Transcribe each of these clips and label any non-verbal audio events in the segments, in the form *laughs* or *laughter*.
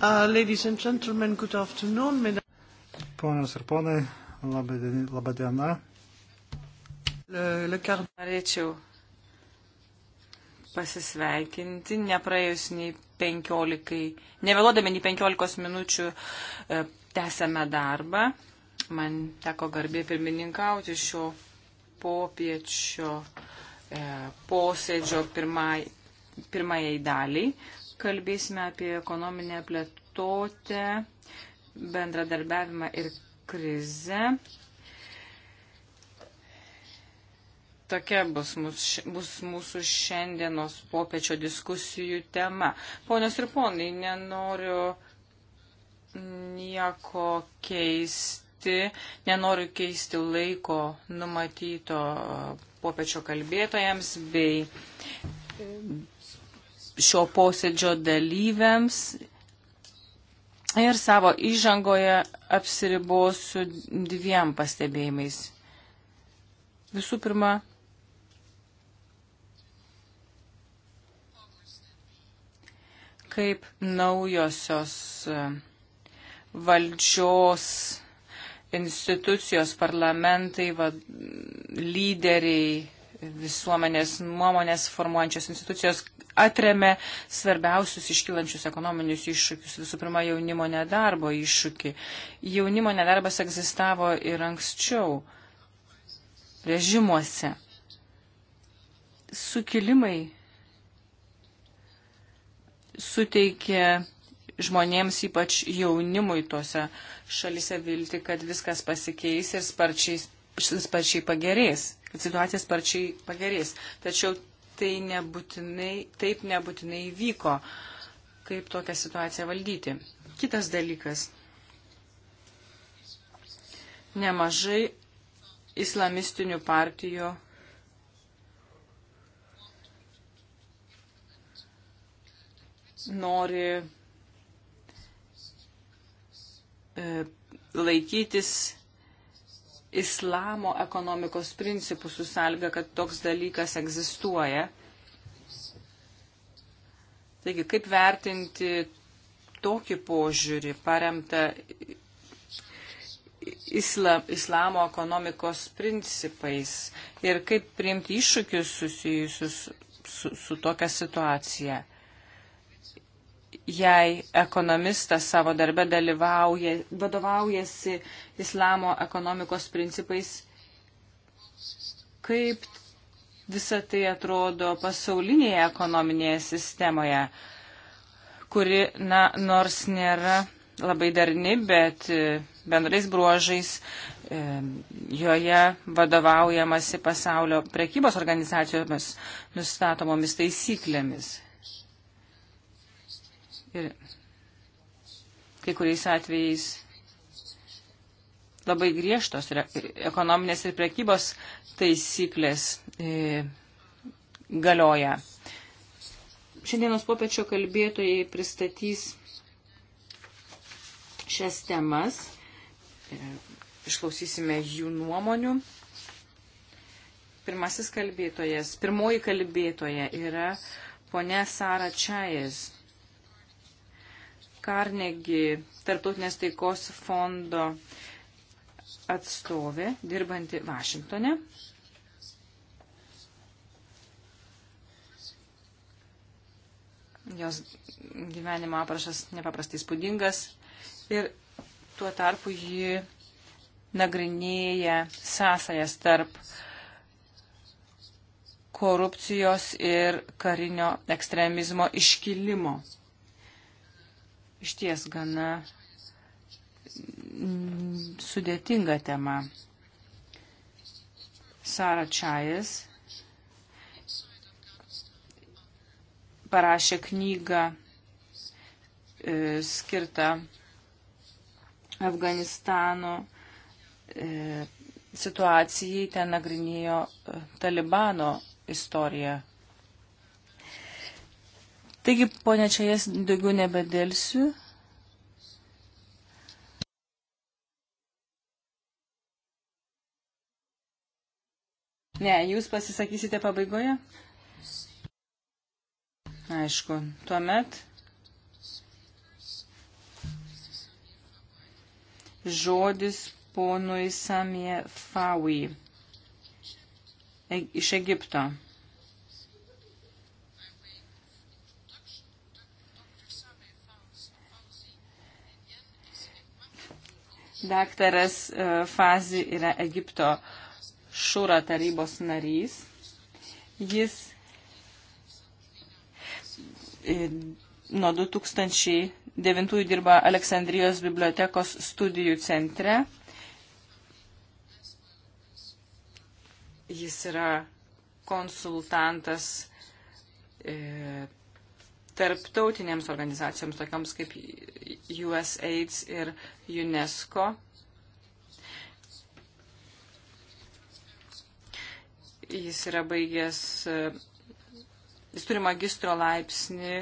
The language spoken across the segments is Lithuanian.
Uh, ladies and gentlemen, good afternoon. Ponios ir ponai, laba diena. Norėčiau pasisveikinti, nepraėjus nei 15, nevėlodami nei 15 minučių e, tęsėme darbą. Man teko garbė pirmininkauti šio popiečio e, posėdžio pirmai, pirmajai daliai. Kalbėsime apie ekonominę plėtotę, bendradarbiavimą ir krizę. Tokia bus, mus, bus mūsų šiandienos popiečio diskusijų tema. Ponios ir ponai, nenoriu nieko keisti, nenoriu keisti laiko numatyto popiečio kalbėtojams bei šio posėdžio dalyviams. Ir savo įžangoje apsiribosiu dviem pastebėjimais. Visų pirma, kaip naujosios e, valdžios institucijos, parlamentai, va, lyderiai visuomenės nuomonės formuojančios institucijos atremė svarbiausius iškilančius ekonominius iššūkius. Visų pirma, jaunimo nedarbo iššūkį. Jaunimo nedarbas egzistavo ir anksčiau režimuose. Sukilimai suteikė žmonėms, ypač jaunimui tose šalise vilti, kad viskas pasikeis ir sparčiai sparčiai pagerės, kad situacija sparčiai pagerės. Tačiau tai nebūtinai, taip nebūtinai vyko, kaip tokią situaciją valdyti. Kitas dalykas. Nemažai islamistinių partijų nori e, laikytis islamo ekonomikos principų su sąlyga, kad toks dalykas egzistuoja. Taigi, kaip vertinti tokį požiūrį paremtą isla, islamo ekonomikos principais ir kaip priimti iššūkius susijusius su, su, su tokia situacija? jei ekonomistas savo darbe dalyvauja, vadovaujasi islamo ekonomikos principais, kaip visa tai atrodo pasaulinėje ekonominėje sistemoje, kuri, na, nors nėra labai darni, bet e, bendrais bruožais e, joje vadovaujamasi pasaulio prekybos organizacijomis nustatomomis taisyklėmis. Ir kai kuriais atvejais labai griežtos ekonominės ir prekybos taisyklės e, galioja. Šiandienos popiečio kalbėtojai pristatys šias temas. E, išklausysime jų nuomonių. Pirmasis kalbėtojas, pirmoji kalbėtoja yra ponia Sara Čajas. Karnegi, Tartautinės taikos fondo atstovė, dirbanti Vašingtone. Jos gyvenimo aprašas nepaprastai spūdingas ir tuo tarpu ji nagrinėja sąsajas tarp korupcijos ir karinio ekstremizmo iškilimo išties gana mm, sudėtinga tema. Sara Čajas parašė knygą e, skirtą Afganistano e, situacijai, ten nagrinėjo e, Talibano istoriją. Taigi, ponia čia jas daugiau nebedėlsiu. Ne, jūs pasisakysite pabaigoje? Aišku, tuomet žodis ponui Samie Fawi iš Egipto. Daktaras e, Fazi yra Egipto šūra tarybos narys. Jis e, nuo 2009 dirba Aleksandrijos bibliotekos studijų centre. Jis yra konsultantas e, tarptautinėms organizacijoms, tokioms kaip USAIDS ir UNESCO. Jis yra baigęs, jis turi magistro laipsnį.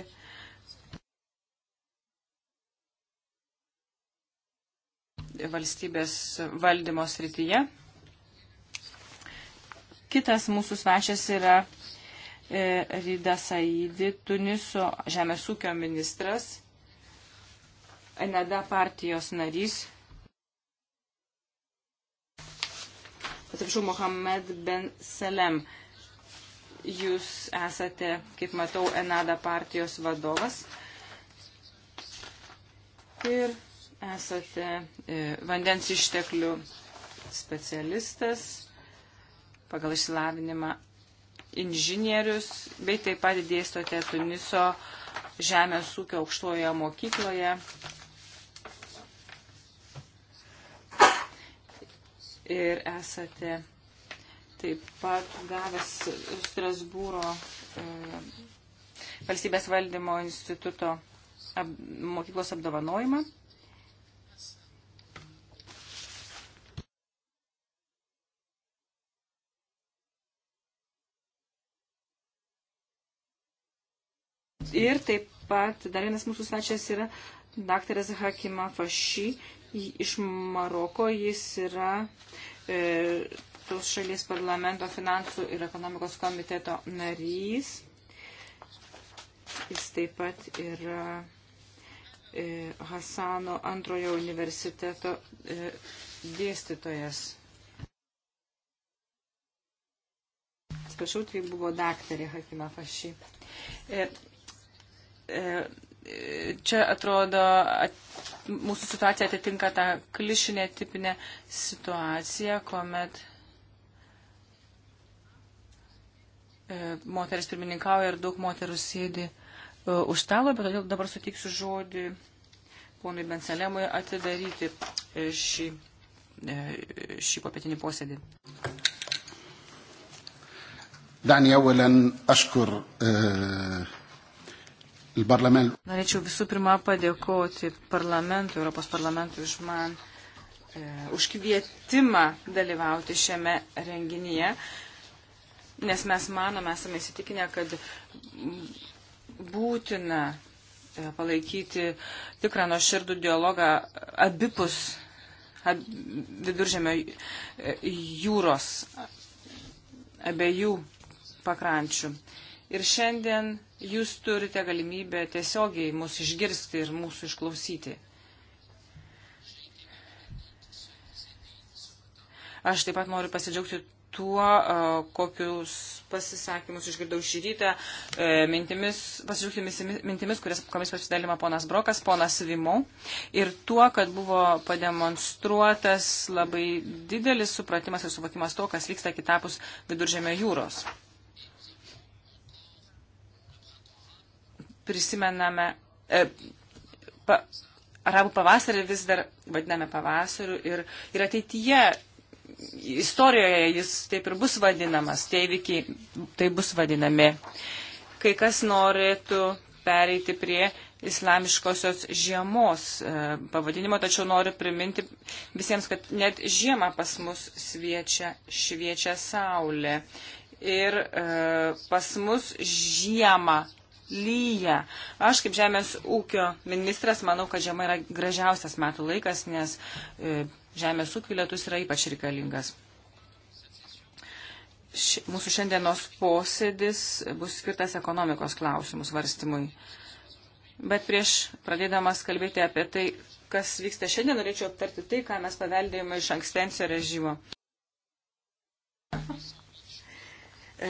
valstybės valdymo srityje. Kitas mūsų svešas yra e, Rida Saidi, Tuniso žemės ūkio ministras. NEDA partijos narys. Atsiprašau, Mohamed Ben Salem. Jūs esate, kaip matau, NADA partijos vadovas ir esate e, vandens išteklių specialistas, pagal išsilavinimą inžinierius, bei taip pat dėstote Tuniso žemės ūkio aukštojoje mokykloje ir esate taip pat gavęs Strasbūro e, valstybės valdymo instituto ab, mokyklos apdovanojimą. Ir taip pat dar vienas mūsų svečias yra daktaras Hakima Faši, Iš Maroko jis yra e, tos šalies parlamento finansų ir ekonomikos komiteto narys. Jis taip pat yra e, Hasano antrojo universiteto e, dėstytojas. Atsiprašau, tai buvo daktarė Hakima Faši. E, e, čia atrodo at, mūsų situacija atitinka tą klišinę tipinę situaciją, kuomet e, moteris pirmininkauja ir daug moterų sėdi e, už stalo, bet todėl dabar sutiksiu žodį ponui Benselemui atidaryti e, šį, e, šį papietinį posėdį. دعني أولا أشكر أه Norėčiau visų pirma padėkoti parlamentui, Europos parlamentui už man, e, už kvietimą dalyvauti šiame renginyje, nes mes manome, esame įsitikinę, kad būtina e, palaikyti tikrą nuoširdų dialogą abipus ab, viduržėmio e, jūros abiejų pakrančių. Ir šiandien jūs turite galimybę tiesiogiai mus išgirsti ir mūsų išklausyti. Aš taip pat noriu pasidžiaugti tuo, kokius pasisakymus išgirdau šį rytą, e, mintimis, pasidžiaugti mintimis, kurias, komis pasidalima ponas Brokas, ponas Vimau, ir tuo, kad buvo pademonstruotas labai didelis supratimas ir suvokimas to, kas vyksta kitapus viduržėmio jūros. prisimename, e, pa, arabų pavasarį vis dar vadiname pavasariu ir, ir ateityje istorijoje jis taip ir bus vadinamas, tie įvykiai tai bus vadinami. Kai kas norėtų pereiti prie islamiškosios žiemos e, pavadinimo, tačiau noriu priminti visiems, kad net žiemą pas mus sviečia, šviečia saulė. Ir e, pas mus žiemą lyja. Aš kaip žemės ūkio ministras manau, kad žiema yra gražiausias metų laikas, nes e, žemės ūkio lietus yra ypač reikalingas. Ši, mūsų šiandienos posėdis bus skirtas ekonomikos klausimus varstymui. Bet prieš pradėdamas kalbėti apie tai, kas vyksta šiandien, norėčiau aptarti tai, ką mes paveldėjome iš ankstencio režimo. E,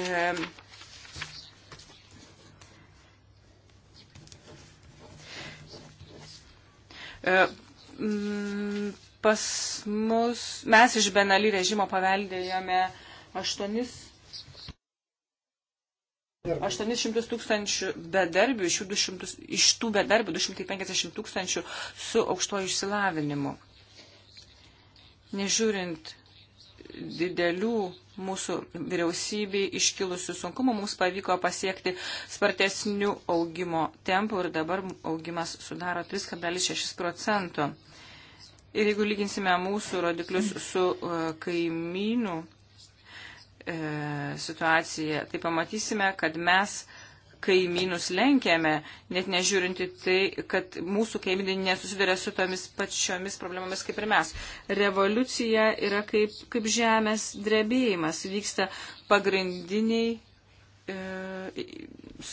E, pas mus, mes iš Benali režimo paveldėjome 8 800 tūkstančių bedarbių, iš, 200, iš tų bedarbių 250 tūkstančių su aukštuoju išsilavinimu. Nežiūrint didelių mūsų vyriausybei iškilusių sunkumų mums pavyko pasiekti spartesnių augimo tempų ir dabar augimas sudaro 3,6 procento. Ir jeigu lyginsime mūsų rodiklius su e, kaimynų e, situacija, tai pamatysime, kad mes kaimynus lenkėme, net nežiūrinti tai, kad mūsų kaimynai nesusiduria su tomis pačiomis problemomis kaip ir mes. Revoliucija yra kaip, kaip žemės drebėjimas, vyksta pagrindiniai e,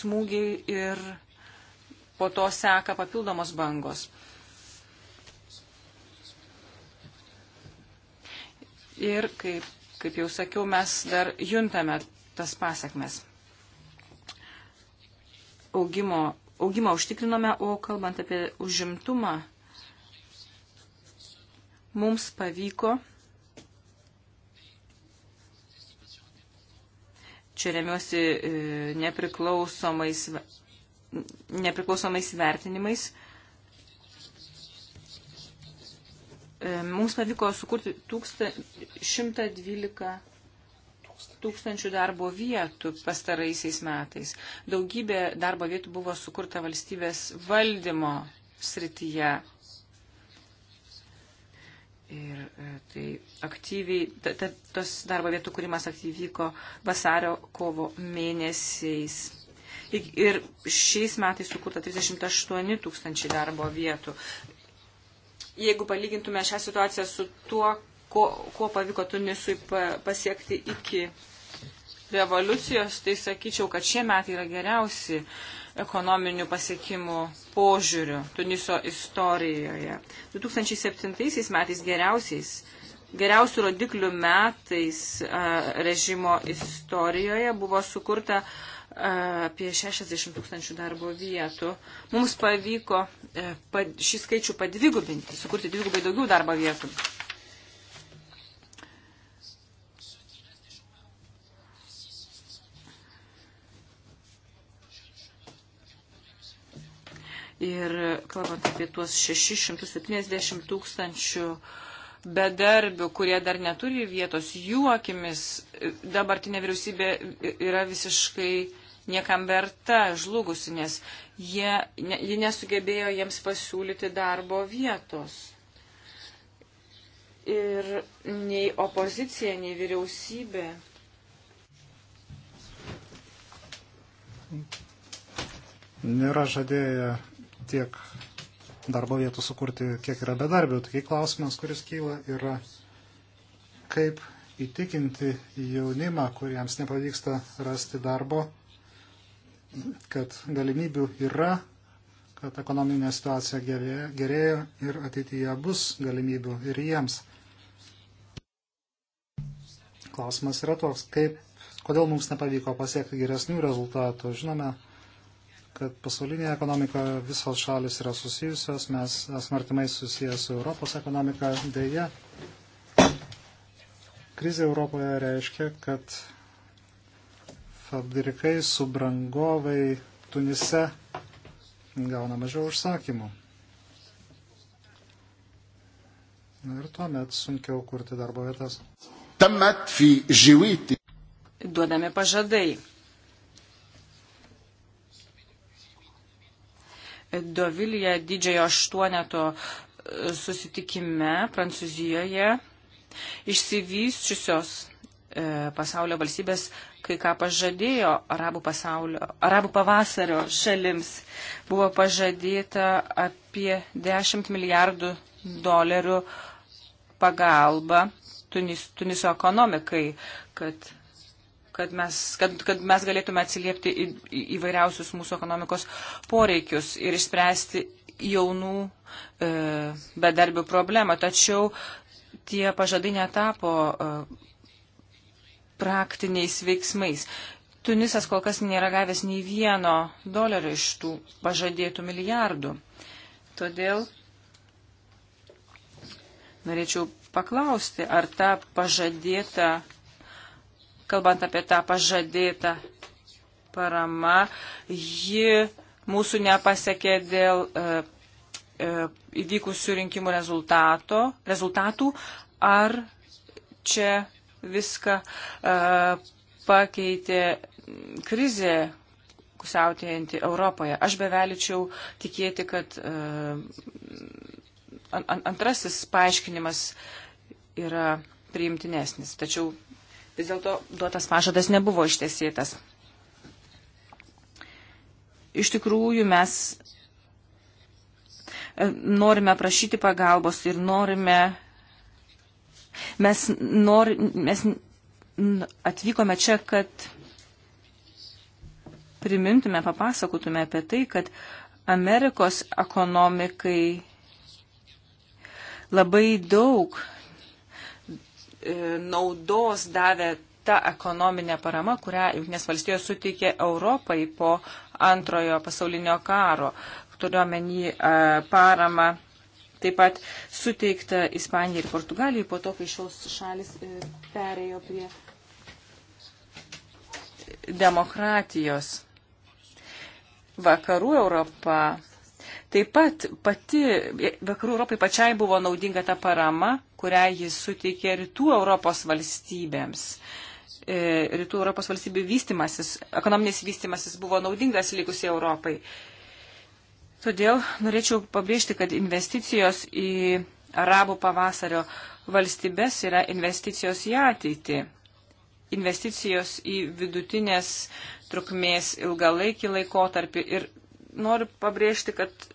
smūgiai ir po to seka papildomos bangos. Ir kaip, kaip jau sakiau, mes dar juntame tas pasiekmes augimo, augimą užtikrinome, o kalbant apie užimtumą, mums pavyko, čia remiuosi e, nepriklausomais, nepriklausomais vertinimais, e, mums pavyko sukurti 112 tūkstančių darbo vietų pastaraisiais metais. Daugybė darbo vietų buvo sukurta valstybės valdymo srityje. Ir e, tai aktyviai, ta, ta, tos darbo vietų kūrimas aktyviai vyko vasario kovo mėnesiais. Ir šiais metais sukurta 38 tūkstančiai darbo vietų. Jeigu palygintume šią situaciją su tuo, ko, ko pavyko Tunisui pasiekti iki revoliucijos, tai sakyčiau, kad šie metai yra geriausi ekonominių pasiekimų požiūrių Tuniso istorijoje. 2007 metais geriausiais, geriausių rodiklių metais a, režimo istorijoje buvo sukurta a, apie 60 tūkstančių darbo vietų. Mums pavyko a, e, pa, šį skaičių padvigubinti, sukurti dvigubai daugiau darbo vietų. Ir kalbant apie tuos 670 tūkstančių bedarbių, kurie dar neturi vietos, jų akimis e, dabartinė vyriausybė e, yra visiškai niekam verta, žlugusi, nes jie, ne, jie nesugebėjo jiems pasiūlyti darbo vietos. Ir nei opozicija, nei vyriausybė. Nėra žadėję tiek darbo vietų sukurti, kiek yra bedarbių. Taigi klausimas, kuris kyla, yra kaip įtikinti jaunimą, kuriems nepavyksta rasti darbo, kad galimybių yra, kad ekonominė situacija gerėja, gerėja ir ateityje bus galimybių ir jiems. Klausimas yra toks, kaip, kodėl mums nepavyko pasiekti geresnių rezultatų. Žinome, kad pasaulinėje ekonomikoje visos šalis yra susijusios, mes esame artimai susijęs su Europos ekonomika. Deja, krizė Europoje reiškia, kad fabrikai, subrangovai Tunise gauna mažiau užsakymų. Ir tuomet sunkiau kurti darbo vietas. Tuomet fi žyvyti. Duodami pažadai Dovilija didžiojo aštuoneto e, susitikime Prancūzijoje išsivysčiusios e, pasaulio valstybės kai ką pažadėjo arabų, pasaulio, arabų pavasario šalims. Buvo pažadėta apie 10 milijardų dolerių pagalba Tunis, Tuniso ekonomikai, kad kad mes, kad, kad mes galėtume atsiliepti į, į, įvairiausius mūsų ekonomikos poreikius ir išspręsti jaunų e, bedarbių problemą. Tačiau tie pažadai netapo e, praktiniais veiksmais. Tunisas kol kas nėra gavęs nei vieno dolerio iš tų pažadėtų milijardų. Todėl norėčiau paklausti, ar ta pažadėta kalbant apie tą pažadėtą paramą, ji mūsų nepasiekė dėl e, e, įvykusių rinkimų rezultato, rezultatų, ar čia viską e, pakeitė krizė pusiautėjanti Europoje. Aš beveličiau tikėti, kad e, an, antrasis paaiškinimas yra priimtinesnis. Tačiau Vis dėlto duotas pažadas nebuvo ištesėtas. Iš tikrųjų, mes e, norime prašyti pagalbos ir norime. Mes, nor, mes atvykome čia, kad primintume, papasakotume apie tai, kad Amerikos ekonomikai labai daug E, naudos davė ta ekonominė parama, kurią Junktinės valstijos suteikė Europai po antrojo pasaulinio karo. Turiuomenį e, paramą taip pat suteikta Ispanijai ir Portugalijai po to, kai šios šalis e, perėjo prie demokratijos. Vakarų Europa Taip pat pati vakarų Europai pačiai buvo naudinga ta parama, kurią jis suteikė rytų Europos valstybėms. E, rytų Europos valstybių vystimasis, ekonominis vystimasis buvo naudingas likusiai Europai. Todėl norėčiau pabrėžti, kad investicijos į arabų pavasario valstybės yra investicijos į ateitį. Investicijos į vidutinės trukmės ilgalaikį laikotarpį ir noriu pabrėžti, kad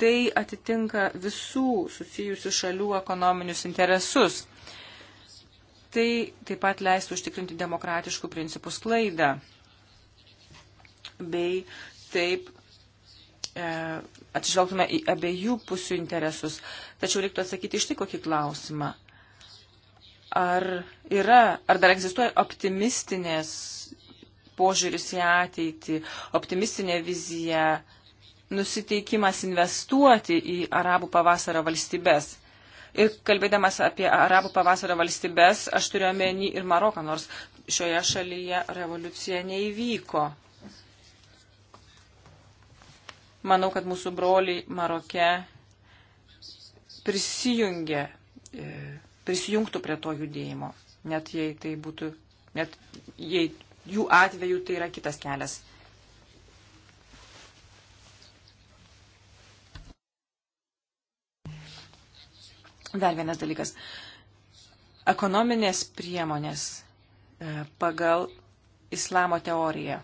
tai atitinka visų susijusių šalių ekonominius interesus. Tai taip pat leistų užtikrinti demokratiškų principų sklaidą bei taip e, atsižvelgtume į abiejų pusių interesus. Tačiau reiktų atsakyti iš tai kokį klausimą. Ar yra, ar dar egzistuoja optimistinės požiūris į ateitį, optimistinė vizija nusiteikimas investuoti į arabų pavasario valstybės. Ir kalbėdamas apie arabų pavasario valstybės, aš turiu omeny ir Maroką, nors šioje šalyje revoliucija neįvyko. Manau, kad mūsų broliai Maroke prisijungė, e, prisijungtų prie to judėjimo, net jei tai būtų, net jei jų atveju tai yra kitas kelias. Dar vienas dalykas. Ekonominės priemonės e, pagal islamo teoriją.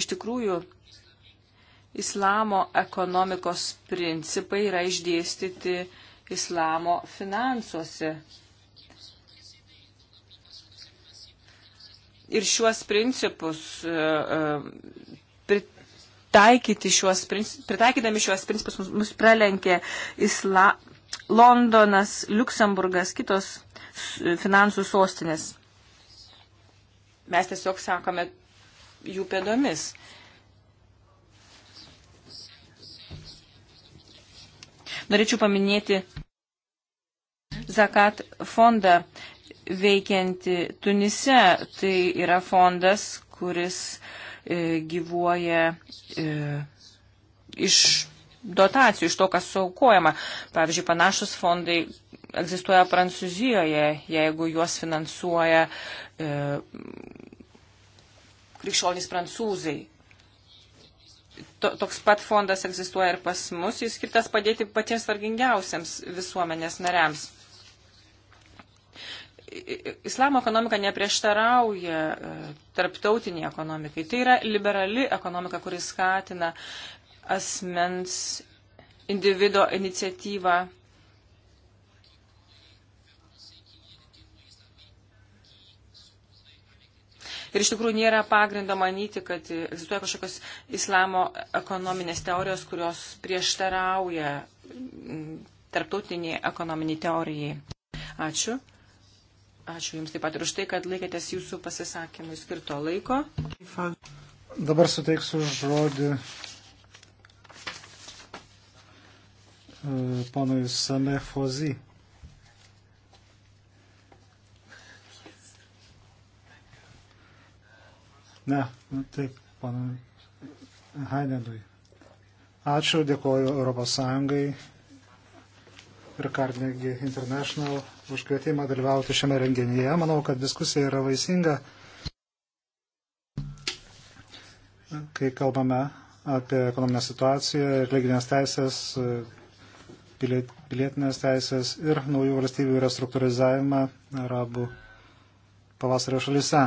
Iš tikrųjų, islamo ekonomikos principai yra išdėstyti islamo finansuose. Ir šiuos principus e, e, taikyti šiuos, pritaikydami šiuos principus mus, mus pralenkė Isla, Londonas, Luksemburgas, kitos finansų sostinės. Mes tiesiog sakome jų pėdomis. Norėčiau paminėti Zakat fondą veikianti Tunise. Tai yra fondas, kuris uh, E, gyvuoja e, iš dotacijų, iš to, kas saukojama. Pavyzdžiui, panašus fondai egzistuoja Prancūzijoje, jeigu juos finansuoja e, krikščionys prancūzai. To, toks pat fondas egzistuoja ir pas mus, jis skirtas padėti patiems vargingiausiams visuomenės nariams islamo ekonomika neprieštarauja e, tarptautiniai ekonomikai. Tai yra liberali ekonomika, kuris skatina asmens individo iniciatyvą. Ir iš tikrųjų nėra pagrindo manyti, kad egzistuoja kažkokios islamo ekonominės teorijos, kurios prieštarauja tarptautiniai ekonominiai teorijai. Ačiū. Ačiū Jums taip pat ir už tai, kad laikėtės Jūsų pasisakymui skirto laiko. Dabar suteiksiu žodį e, panui Same Fozi. Ne, nu taip, panui Heinenui. Ačiū, dėkoju Europos Sąjungai ir Carnegie International už kvietimą dalyvauti šiame renginyje. Manau, kad diskusija yra vaisinga, kai kalbame apie ekonominę situaciją ir lyginės teisės, pilietinės teisės ir naujų valstybių restruktūrizavimą arabų pavasario šalise.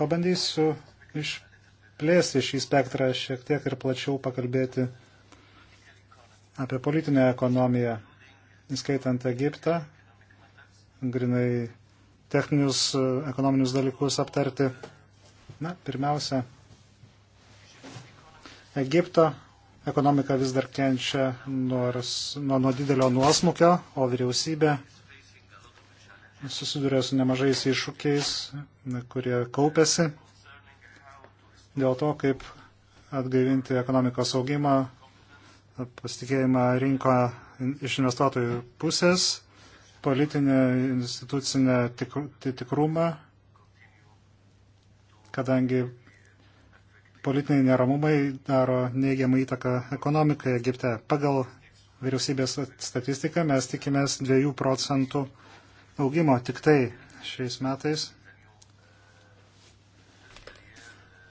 Pabandysiu išplėsti šį spektrą šiek tiek ir plačiau pakalbėti apie politinę ekonomiją įskaitant Egiptą, grinai techninius e, ekonominius dalykus aptarti. Na, pirmiausia, Egipto ekonomika vis dar kenčia nors, nuo, nuo didelio nuosmukio, o vyriausybė susiduria su nemažais iššūkiais, kurie kaupėsi dėl to, kaip atgaivinti ekonomikos augimą, pasitikėjimą rinko iš investuotojų pusės, politinę institucinę tikrumą, kadangi politiniai neramumai daro neigiamą įtaką ekonomikai Egipte. Pagal vyriausybės statistiką mes tikimės 2 procentų augimo tik tai šiais metais.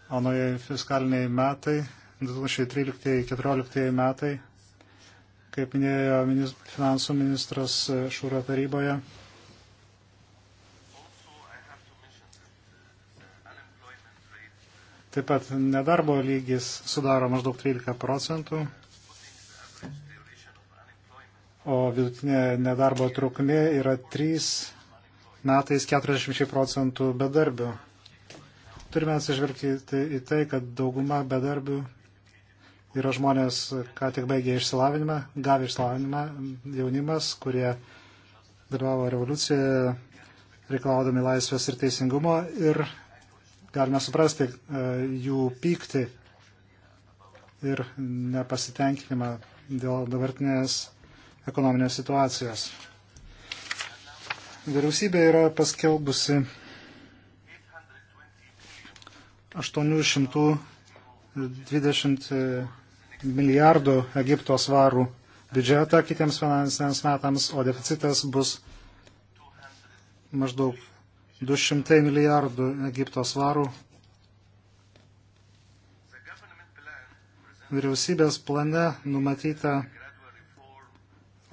O naujai fiskaliniai metai 2013-2014 metai, kaip minėjo finansų ministras Šūro taryboje. Taip pat nedarbo lygis sudaro maždaug 13 procentų, o vidutinė nedarbo trukmė yra 3 metais 40 procentų bedarbių. Turime atsižvelgti į tai, kad dauguma bedarbių Yra žmonės, ką tik baigė išsilavinimą, gavę išsilavinimą, jaunimas, kurie dalyvavo revoliucijoje, reikalaudami laisvės ir teisingumo ir galime suprasti e, jų pyktį ir nepasitenkinimą dėl dabartinės ekonominės situacijos. Vyriausybė yra paskelbusi 800 20 e, milijardų Egipto svarų biudžetą kitiems finansiniams metams, o deficitas bus maždaug 200 milijardų Egipto svarų. Vyriausybės plane numatyta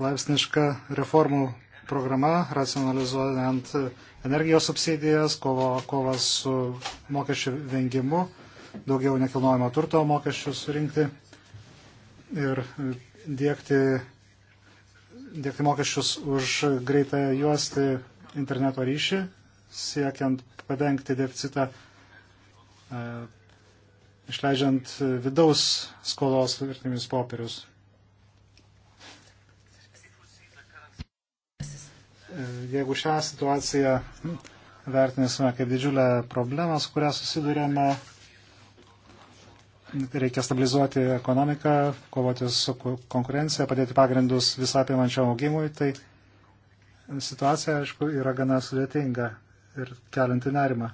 laipsniška reformų programa, racionalizuojant energijos subsidijas, kova, kova su mokesčių vengimu daugiau nekilnojamo turto mokesčių surinkti ir dėkti, dėkti mokesčius už greitą juostį interneto ryšį, siekiant padengti deficitą, e, išleidžiant vidaus skolos vertimis popierius. E, jeigu šią situaciją vertinsime kaip didžiulę problemą, su kuria susidurėme, reikia stabilizuoti ekonomiką, kovoti su konkurencija, padėti pagrindus visą apimančiam augimui, tai situacija, aišku, yra gana sudėtinga ir kelinti nerimą.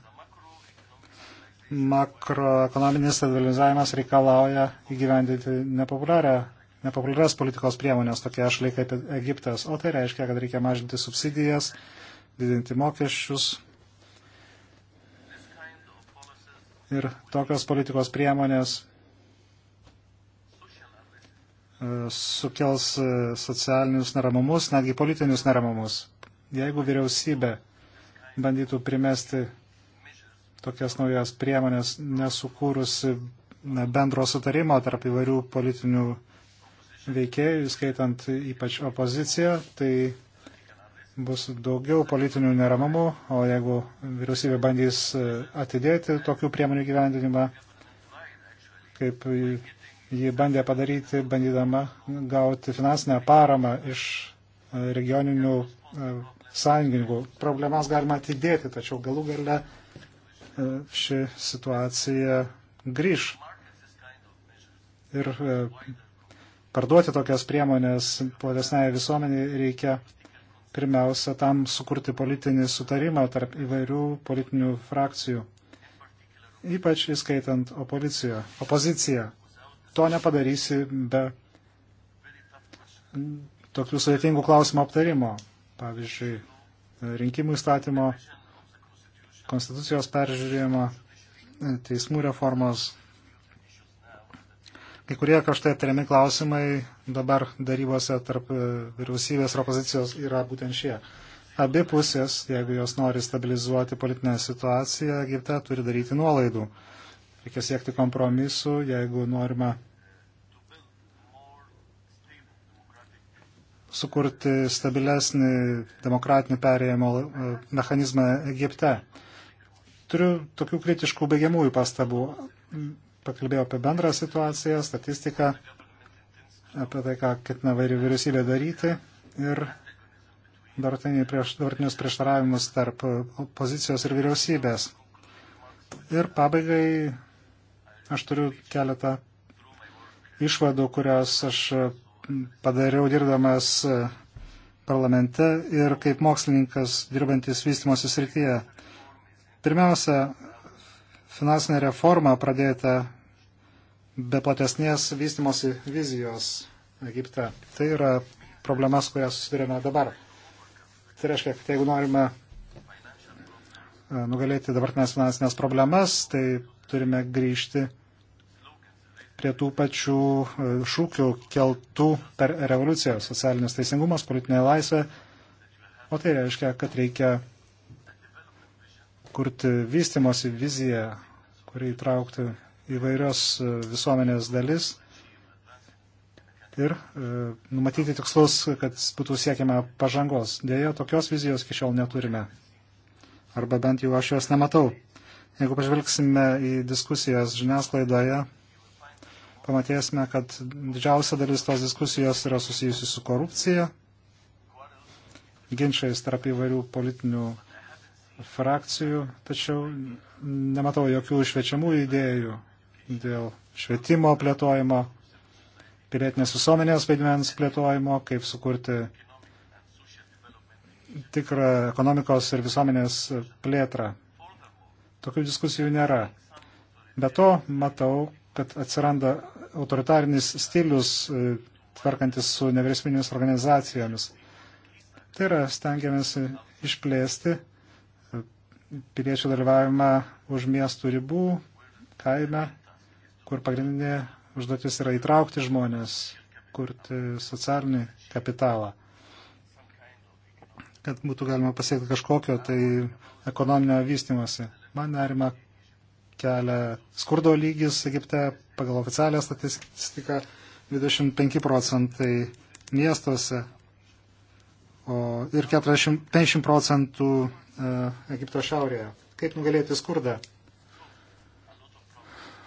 Makroekonominis stabilizavimas reikalauja įgyvendinti nepopuliarias politikos priemonės tokie šaliai kaip Egiptas, o tai reiškia, kad reikia mažinti subsidijas, didinti mokesčius, ir tokios politikos priemonės sukels e, socialinius neramumus, netgi politinius neramumus. Jeigu vyriausybė bandytų primesti tokias naujas priemonės, nesukūrus bendro sutarimo tarp įvairių politinių veikėjų, skaitant ypač opoziciją, tai bus daugiau politinių neramumų, o jeigu vyriausybė bandys e, atidėti tokių priemonių gyvendinimą, kaip Ji bandė padaryti, bandydama gauti finansinę paramą iš e, regioninių e, sąjungininkų. Problemas galima atidėti, tačiau galų gale e, ši situacija grįž. Ir parduoti tokias priemonės platesnėje visuomenėje reikia pirmiausia tam sukurti politinį sutarimą tarp įvairių politinių frakcijų, ypač įskaitant opoziciją. opoziciją to nepadarysi be tokių sudėtingų klausimų aptarimo. Pavyzdžiui, rinkimų įstatymo, konstitucijos peržiūrėjimo, teismų reformos. Kai kurie kažtai aptariami klausimai dabar darybose tarp e, vyriausybės ir opozicijos yra būtent šie. Abi pusės, jeigu jos nori stabilizuoti politinę situaciją, Egipte turi daryti nuolaidų. Reikia siekti kompromisų, jeigu norima sukurti stabilesnį demokratinį perėjimo e, mechanizmą Egipte. Turiu tokių kritiškų baigiamųjų pastabų. Pakalbėjau apie bendrą situaciją, statistiką, apie tai, ką ketina vyriausybė daryti ir dabartinius prieš, prieštaravimus tarp opozicijos ir vyriausybės. Ir pabaigai Aš turiu keletą išvadų, kurias aš e, padariau dirbdamas e, parlamente ir kaip mokslininkas dirbantis vystimosi srityje. Pirmiausia, finansinė reforma pradėta be platesnės vystimosi vizijos Egipte. Tai yra problemas, kurias susidurėme dabar. Tai reiškia, kad jeigu norime e, nugalėti dabartinės finansinės problemas, tai turime grįžti prie tų pačių e, šūkių keltų per revoliuciją - socialinis teisingumas, politinė laisvė. O tai reiškia, kad reikia kurti vystimosi viziją, kurį įtraukti įvairios e, visuomenės dalis ir e, numatyti tikslus, kad būtų siekiama pažangos. Deja, tokios vizijos iki šiol neturime. Arba bent jau aš jos nematau. Jeigu pažvelgsime į diskusijas žiniasklaidoje, pamatėsime, kad didžiausia dalis tos diskusijos yra susijusi su korupcija, ginčiais tarp įvairių politinių frakcijų, tačiau nematau jokių šviečiamų idėjų dėl švietimo plėtojimo, pilietinės visuomenės vaidmens plėtojimo, kaip sukurti tikrą ekonomikos ir visuomenės plėtrą. Tokių diskusijų nėra. Be to, matau, kad atsiranda autoritarinis stilius e, tvarkantis su nevyriausybinėmis organizacijomis. Tai yra stengiamės išplėsti e, piliečių dalyvavimą už miestų ribų, kaime, kur pagrindinė užduotis yra įtraukti žmonės, kurti socialinį kapitalą. Kad būtų galima pasiekti kažkokio tai ekonominio vystimosi. Man nerima, kelia skurdo lygis Egipte, pagal oficialią statistiką 25 procentai miestuose o, ir 40, 50 procentų e, Egipto šiaurėje. Kaip nugalėti skurdą?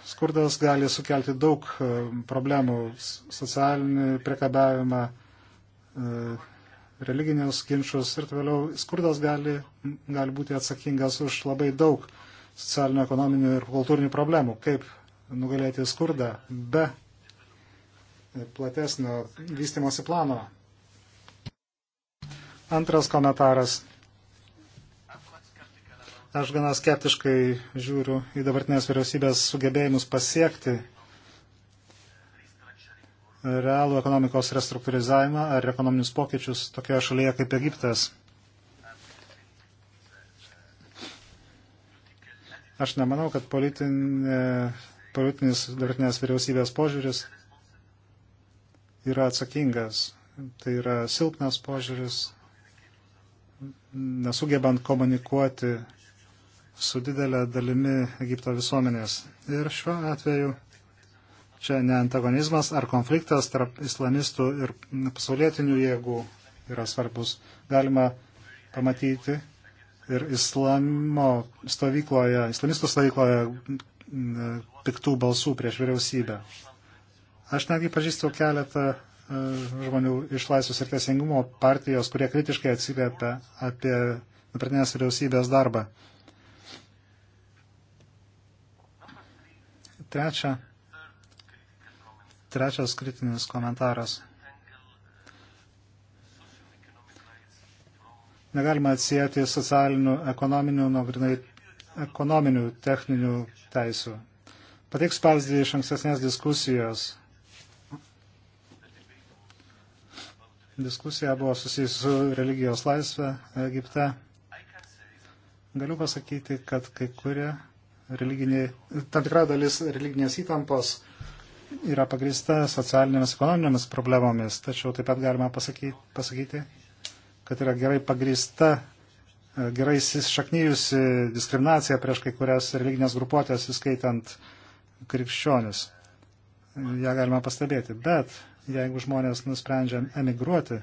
Skurdas gali sukelti daug e, problemų - socialinį priekabiavimą, e, religinius ginčius ir toliau. Skurdas gali, gali būti atsakingas už labai daug socialinių, ekonominių ir kultūrinių problemų, kaip nugalėti skurdą be platesnio vystimosi plano. Antras komentaras. Aš gana skeptiškai žiūriu į dabartinės vyriausybės sugebėjimus pasiekti realų ekonomikos restruktūrizavimą ar ekonominius pokyčius tokioje šalyje kaip Egiptas. Aš nemanau, kad politinė, politinis dabartinės vyriausybės požiūris yra atsakingas. Tai yra silpnas požiūris, nesugebant komunikuoti su didelė dalimi Egipto visuomenės. Ir šiuo atveju čia ne antagonizmas ar konfliktas tarp islamistų ir pasaulietinių jėgų yra svarbus. Galima pamatyti, ir islamo stovykloje, islamistų stovykloje piktų balsų prieš vyriausybę. Aš netgi pažįstu keletą e, žmonių iš Laisvės ir Teisingumo partijos, kurie kritiškai atsiliepia apie dabartinės vyriausybės darbą. Trečia, trečias kritinis komentaras. Negalima atsijėti socialinių, ekonominių, nuo grinai ekonominių, techninių teisų. Pateiks pavyzdį iš ankstesnės diskusijos. Diskusija buvo susijusi su religijos laisvė Egipte. Galiu pasakyti, kad kai kurie religiniai, tam tikra dalis religinės įtampos yra pagrįsta socialinėmis ekonominėmis problemomis, tačiau taip pat galima pasakyti, pasakyti kad yra gerai pagrįsta, e, gerai įsišaknyjusi diskriminacija prieš kai kurias religinės grupuotės, įskaitant krikščionis. Ja galima pastebėti. Bet jeigu žmonės nusprendžia emigruoti,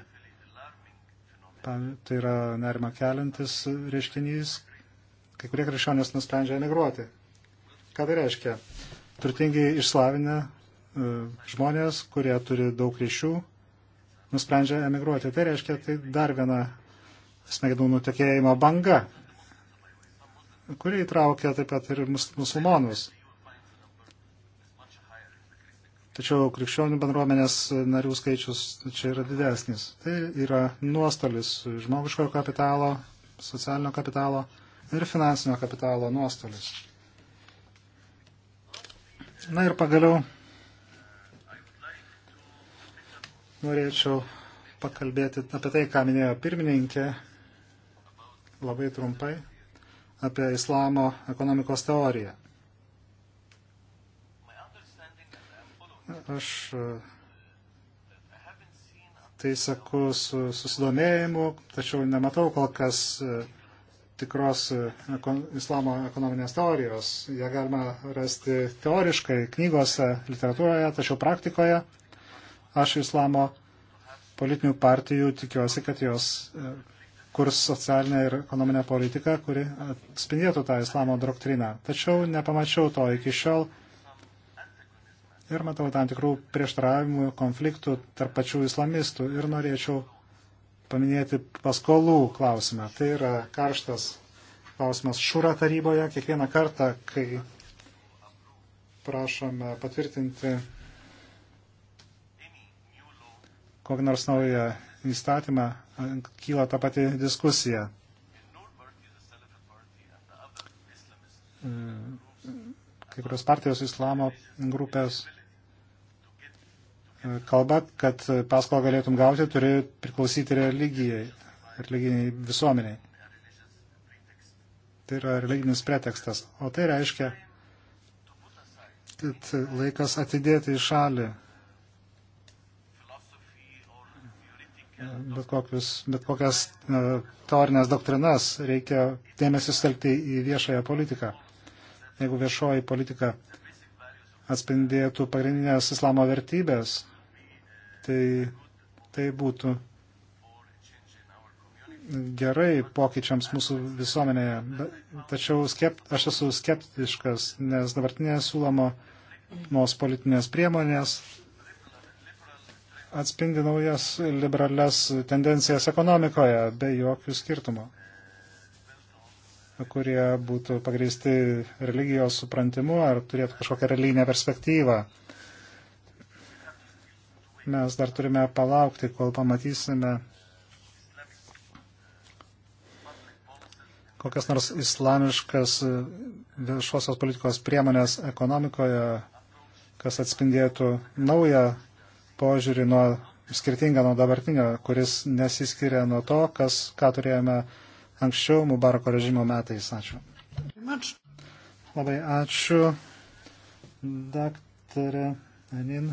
tai yra nerima keliantis reiškinys, kai kurie krikščionės nusprendžia emigruoti. Ką tai reiškia? Turtingi išslavinę e, žmonės, kurie turi daug ryšių, nusprendžia emigruoti. Tai reiškia, tai dar viena smegenų nutekėjimo banga, kuri įtraukia taip pat ir mus, musulmonus. Tačiau krikščionių bendruomenės narių skaičius čia yra didesnis. Tai yra nuostolis žmogiškojo kapitalo, socialinio kapitalo ir finansinio kapitalo nuostolis. Na ir pagaliau norėčiau pakalbėti apie tai, ką minėjo pirmininkė, labai trumpai, apie islamo ekonomikos teoriją. Aš e, tai sakau su susidomėjimu, tačiau nematau kol kas e, tikros e, islamo ekonominės teorijos. Ja galima rasti teoriškai knygose, literatūroje, tačiau praktikoje Aš islamo politinių partijų tikiuosi, kad jos e, kurs socialinę ir ekonominę politiką, kuri atspindėtų tą islamo doktriną. Tačiau nepamačiau to iki šiol ir matau tam tikrų prieštaravimų, konfliktų tarp pačių islamistų ir norėčiau paminėti paskolų klausimą. Tai yra karštas klausimas šūra taryboje. Kiekvieną kartą, kai prašome patvirtinti kokį nors naują įstatymą, kyla ta pati diskusija. Kai kurios partijos islamo grupės kalba, kad paskolą galėtum gauti, turi priklausyti religijai, religiniai visuomeniai. Tai yra religinis pretekstas. O tai reiškia, kad laikas atidėti į šalį bet, kokius, bet kokias e, teorinės doktrinas, reikia dėmesį stelkti į viešąją politiką. Jeigu viešoji politika atspindėtų pagrindinės islamo vertybės, tai, tai būtų gerai pokyčiams mūsų visuomenėje. Tačiau skept, aš esu skeptiškas, nes dabartinės siūlomos politinės priemonės atspindi naujas liberales tendencijas ekonomikoje be jokių skirtumų, kurie būtų pagrįsti religijos suprantimu ar turėtų kažkokią religinę perspektyvą. Mes dar turime palaukti, kol pamatysime kokias nors islamiškas viešosios politikos priemonės ekonomikoje, kas atspindėtų naują požiūrį nuo skirtingą nuo dabartinio, kuris nesiskiria nuo to, kas, ką turėjome anksčiau Mubarako režimo metais. Ačiū. Labai ačiū, daktarė Anin.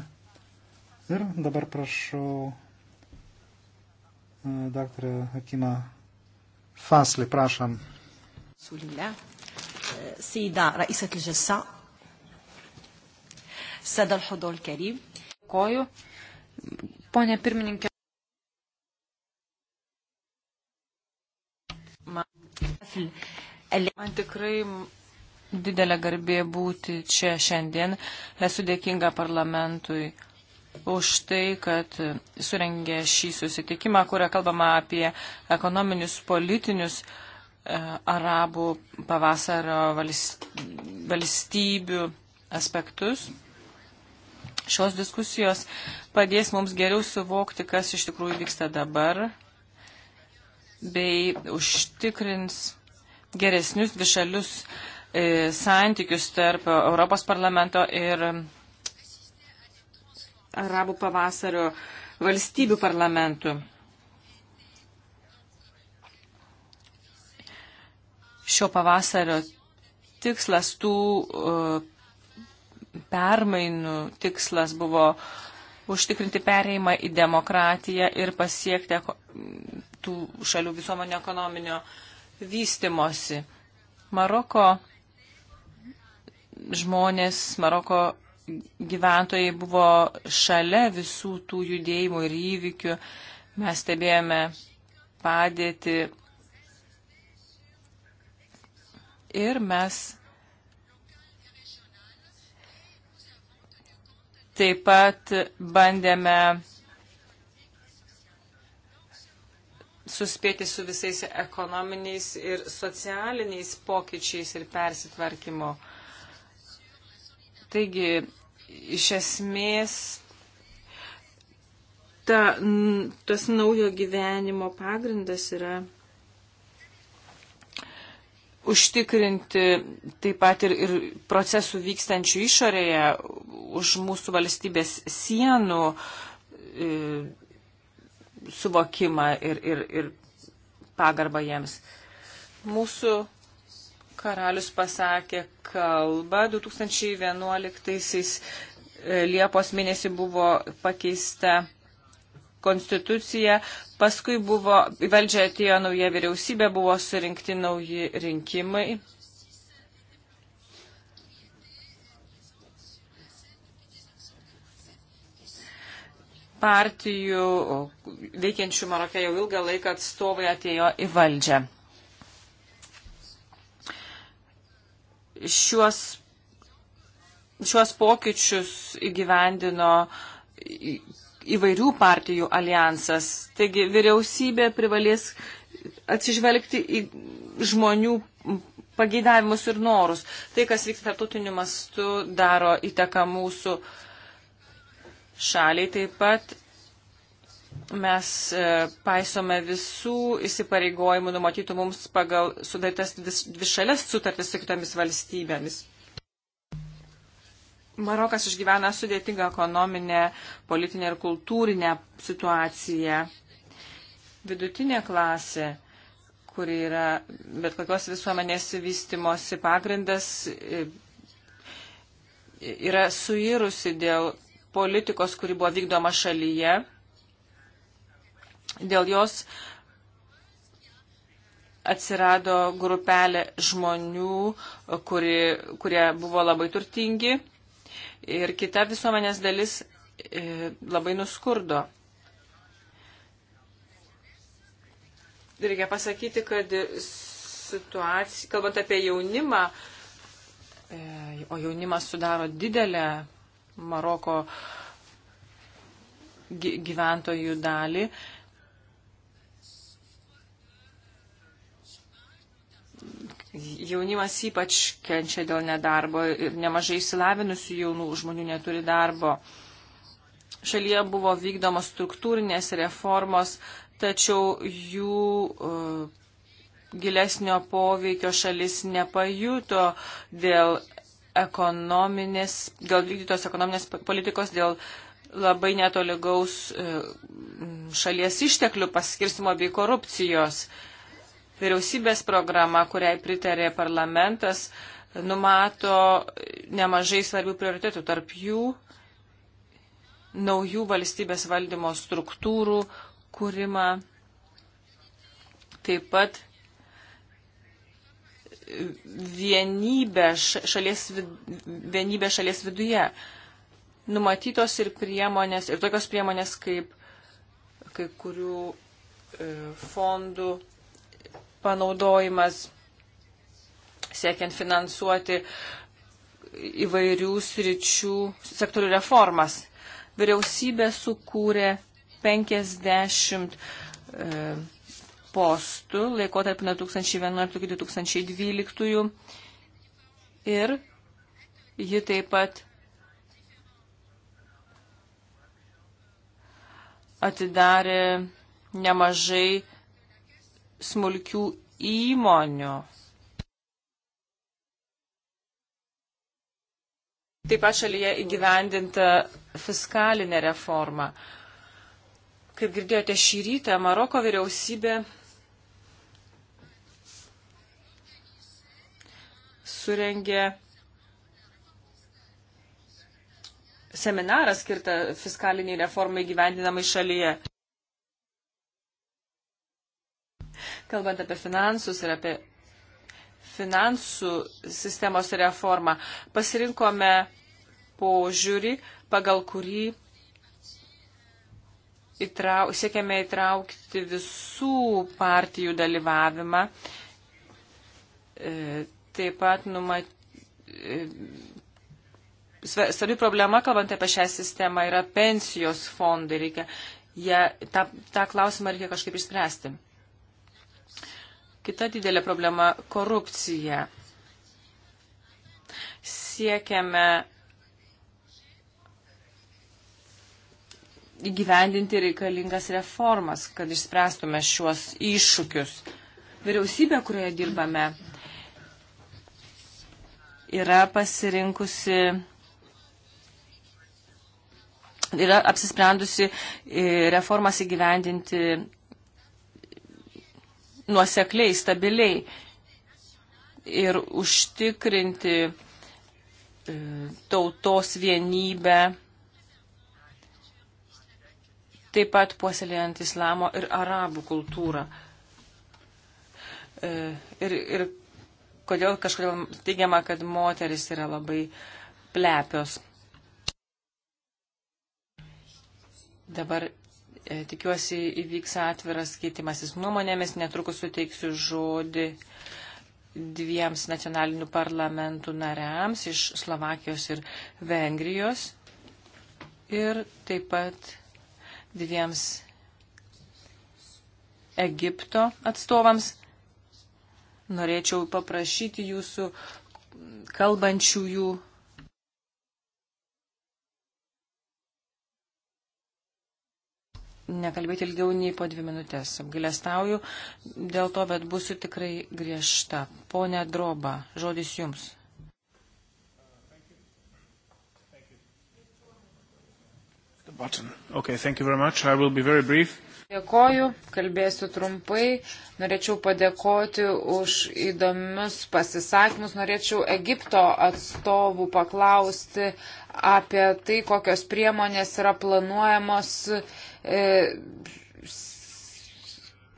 Ir dabar prašau e, daktarė Akima Fasli, prašom. سيدة رئيسة الجلسة سادة الحضور الكريم Dėkoju. Pone pirmininkė. Man, man tikrai didelė garbė būti čia šiandien. Esu dėkinga parlamentui už tai, kad surengė šį susitikimą, kurio kalbama apie ekonominius, politinius e, arabų pavasario valstybių aspektus. Šios diskusijos padės mums geriau suvokti, kas iš tikrųjų vyksta dabar, bei užtikrins geresnius dvišalius e, santykius tarp Europos parlamento ir arabų pavasario valstybių parlamentų. Šio pavasario tikslas tų uh, permainų tikslas buvo užtikrinti pereimą į demokratiją ir pasiekti tų šalių visuomenio ekonominio vystimosi. Maroko žmonės, Maroko gyventojai buvo šalia visų tų judėjimų ir įvykių. Mes stebėjome padėti ir mes Taip pat bandėme suspėti su visais ekonominiais ir socialiniais pokyčiais ir persitvarkymo. Taigi, iš esmės, ta, tas naujo gyvenimo pagrindas yra užtikrinti taip pat ir, ir procesų vykstančių išorėje už mūsų valstybės sienų e, suvokimą ir, ir, ir pagarbą jiems. Mūsų karalius pasakė kalbą 2011 e, Liepos mėnesį buvo pakeista konstituciją, paskui buvo, į valdžią atėjo nauja vyriausybė, buvo surinkti nauji rinkimai. Partijų veikiančių Marokė jau ilgą laiką atstovai atėjo į valdžią. Šiuos, šiuos pokyčius įgyvendino įvairių partijų alijansas. Taigi vyriausybė privalės atsižvelgti į žmonių pageidavimus ir norus. Tai, kas vyksta tarptautiniu mastu, daro įtaką mūsų šaliai. Taip pat mes e, paisome visų įsipareigojimų numatytų mums pagal sudarytas dvišalės sutartis su kitomis valstybėmis. Marokas išgyvena sudėtingą ekonominę, politinę ir kultūrinę situaciją. Vidutinė klasė, kuri yra bet kokios visuomenės vystimosi pagrindas, yra suirusi dėl politikos, kuri buvo vykdoma šalyje, dėl jos atsirado grupelė žmonių, kuri, kurie buvo labai turtingi ir kita visuomenės dalis e, labai nuskurdo. Reikia pasakyti, kad situacija, kalbant apie jaunimą, e, o jaunimas sudaro didelę Maroko gyventojų dalį, Jaunimas ypač kenčia dėl nedarbo ir nemažai įsilavinusių jaunų žmonių neturi darbo. Šalyje buvo vykdomos struktūrinės reformos, tačiau jų uh, gilesnio poveikio šalis nepajuto dėl ekonominės, dėl vykdytos ekonominės politikos, dėl labai netolygaus uh, šalies išteklių paskirstimo bei korupcijos. Uh, Vyriausybės programa, kuriai pritarė parlamentas, numato nemažai svarbių prioritetų, tarp jų naujų valstybės valdymo struktūrų kūrimą, taip pat vienybę šalies, vienybę šalies viduje. Numatytos ir priemonės, ir tokios priemonės kaip kai kurių e, fondų panaudojimas siekiant finansuoti įvairių sričių sektorių reformas. Vyriausybė sukūrė 50 e, postų laikotarpį nuo 2011 iki 2012 ir ji taip pat atidarė nemažai smulkių įmonių. Taip pat šalyje įgyvendinta fiskalinė reforma. Kaip girdėjote šį rytą, Maroko vyriausybė surengė seminarą skirtą fiskaliniai reformai gyvendinamai šalyje. Kalbant apie finansus ir apie finansų sistemos reformą, pasirinkome požiūrį, pagal kurį įtrau, siekiame įtraukti visų partijų dalyvavimą. E, taip pat numat... E, svarbi problema, kalbant apie šią sistemą, yra pensijos fondai. Reikia, ja, tą, tą klausimą reikia kažkaip išspręsti. Kita didelė problema - korupcija. Siekiame įgyvendinti reikalingas reformas, kad išspręstume šiuos iššūkius. Vyriausybė, kurioje dirbame, yra pasirinkusi, yra apsisprendusi e, reformas įgyvendinti nuosekliai, stabiliai ir užtikrinti e, tautos vienybę, taip pat puoselėjant islamo ir arabų kultūrą. E, ir, ir kodėl kažkodėl teigiama, kad moteris yra labai plepios. Dabar E, tikiuosi įvyks atviras keitimasis nuomonėmis, netrukus suteiksiu žodį dviems nacionalinių parlamentų nariams iš Slovakijos ir Vengrijos ir taip pat dviems Egipto atstovams. Norėčiau paprašyti jūsų kalbančiųjų nekalbėti ilgiau nei po dvi minutės. Apgailestauju dėl to, bet būsiu tikrai griežta. Pone Droba, žodis jums. Okay, Dėkoju, kalbėsiu trumpai. Norėčiau padėkoti už įdomius pasisakymus. Norėčiau Egipto atstovų paklausti apie tai, kokios priemonės yra planuojamos E,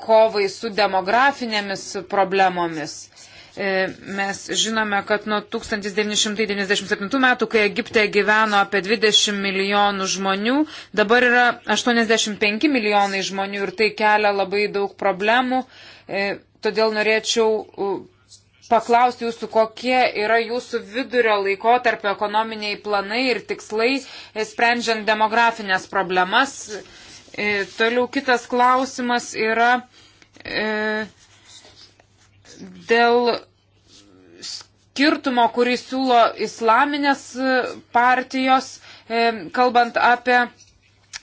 kovai su demografinėmis problemomis. E, mes žinome, kad nuo 1997 metų, kai Egipte gyveno apie 20 milijonų žmonių, dabar yra 85 milijonai žmonių ir tai kelia labai daug problemų. E, todėl norėčiau paklausti jūsų, kokie yra jūsų vidurio laiko tarp ekonominiai planai ir tikslai, sprendžiant demografinės problemas E, toliau kitas klausimas yra e, dėl skirtumo, kurį siūlo islaminės partijos, e, kalbant apie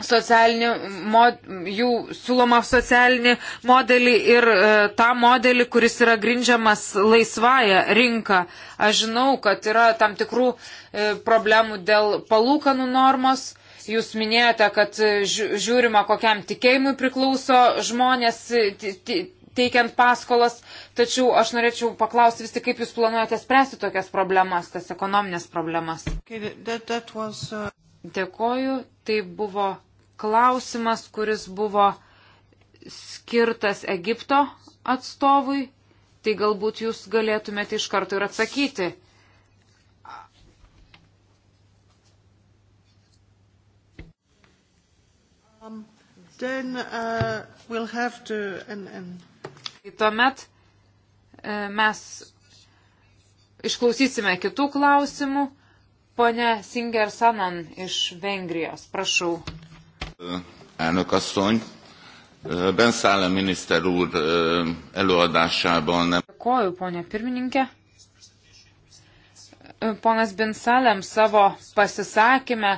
socialinį, mod, jų siūlomą socialinį modelį ir e, tą modelį, kuris yra grindžiamas laisvąją rinką. Aš žinau, kad yra tam tikrų e, problemų dėl palūkanų normos, Jūs minėjote, kad žiūrima, kokiam tikėjimui priklauso žmonės teikiant paskolas, tačiau aš norėčiau paklausti vis tik, kaip jūs planuojate spręsti tokias problemas, tas ekonominės problemas. Okay, that, that was, uh... Dėkoju, tai buvo klausimas, kuris buvo skirtas Egipto atstovui, tai galbūt jūs galėtumėte iš karto ir atsakyti. then uh, we'll have to... And, and... Tai tuomet e, mes išklausysime kitų klausimų. Pone Singer Sanan iš Vengrijos, prašau. E, elnök asszony, e, Ben Szállam miniszter úr előadásában nem... Dėkoju, ponė pirmininkė. Ponas Ben Szállam savo pasisakymę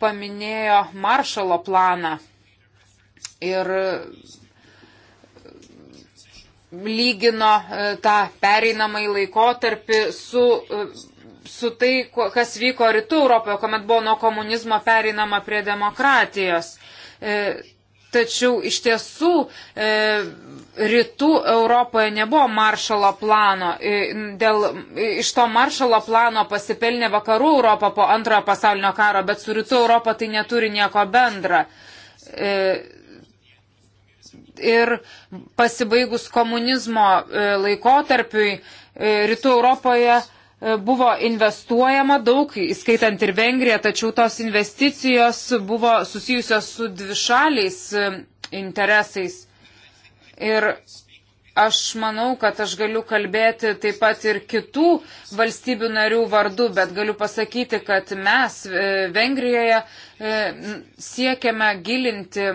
paminėjo maršalo planą ir e, lygino e, tą pereinamąjį laikotarpį su, e, su tai, kas vyko rytų Europoje, kuomet buvo nuo komunizmo pereinama prie demokratijos. Tačiau iš tiesų e, rytų Europoje nebuvo maršalo plano. Dėl, iš to maršalo plano pasipelnė vakarų Europą po antrojo pasaulinio karo, bet su rytų Europą tai neturi nieko bendra. E, ir pasibaigus komunizmo e, laikotarpiui e, rytų Europoje e, buvo investuojama daug, įskaitant ir Vengriją, tačiau tos investicijos buvo susijusios su dvišaliais interesais. Ir Aš manau, kad aš galiu kalbėti taip pat ir kitų valstybių narių vardu, bet galiu pasakyti, kad mes e, Vengrijoje e, siekiame gilinti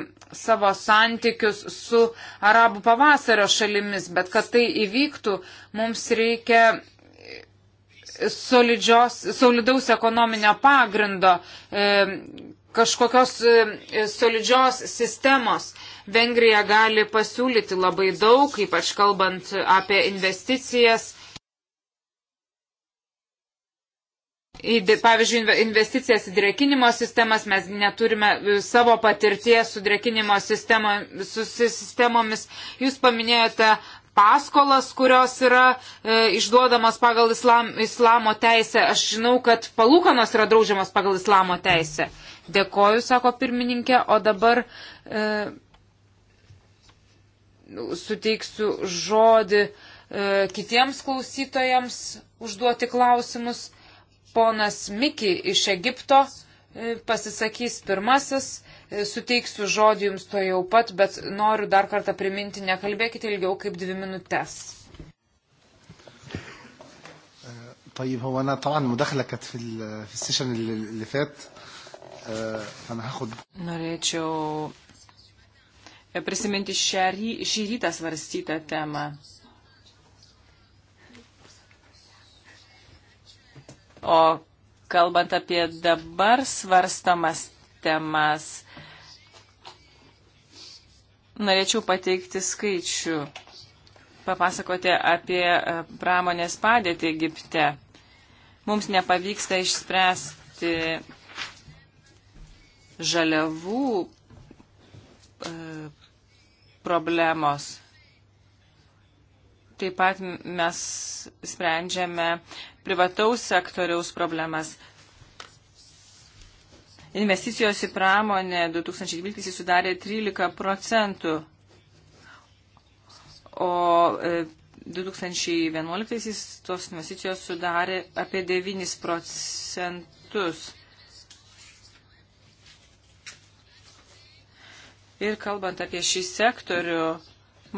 savo santykius su arabų pavasario šalimis, bet kad tai įvyktų, mums reikia solidžios, solidaus ekonominio pagrindo, e, kažkokios solidžios sistemos. Vengrija gali pasiūlyti labai daug, ypač kalbant apie investicijas. Į, pavyzdžiui, investicijas į drekinimo sistemas mes neturime e, savo patirties su drekinimo sistemo, su sistemomis. Jūs paminėjote paskolas, kurios yra e, išduodamas pagal islam, islamo teisę. Aš žinau, kad palūkanos yra draudžiamas pagal islamo teisę. Dėkoju, sako pirmininkė, o dabar e, suteiksiu žodį e, kitiems klausytojams užduoti klausimus. Ponas Miki iš Egipto e, pasisakys pirmasis, e, suteiksiu žodį jums to jau pat, bet noriu dar kartą priminti, nekalbėkite ilgiau kaip dvi minutės. طيب هو انا طبعا مداخله كانت في في السيشن اللي فات فانا هاخد norėčiau prisiminti šią, šį rytą svarstytą temą. O kalbant apie dabar svarstamas temas, norėčiau pateikti skaičių, papasakoti apie e, pramonės padėtį Egipte. Mums nepavyksta išspręsti žaliavų e, problemos. Taip pat mes sprendžiame privataus sektoriaus problemas. Investicijos į pramonę 2012 sudarė 13 procentų, o 2011 e, tos investicijos sudarė apie 9 procentus. Ir kalbant apie šį sektorių,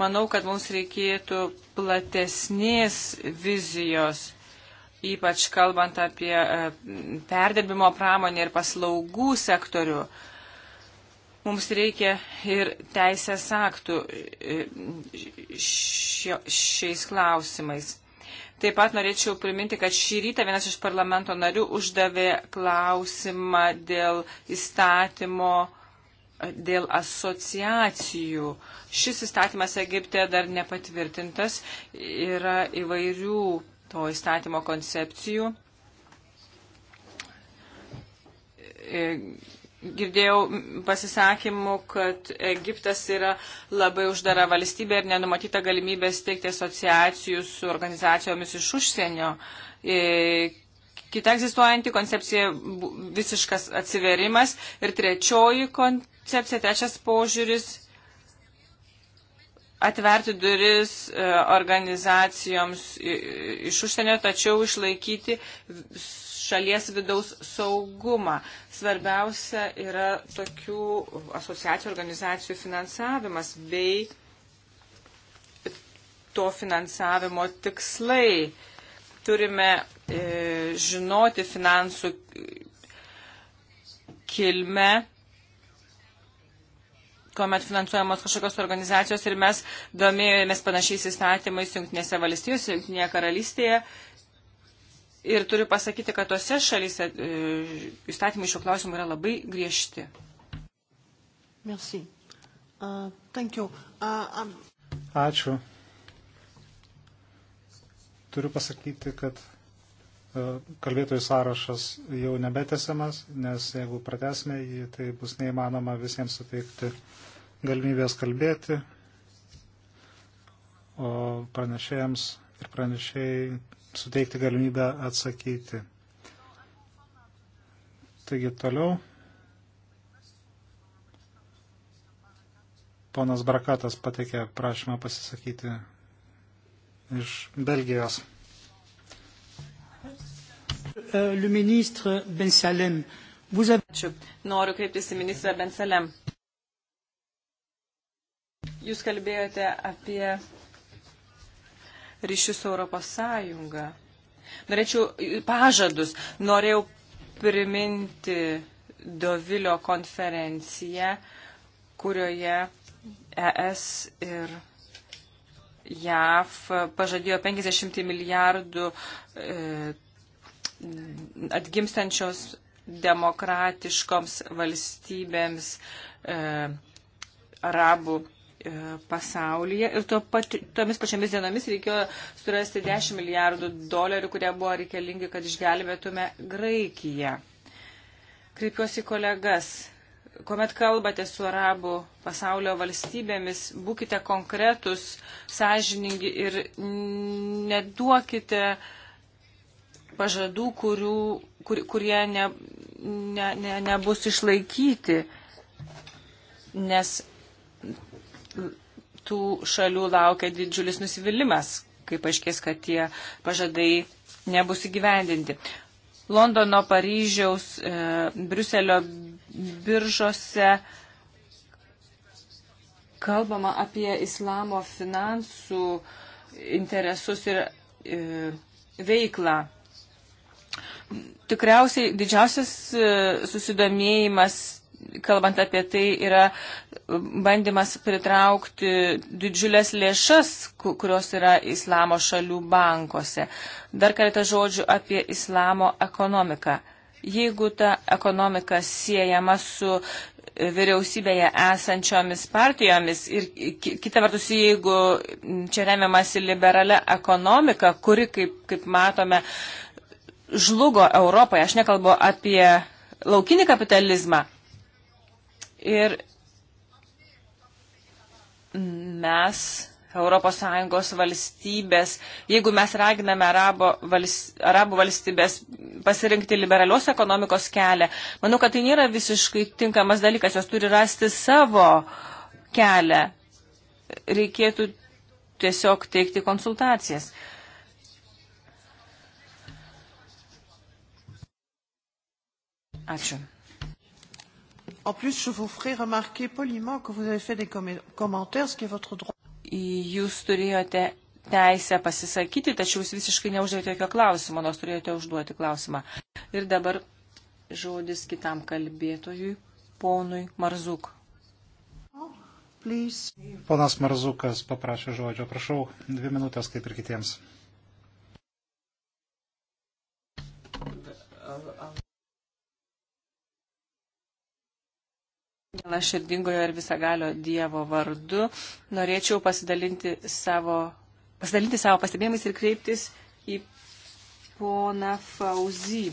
manau, kad mums reikėtų platesnės vizijos, ypač kalbant apie e, perdirbimo pramonę ir paslaugų sektorių. Mums reikia ir teisės aktų e, šio, šiais klausimais. Taip pat norėčiau priminti, kad šį rytą vienas iš parlamento narių uždavė klausimą dėl įstatymo dėl asociacijų. Šis įstatymas Egipte dar nepatvirtintas, yra įvairių to įstatymo koncepcijų. E, girdėjau pasisakymų, kad Egiptas yra labai uždara valstybė ir nenumatyta galimybė steigti asociacijų su organizacijomis iš užsienio. E, kita egzistuojanti koncepcija - visiškas atsiverimas. Ir trečioji kon koncepcija, trečias požiūris atverti duris e, organizacijoms iš užsienio, tačiau išlaikyti šalies vidaus saugumą. Svarbiausia yra tokių asociacijų organizacijų finansavimas bei to finansavimo tikslai. Turime e, žinoti finansų kilmę kuomet finansuojamos kažkokios organizacijos ir mes domėjomės panašiais įstatymais Junktinėse valstijose, Junktinėje karalystėje. Ir turiu pasakyti, kad tose šalyse e, įstatymai šio klausimu yra labai griežti. Merci. Uh, thank you. Uh, um... Ačiū. Turiu pasakyti, kad E, kalbėtojų sąrašas jau nebetesiamas, nes jeigu pratesime jį, tai bus neįmanoma visiems suteikti galimybės kalbėti, o pranešėjams ir pranešėjai suteikti galimybę atsakyti. Taigi toliau. Ponas Brakatas pateikė prašymą pasisakyti iš Belgijos euh, le ministre Ben Salem. Vous avez... Ačiū. Noriu kreiptis į ministrą Ben Salem. Jūs kalbėjote apie ryšius su Europos Sąjunga. Norėčiau pažadus. Norėjau priminti Dovilio konferenciją, kurioje ES ir JAF pažadėjo 50 milijardų e, atgimstančios demokratiškoms valstybėms e, arabų e, pasaulyje. Ir tuo pat, tomis pačiamis dienomis reikėjo surasti 10 milijardų dolerių, kurie buvo reikalingi, kad išgelbėtume Graikiją. Kreipiuosi kolegas. Komet kalbate su arabų pasaulio valstybėmis, būkite konkretus, sąžiningi ir neduokite uh, pažadų, kurių, kur, kurie ne, ne, ne, nebus išlaikyti, nes tų šalių laukia didžiulis nusivylimas, kai paaiškės, kad tie pažadai nebus įgyvendinti. Londono, Paryžiaus, e, Briuselio biržose kalbama apie islamo finansų interesus ir e, veiklą. Tikriausiai didžiausias e, susidomėjimas, kalbant apie tai, yra bandymas pritraukti didžiulės lėšas, kurios yra islamo šalių bankose. Dar keletą žodžių apie islamo ekonomiką. Jeigu ta ekonomika siejama su vyriausybėje esančiomis partijomis ir kita vertus, jeigu čia remiamasi liberale ekonomika, kuri, kaip, kaip matome, uh, žlugo Europoje. Aš nekalbu apie laukinį kapitalizmą. Ir mes, ES valstybės, jeigu mes raginame arabo valst, arabų valstybės pasirinkti liberalios ekonomikos kelią, manau, kad tai nėra visiškai tinkamas dalykas, jos turi rasti savo kelią. Reikėtų tiesiog teikti konsultacijas. Uh, Ačiū. En plus, je vous ferai remarquer poliment que vous avez fait des commentaires, ce qui est votre droit. Jūs turėjote teisę pasisakyti, tačiau jūs visiškai neuždavėte jokio klausimo, nors turėjote užduoti klausimą. Ir dabar žodis kitam kalbėtojui, ponui Marzuk. Oh, please. Ponas Marzukas paprašė žodžio. Prašau, dvi minutės kaip ir kitiems. Viena širdingojo ir visagalio Dievo vardu norėčiau pasidalinti savo, pasidalinti savo pastebėjimais ir kreiptis į poną Fauzy.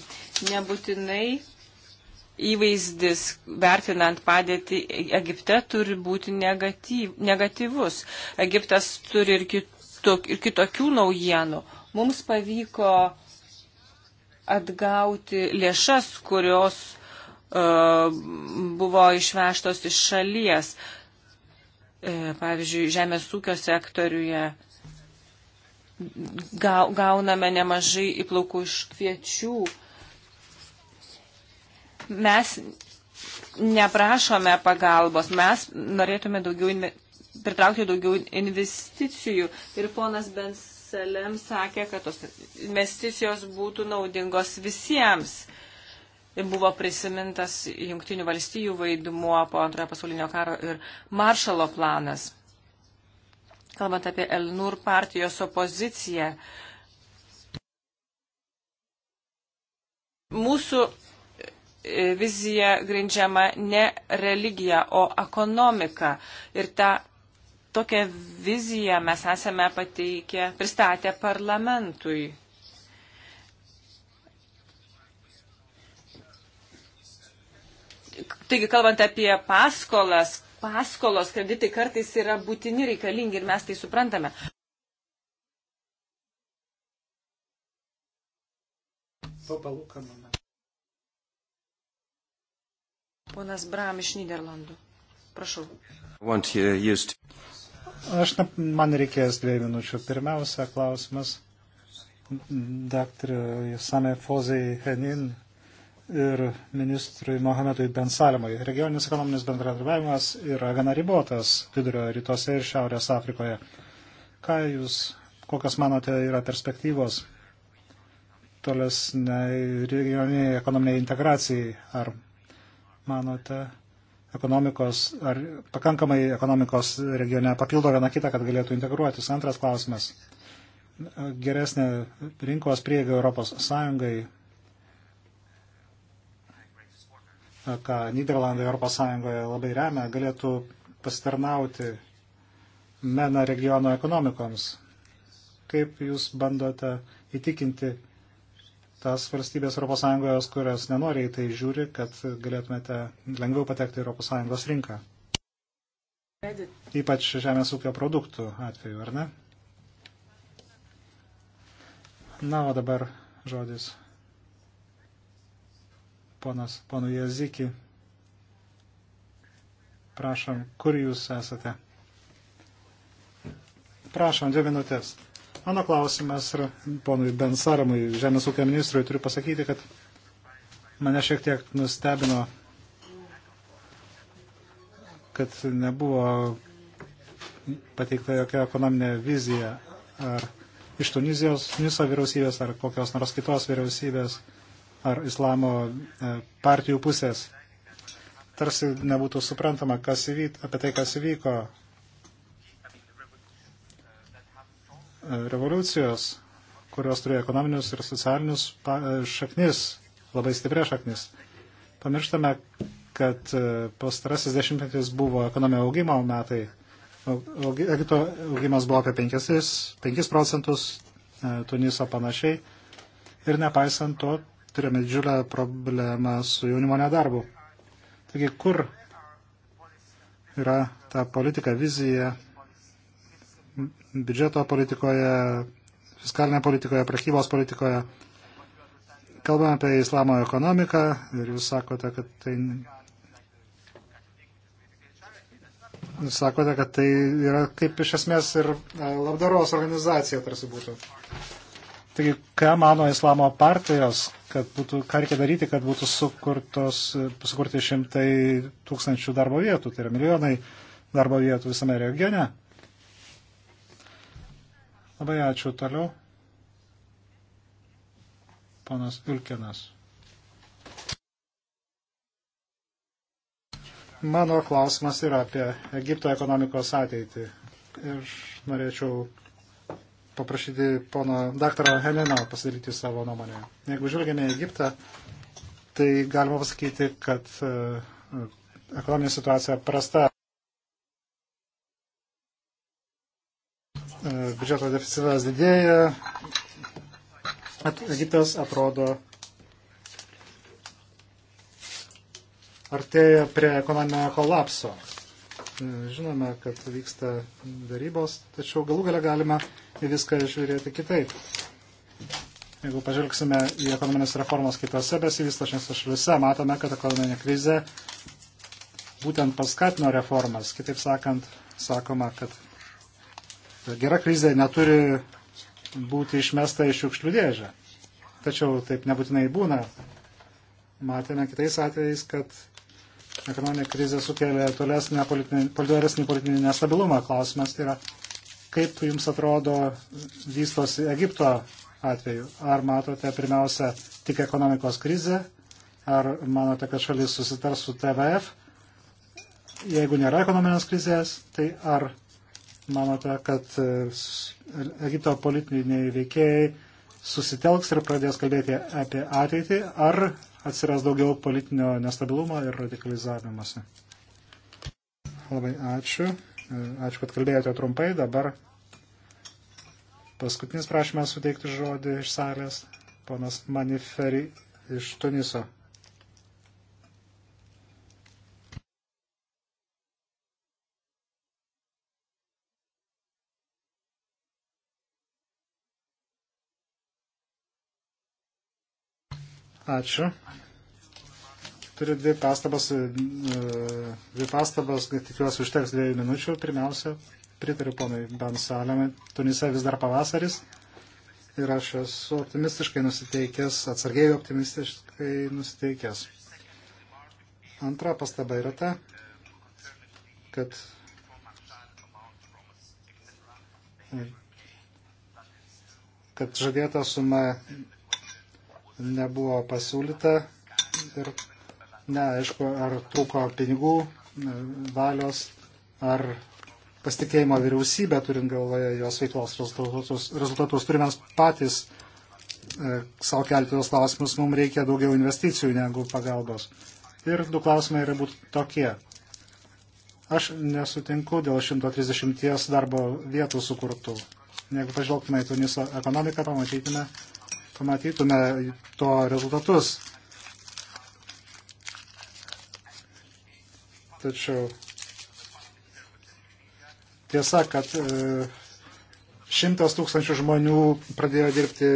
Nebūtinai įvaizdis vertinant padėtį Egipte turi būti negatyv, negatyvus. Egiptas turi ir, kitok, ir kitokių naujienų. Mums pavyko atgauti lėšas, kurios buvo išvežtos iš šalies. E, pavyzdžiui, žemės ūkio sektoriuje gauname nemažai įplaukų iš kviečių. Mes neprašome pagalbos, mes norėtume daugiau pritraukti daugiau investicijų. Ir ponas Bensalem sakė, kad tos investicijos būtų naudingos visiems. Uh, buvo prisimintas Junktinių valstijų vaidmuo po antrojo pasaulinio karo ir maršalo planas. Kalbant apie Elnur partijos opoziciją, mūsų e, vizija grindžiama ne religija, o ekonomika. Ir tą tokią viziją mes esame pateikę, pristatę parlamentui. Taigi, kalbant apie paskolas, paskolos kreditai kartais yra būtini reikalingi ir mes tai suprantame. Ponas Bram iš Niderlandų. Prašau. Uh, Aš, man reikės dviejų minučių. Pirmiausia, klausimas. Daktarė Same Fozai Henin ir ministrui Mohamedui Bensalimui. Regioninis ekonominis bendradarbiavimas yra gana ribotas vidurio rytuose ir šiaurės Afrikoje. Ką jūs, kokias manote, yra perspektyvos tolesnei regioniniai ekonominiai integracijai? Ar manote, ekonomikos, ar pakankamai ekonomikos regione papildo viena kitą, kad galėtų integruotis? Antras klausimas. Geresnė rinkos prieiga Europos Sąjungai ką Niderlandai Europos Sąjungoje labai remia, galėtų pasitarnauti MENA regiono ekonomikoms. Kaip jūs bandote įtikinti tas valstybės Europos Sąjungoje, kurios nenoriai tai žiūri, kad galėtumėte lengviau patekti Europos Sąjungos rinką? Ypač žemės ūkio produktų atveju, ar ne? Na, o dabar žodis ponas, ponu Jeziki. Prašom, kur jūs esate? Prašom, dvi minutės. Mano klausimas ir ponui Bensaramui, Žemės ūkio ministrui, turiu pasakyti, kad mane šiek tiek nustebino, kad nebuvo pateikta jokia ekonominė vizija ar iš Tunizijos, Niso vyriausybės ar kokios nors kitos vyriausybės ar islamo e, partijų pusės. Tarsi nebūtų suprantama kas įvyk, apie tai, kas įvyko. E, revoliucijos, kurios turėjo ekonominius ir socialinius e, šaknis, labai stiprias šaknis. Pamirštame, kad pastarasis dešimtmetis buvo ekonominio augimo metai. Egipto augimas buvo apie 5, 5 procentus, Tuniso panašiai. Ir nepaisant to, turime didžiulę problemą su jaunimo nedarbu. Taigi, kur yra ta politika, vizija biudžeto politikoje, fiskalinėje politikoje, prekybos politikoje. Kalbame apie islamo ekonomiką ir jūs sakote, kad tai, sakote, kad tai yra kaip iš esmės ir labdaros organizacija tarsi būtų. Taigi, ką mano islamo partijos, kad būtų, ką reikia daryti, kad būtų sukurtos, sukurti šimtai tūkstančių darbo vietų, tai yra milijonai darbo vietų visame regione. Labai ačiū toliau. Ponas Ilkinas. Mano klausimas yra apie Egipto ekonomikos ateitį. Ir norėčiau paprašyti pono daktaro Heleno pasidaryti savo nuomonę. Jeigu žvelgiame į Egiptą, tai galima pasakyti, kad e, ekonominė situacija prasta. E, biudžeto deficitas didėja. Egiptas atrodo artėja prie ekonominio kolapso. Žinome, kad vyksta darybos, tačiau galų gale galime į viską žiūrėti kitaip. Jeigu pažvelgsime į ekonominės reformos kitose besivystačiose šalise, matome, kad ekonominė krize būtent paskatino reformas. Kitaip sakant, sakoma, kad gera krizė neturi būti išmesta iš šiukšlių dėžę. Tačiau taip nebūtinai būna. Matėme kitais atvejais, kad Ekonominė krizė sukelia tolesnį politinį, politinį nestabilumą. Klausimas yra, kaip jums atrodo vystosi Egipto atveju? Ar matote pirmiausia tik ekonomikos krizę, ar manote, kad šalis susitars su TVF? Jeigu nėra ekonominės krizės, tai ar manote, kad e, Egipto politiniai veikėjai susitelks ir pradės kalbėti apie ateitį, ar atsiras daugiau politinio nestabilumo ir radikalizavimuose. Labai ačiū. Ačiū, kad kalbėjote trumpai. Dabar paskutinis prašymas suteikti žodį iš salės. Ponas Maniferi iš Tuniso. Ačiū. Turiu dvi pastabas, e, dvi pastabas, tikiuosi užteks dviejų minučių. Pirmiausia, pritariu ponai Bansalemai, Tunise vis dar pavasaris ir aš esu optimistiškai nusiteikęs, atsargiai optimistiškai nusiteikęs. Antra pastaba yra ta, kad kad žadėta suma nebuvo pasiūlyta ir neaišku, ar trūko pinigų, e, valios, ar pasitikėjimo vyriausybė, turint galvoje jos veiklos rezultatus, rezultatus turime patys e, savo kelti tos klausimus, mums reikia daugiau investicijų negu pagalbos. Ir du klausimai yra būtų tokie. Aš nesutinku dėl 130 darbo vietų sukurtų. Jeigu pažvelgtume į Tuniso ekonomiką, pamatytume, pamatytume to rezultatus. Tačiau tiesa, kad e, šimtas tūkstančių žmonių pradėjo dirbti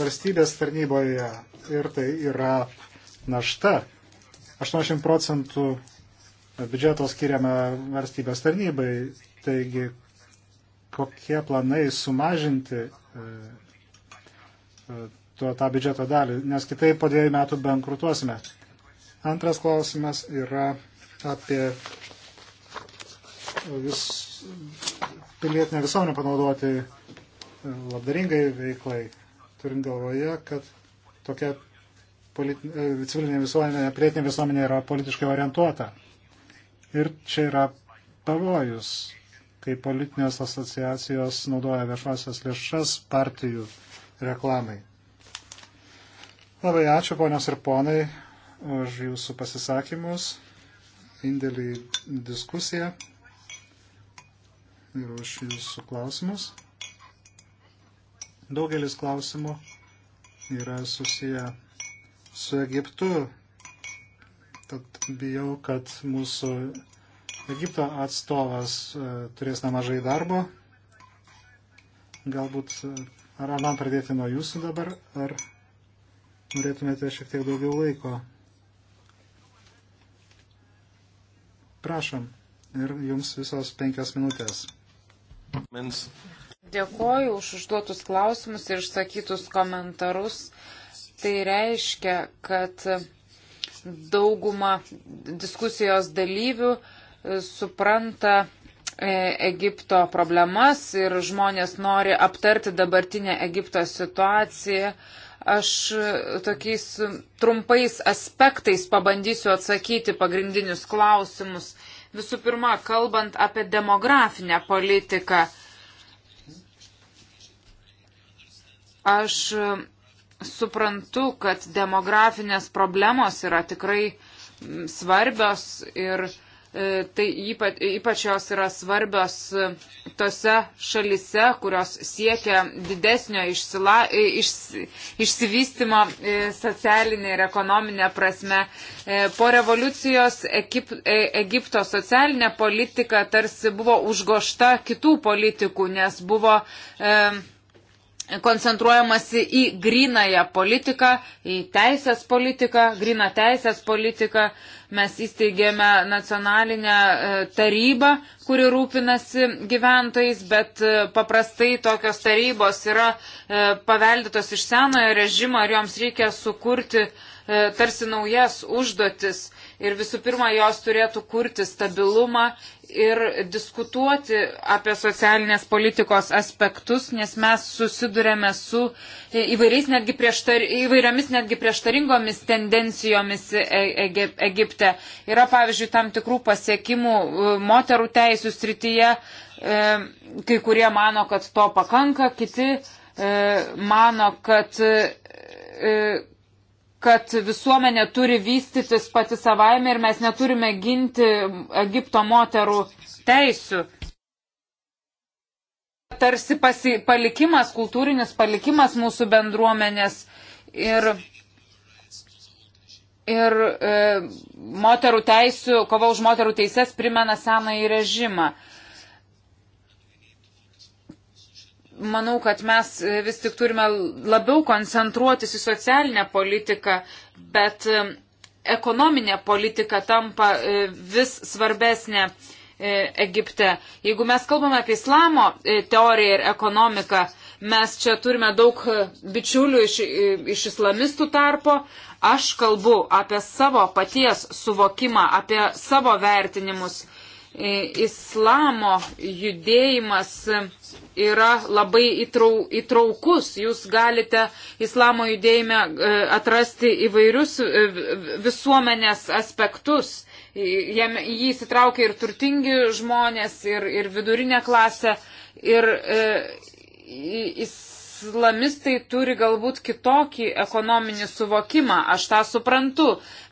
valstybės tarnyboje ir tai yra našta. 80 procentų biudžeto skiriame valstybės tarnybai, taigi kokie planai sumažinti e, E, tuo tą biudžeto dalį, nes kitaip po dviejų metų bankrutuosime. Antras klausimas yra apie vis, pilietinę visuomenę panaudoti e, labdaringai veiklai, turint galvoje, kad tokia politi, e, civilinė visuomenė, pilietinė visuomenė yra politiškai orientuota. Ir čia yra pavojus, kai politinės asociacijos naudoja viešasias lėšas partijų reklamai. Labai ačiū ponios ir ponai už jūsų pasisakymus, indėlį į diskusiją ir už jūsų klausimus. Daugelis klausimų yra susiję su Egiptu, tad bijau, kad mūsų Egipto atstovas e, turės nemažai darbo. Galbūt e, Ar man pradėti nuo jūsų dabar, ar norėtumėte šiek tiek daugiau laiko? Prašom. Ir jums visos penkias minutės. Mins. Dėkoju už užduotus klausimus ir išsakytus komentarus. Tai reiškia, kad dauguma diskusijos dalyvių supranta E, Egipto problemas ir žmonės nori aptarti dabartinę Egipto situaciją. Aš e, tokiais trumpais aspektais pabandysiu atsakyti pagrindinius klausimus. Visų pirma, kalbant apie demografinę politiką, aš e, suprantu, kad demografinės problemos yra tikrai svarbios ir svarbios E, tai ypač, ypač jos yra svarbios e, tose šalise, kurios siekia didesnio išsila, e, iš, išsivystimo socialinė ir ekonominė prasme. Po revoliucijos Egip, Egipto socialinė politika tarsi buvo užgošta kitų politikų, nes buvo e, koncentruojamasi į grinąją politiką, į teisės politiką, griną teisės politiką. Mes įsteigėme nacionalinę e, tarybą, kuri rūpinasi gyventojais, bet e, paprastai tokios tarybos yra e, paveldėtos iš senojo režimo ir joms reikia sukurti tarsi naujas užduotis ir visų pirma jos turėtų kurti stabilumą ir diskutuoti apie socialinės politikos aspektus, nes mes susidurėme su netgi prieštar, įvairiomis netgi prieštaringomis tendencijomis e, Egipte. Yra, pavyzdžiui, tam tikrų pasiekimų e, moterų teisų srityje, e, kai kurie mano, kad to pakanka, kiti mano, kad kad visuomenė turi vystytis pati savaime ir mes neturime ginti Egipto moterų teisių. Tarsi pasi, palikimas, kultūrinis palikimas mūsų bendruomenės ir, ir e, moterų teisų, kova už moterų teises primena senąjį režimą. E, manau, kad mes e, vis tik turime labiau koncentruotis į socialinę politiką, bet e, ekonominė politika tampa e, vis svarbesnė. Egipte. Jeigu mes kalbame apie islamo teoriją ir ekonomiką, mes čia turime daug bičiulių iš, iš islamistų tarpo. Aš kalbu apie savo paties suvokimą, apie savo vertinimus E, islamo judėjimas yra labai įtraukus. Jūs galite islamo judėjime e, atrasti įvairius e, visuomenės aspektus. Jį įsitraukia ir turtingi žmonės, ir, ir vidurinė klasė. Ir, e, is, islamistai turi galbūt kitokį ekonominį suvokimą, aš tą suprantu,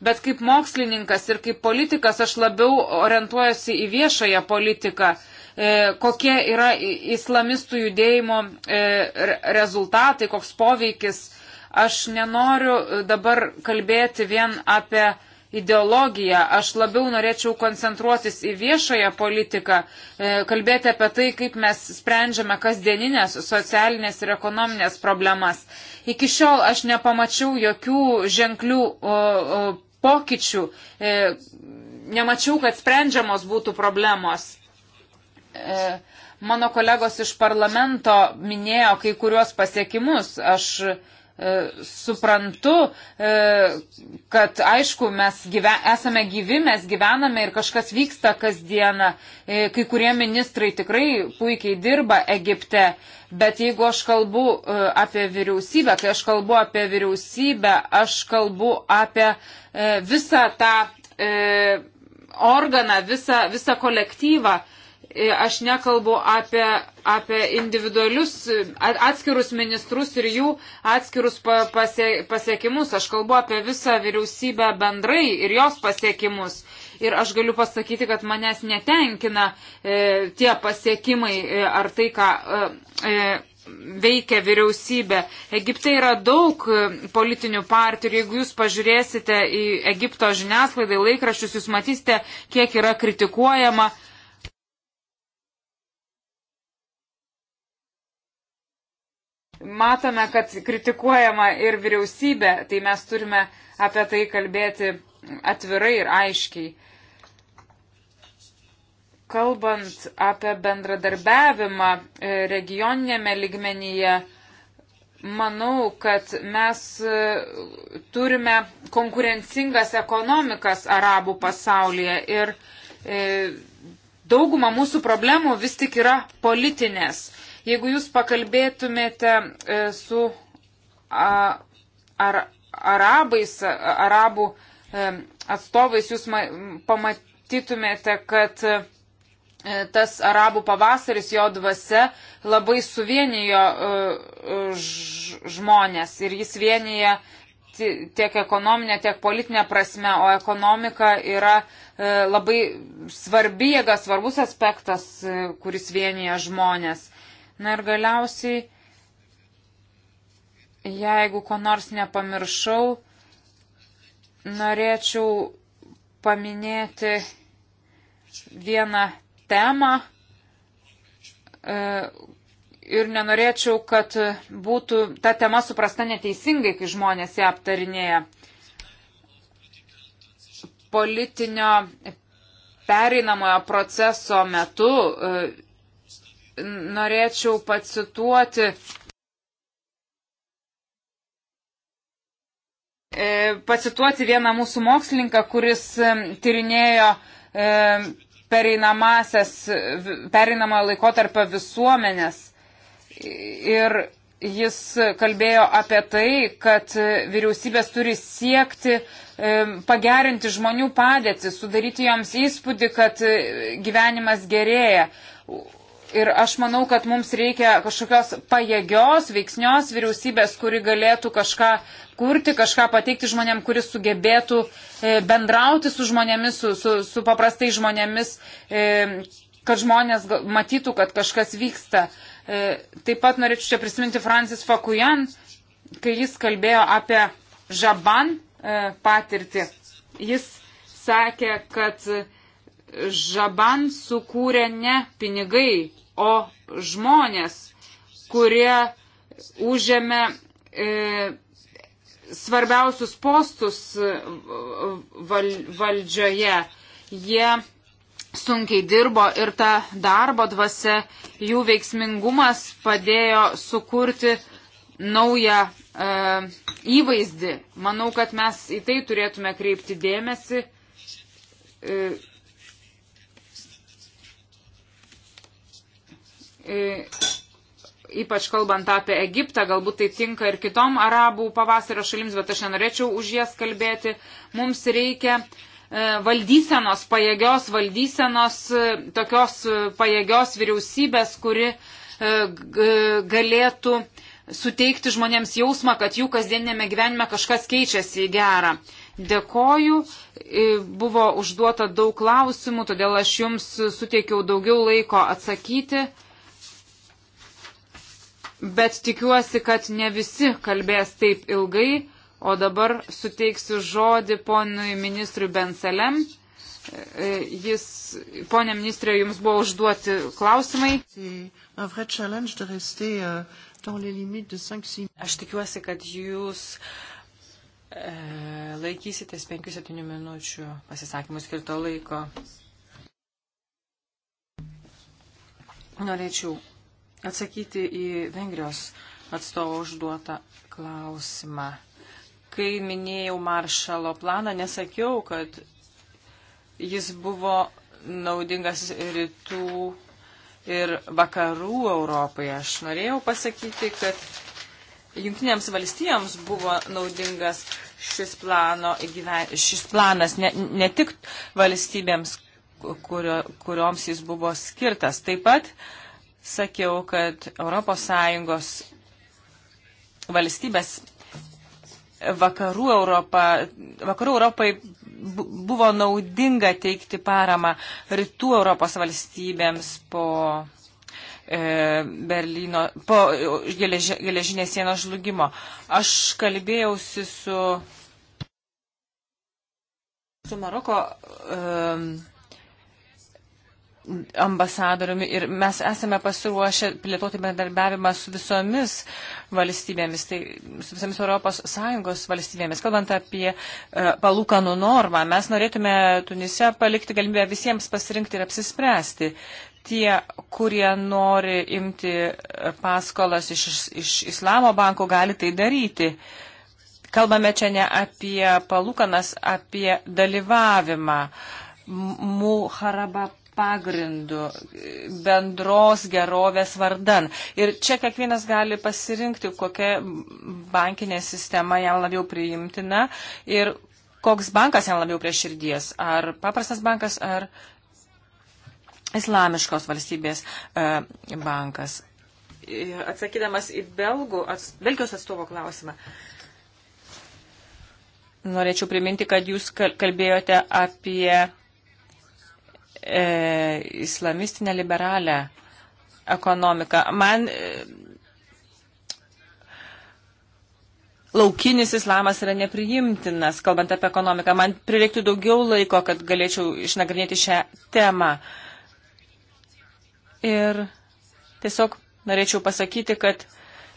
bet kaip mokslininkas ir kaip politikas aš labiau orientuojasi į viešąją politiką, e, kokie yra islamistų judėjimo e, rezultatai, koks poveikis. Aš nenoriu dabar kalbėti vien apie ideologiją. Aš labiau norėčiau koncentruotis į viešąją politiką, e, kalbėti apie tai, kaip mes sprendžiame kasdieninės socialinės ir ekonominės problemas. Iki šiol aš nepamačiau jokių ženklių o, o, pokyčių, e, nemačiau, kad sprendžiamos būtų problemos. E, mano kolegos iš parlamento minėjo kai kuriuos pasiekimus. Aš E, suprantu, e, kad aišku, mes gyve, esame gyvi, mes gyvename ir kažkas vyksta kasdieną. E, kai kurie ministrai tikrai puikiai dirba Egipte, bet jeigu aš kalbu apie vyriausybę, kai aš kalbu apie vyriausybę, aš kalbu apie visą tą organą, visą, visą kolektyvą. E, aš nekalbu apie, apie individualius atskirus ministrus ir jų atskirus pasiekimus. Aš kalbu apie visą vyriausybę bendrai ir jos pasiekimus. Ir aš galiu pasakyti, kad manęs netenkina e, tie pasiekimai e, ar tai, ką. E, e, veikia vyriausybė. Egipte yra daug e, politinių partijų ir jeigu jūs pažiūrėsite į Egipto žiniasklaidą, į laikraščius, jūs matysite, kiek yra kritikuojama matome, kad kritikuojama ir vyriausybė, tai mes turime apie tai kalbėti atvirai ir aiškiai. Kalbant apie bendradarbiavimą e, regioninėme ligmenyje, manau, kad mes e, turime konkurencingas ekonomikas arabų pasaulyje ir e, dauguma mūsų problemų vis tik yra politinės. Jeigu jūs pakalbėtumėte e, su a, ar, arabais, arabų e, atstovais, jūs ma, pamatytumėte, kad e, tas arabų pavasaris jo dvasia labai suvienijo žmonės ir jis vienyje tiek ekonominė, tiek politinė prasme, o ekonomika yra labai svarbi jėga, svarbus aspektas, kuris vienyje žmonės. Na ir galiausiai, jeigu ko nors nepamiršau, norėčiau paminėti vieną temą e, ir nenorėčiau, kad būtų ta tema suprasta neteisingai, kai žmonės ją aptarinėja. Politinio pereinamojo proceso metu e, norėčiau pacituoti e, pacituoti vieną mūsų mokslininką, kuris e, tyrinėjo e, pereinamą laikotarpio visuomenės. Ir jis kalbėjo apie tai, kad vyriausybės turi siekti pagerinti žmonių padėtį, sudaryti joms įspūdį, kad gyvenimas gerėja. Ir aš manau, kad mums reikia kažkokios pajėgios, veiksnios vyriausybės, kuri galėtų kažką kurti, kažką pateikti žmonėm, kuris sugebėtų e, bendrauti su žmonėmis, su, su, su paprastai žmonėmis, e, kad žmonės matytų, kad kažkas vyksta. E, taip pat norėčiau čia prisiminti Francis Fakujan, kai jis kalbėjo apie žaban patirtį. Jis sakė, kad žaban sukūrė ne pinigai, o žmonės, kurie užėmė e, svarbiausius postus val, valdžioje. Jie sunkiai dirbo ir ta darbo dvasia, jų veiksmingumas padėjo sukurti naują e, įvaizdį. Manau, kad mes į tai turėtume kreipti dėmesį. E, E, ypač kalbant apie Egiptą, galbūt tai tinka ir kitom arabų pavasario šalims, bet aš nenorėčiau už jas kalbėti. Mums reikia e, valdysenos, pajėgios valdysenos, e, tokios pajėgios vyriausybės, kuri galėtų suteikti žmonėms jausmą, kad jų kasdienėme gyvenime kažkas keičiasi į gerą. Dėkoju, buvo užduota daug klausimų, todėl aš jums suteikiau daugiau laiko atsakyti bet tikiuosi, kad ne visi kalbės taip ilgai, o dabar suteiksiu žodį ponui ministrui Benselem. E, jis, ponė ministrė, jums buvo užduoti klausimai. Euh, Aš tikiuosi, kad jūs e, laikysitės 5-7 minučių pasisakymų skirto laiko. Norėčiau atsakyti į Vengrijos atstovo užduotą klausimą. Kai minėjau maršalo planą, nesakiau, kad jis buvo naudingas rytų ir vakarų Europai. Aš norėjau pasakyti, kad jungtinėms valstijoms buvo naudingas šis, plano, šis planas, ne, ne tik valstybėms, kurio, kurioms jis buvo skirtas. Taip pat uh, sakiau, kad ES valstybės vakarų, Europa, vakarų Europai buvo naudinga teikti paramą rytų Europos valstybėms po e, Berlyno, po gelež, geležinės sienos žlugimo. Aš kalbėjausi su, su Maroko um, ambasadoriumi ir mes esame pasiruošę plėtoti bendarbiavimą su visomis valstybėmis, tai su visomis ES valstybėmis. Kalbant apie uh, palūkanų normą, mes norėtume Tunise palikti galimybę visiems pasirinkti ir apsispręsti. Tie, kurie nori imti e, paskolas iš, iš islamo bankų, gali tai daryti. Kalbame čia ne apie palūkanas, apie dalyvavimą. Muharaba pagrindu bendros gerovės vardan. Ir čia kiekvienas gali pasirinkti, kokia bankinė sistema jam labiau priimtina ir koks bankas jam labiau prie širdies. Ar paprastas bankas, ar islamiškos valstybės e, bankas. Ir atsakydamas į Belgų, ats, Belgijos atstovo klausimą. Norėčiau priminti, kad jūs kalbėjote apie e, islamistinę liberalę ekonomiką. Man e, laukinis islamas yra nepriimtinas, kalbant apie ekonomiką. Man prireiktų daugiau laiko, kad galėčiau išnagrinėti šią temą. Ir tiesiog norėčiau pasakyti, kad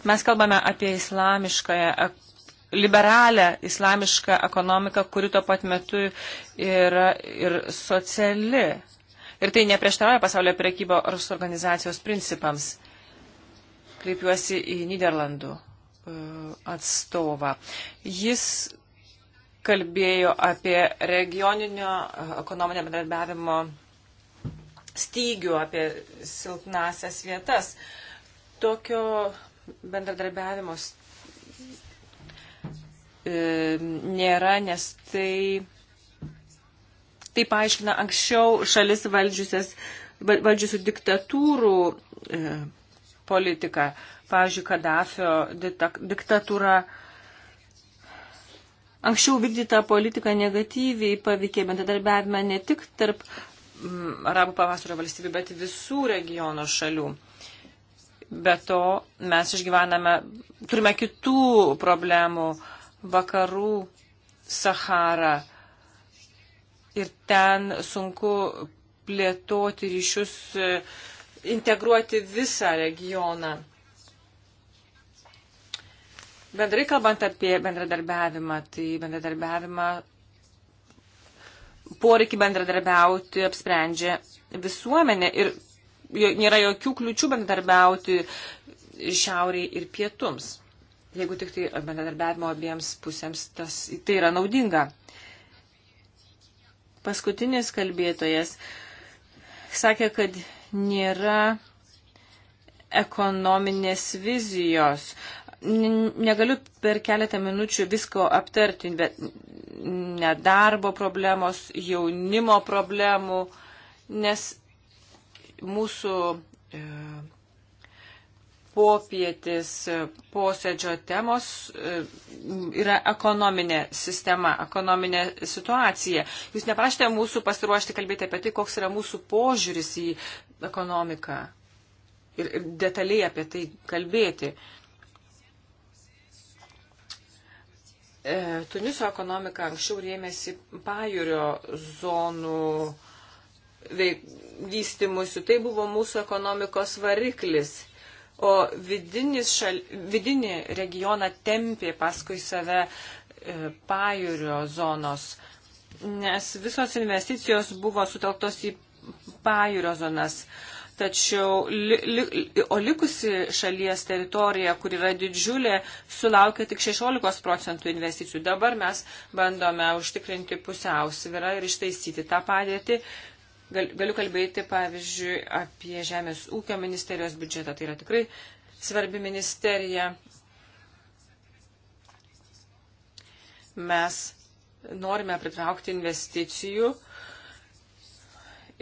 mes kalbame apie islamiškąją, liberalę islamišką ekonomiką, kuri tuo pat metu yra ir sociali ir tai neprieštarauja pasaulio prekybo ar organizacijos principams. Kreipiuosi į Niderlandų e, atstovą. Jis kalbėjo apie regioninio e, ekonominio bendradarbiavimo stygių, apie silpnasias vietas. Tokio bendradarbiavimo e, nėra, nes tai Tai paaiškina anksčiau šalis valdžiusias, valdžiusių diktatūrų e, politiką. Pavyzdžiui, Kadafio diktatūra. Anksčiau vykdyta politika negatyviai paveikė bendradarbiavimą ne tik tarp m, mm, Arabų pavasario valstybių, bet visų regiono šalių. Be to, mes išgyvename, turime kitų problemų. Vakarų Sahara ir ten sunku plėtoti ryšius, e, integruoti visą regioną. Bendrai kalbant apie bendradarbiavimą, tai bendradarbiavimą, poreikį bendradarbiauti apsprendžia visuomenė ir nėra jokių kliučių bendradarbiauti šiauriai ir pietums. Jeigu tik tai bendradarbiavimo abiems pusėms tas, tai yra naudinga paskutinis kalbėtojas sakė, kad nėra ekonominės vizijos. Negaliu per keletą minučių visko aptarti, bet nedarbo problemos, jaunimo problemų, nes mūsų e, popietis posėdžio temos e, yra ekonominė sistema, ekonominė situacija. Jūs neprašėte mūsų pasiruošti kalbėti apie tai, koks yra mūsų požiūris į ekonomiką ir, ir detaliai apie tai kalbėti. E, Tuniso ekonomika anksčiau rėmėsi pajūrio zonų veik, vystimusių. Tai buvo mūsų ekonomikos variklis o šal, vidinį regioną tempė paskui save e, pajūrio zonos, nes visos investicijos buvo sutelktos į pajūrio zonas. Tačiau, li, li, o likusi šalies teritorija, kur yra didžiulė, sulaukia tik 16 procentų investicijų. Dabar mes bandome užtikrinti pusiausvyrą ir ištaisyti tą padėtį. E, Gal, galiu kalbėti, pavyzdžiui, apie Žemės ūkio ministerijos biudžetą. Tai yra tikrai svarbi ministerija. Mes norime pritraukti investicijų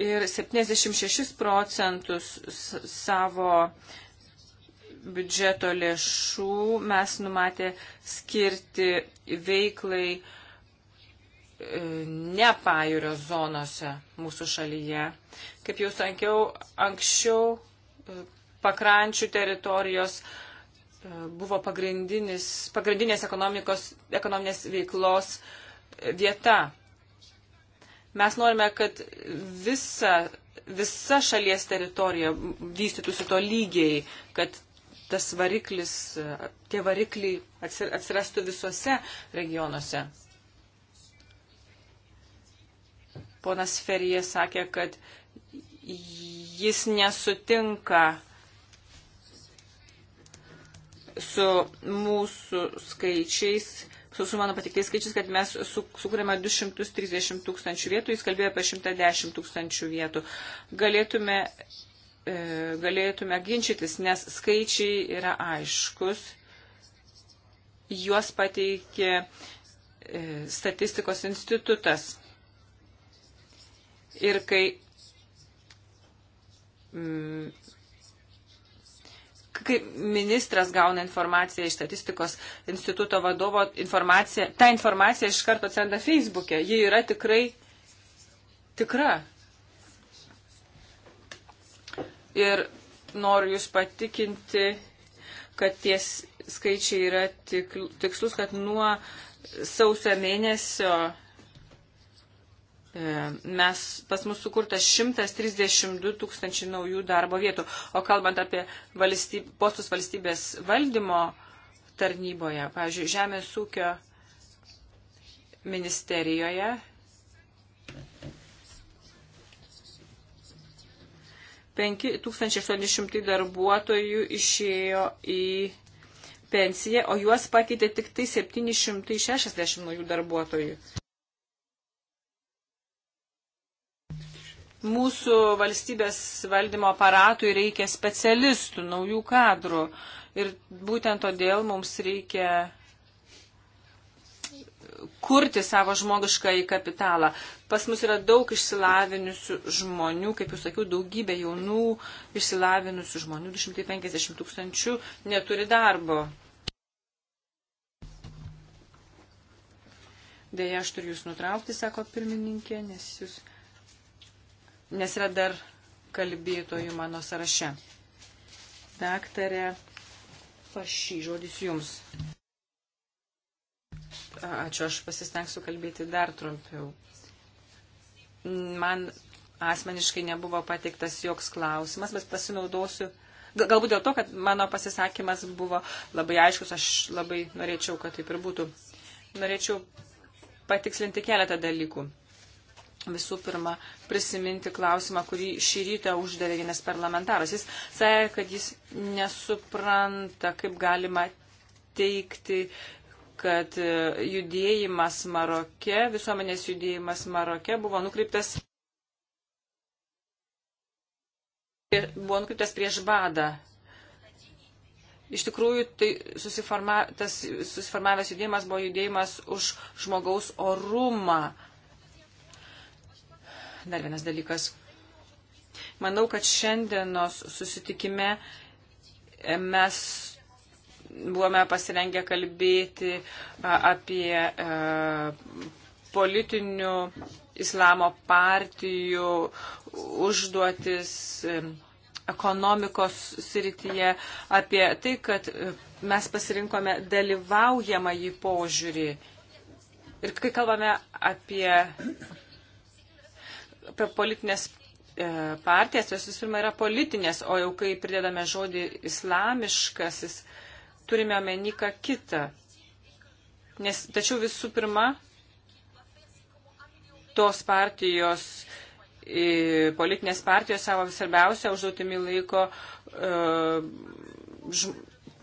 ir 76 procentus savo biudžeto lėšų mes numatė skirti veiklai E, ne pajūrio zonose mūsų šalyje. Kaip jau sankiau, anksčiau e, pakrančių teritorijos e, buvo pagrindinės ekonominės veiklos vieta. Mes norime, kad visa, visa šalies teritorija vystytųsi to lygiai, kad tas variklis, tie varikliai atsirastų visuose regionuose. ponas Ferija sakė, kad jis nesutinka su mūsų skaičiais, su, su mano patiktais skaičiais, kad mes su, sukūrėme 230 tūkstančių vietų, jis kalbėjo apie 110 tūkstančių vietų. Galėtume, e, galėtume ginčytis, nes skaičiai yra aiškus. Juos pateikė e, statistikos institutas. Ir kai mm, kai ministras gauna informaciją iš statistikos instituto vadovo, informacija, ta informacija iš karto atsenda Facebook'e. Ji yra tikrai tikra. Ir noriu Jūs patikinti, kad tie skaičiai yra tik, tikslus, kad nuo sausio mėnesio E, mes pas mus sukurta 132 tūkstančiai naujų darbo vietų. O kalbant apie valstyb, postus valstybės valdymo tarnyboje, pavyzdžiui, Žemės ūkio ministerijoje penki tūkstančiai aštuoni šimtai darbuotojų išėjo į pensiją, o juos pakeitė tik tai 760 naujų darbuotojų. Mūsų valstybės valdymo aparatui reikia specialistų, naujų kadrų. Ir būtent todėl mums reikia kurti savo žmogišką į kapitalą. Pas mus yra daug išsilavinusių žmonių, kaip jūs sakiau, daugybė jaunų išsilavinusių žmonių, 250 tūkstančių neturi darbo. Deja, aš turiu jūs nutraukti, sako pirmininkė, nes jūs nes yra dar kalbėtojų mano sąraše. Daktarė Pašy, žodis jums. Ačiū, aš pasistengsiu kalbėti dar trumpiau. Man asmeniškai nebuvo pateiktas joks klausimas, bet pasinaudosiu. Galbūt dėl to, kad mano pasisakymas buvo labai aiškus, aš labai norėčiau, kad taip ir būtų. Norėčiau patikslinti keletą dalykų visų pirma prisiminti klausimą, kurį šį rytą uždavė vienas parlamentaras. Jis sakė, kad jis nesupranta, kaip galima teikti, kad e, judėjimas Maroke, visuomenės judėjimas Maroke buvo nukreiptas. Buvo nukreiptas prieš badą, Iš tikrųjų, tai susiforma, tas susiformavęs judėjimas buvo judėjimas už žmogaus orumą dar vienas dalykas. Manau, kad šiandienos susitikime mes buvome pasirengę kalbėti apie e, politinių islamo partijų užduotis e, ekonomikos srityje, apie tai, kad e, mes pasirinkome dalyvaujamąjį požiūrį. Ir kai kalbame apie apie politinės e, partijas, jos visų pirma yra politinės, o jau kai pridedame žodį islamiškasis, turime omeny ką kitą. Nes, tačiau visų pirma, tos partijos, e, politinės partijos savo svarbiausią užduotimi laiko e,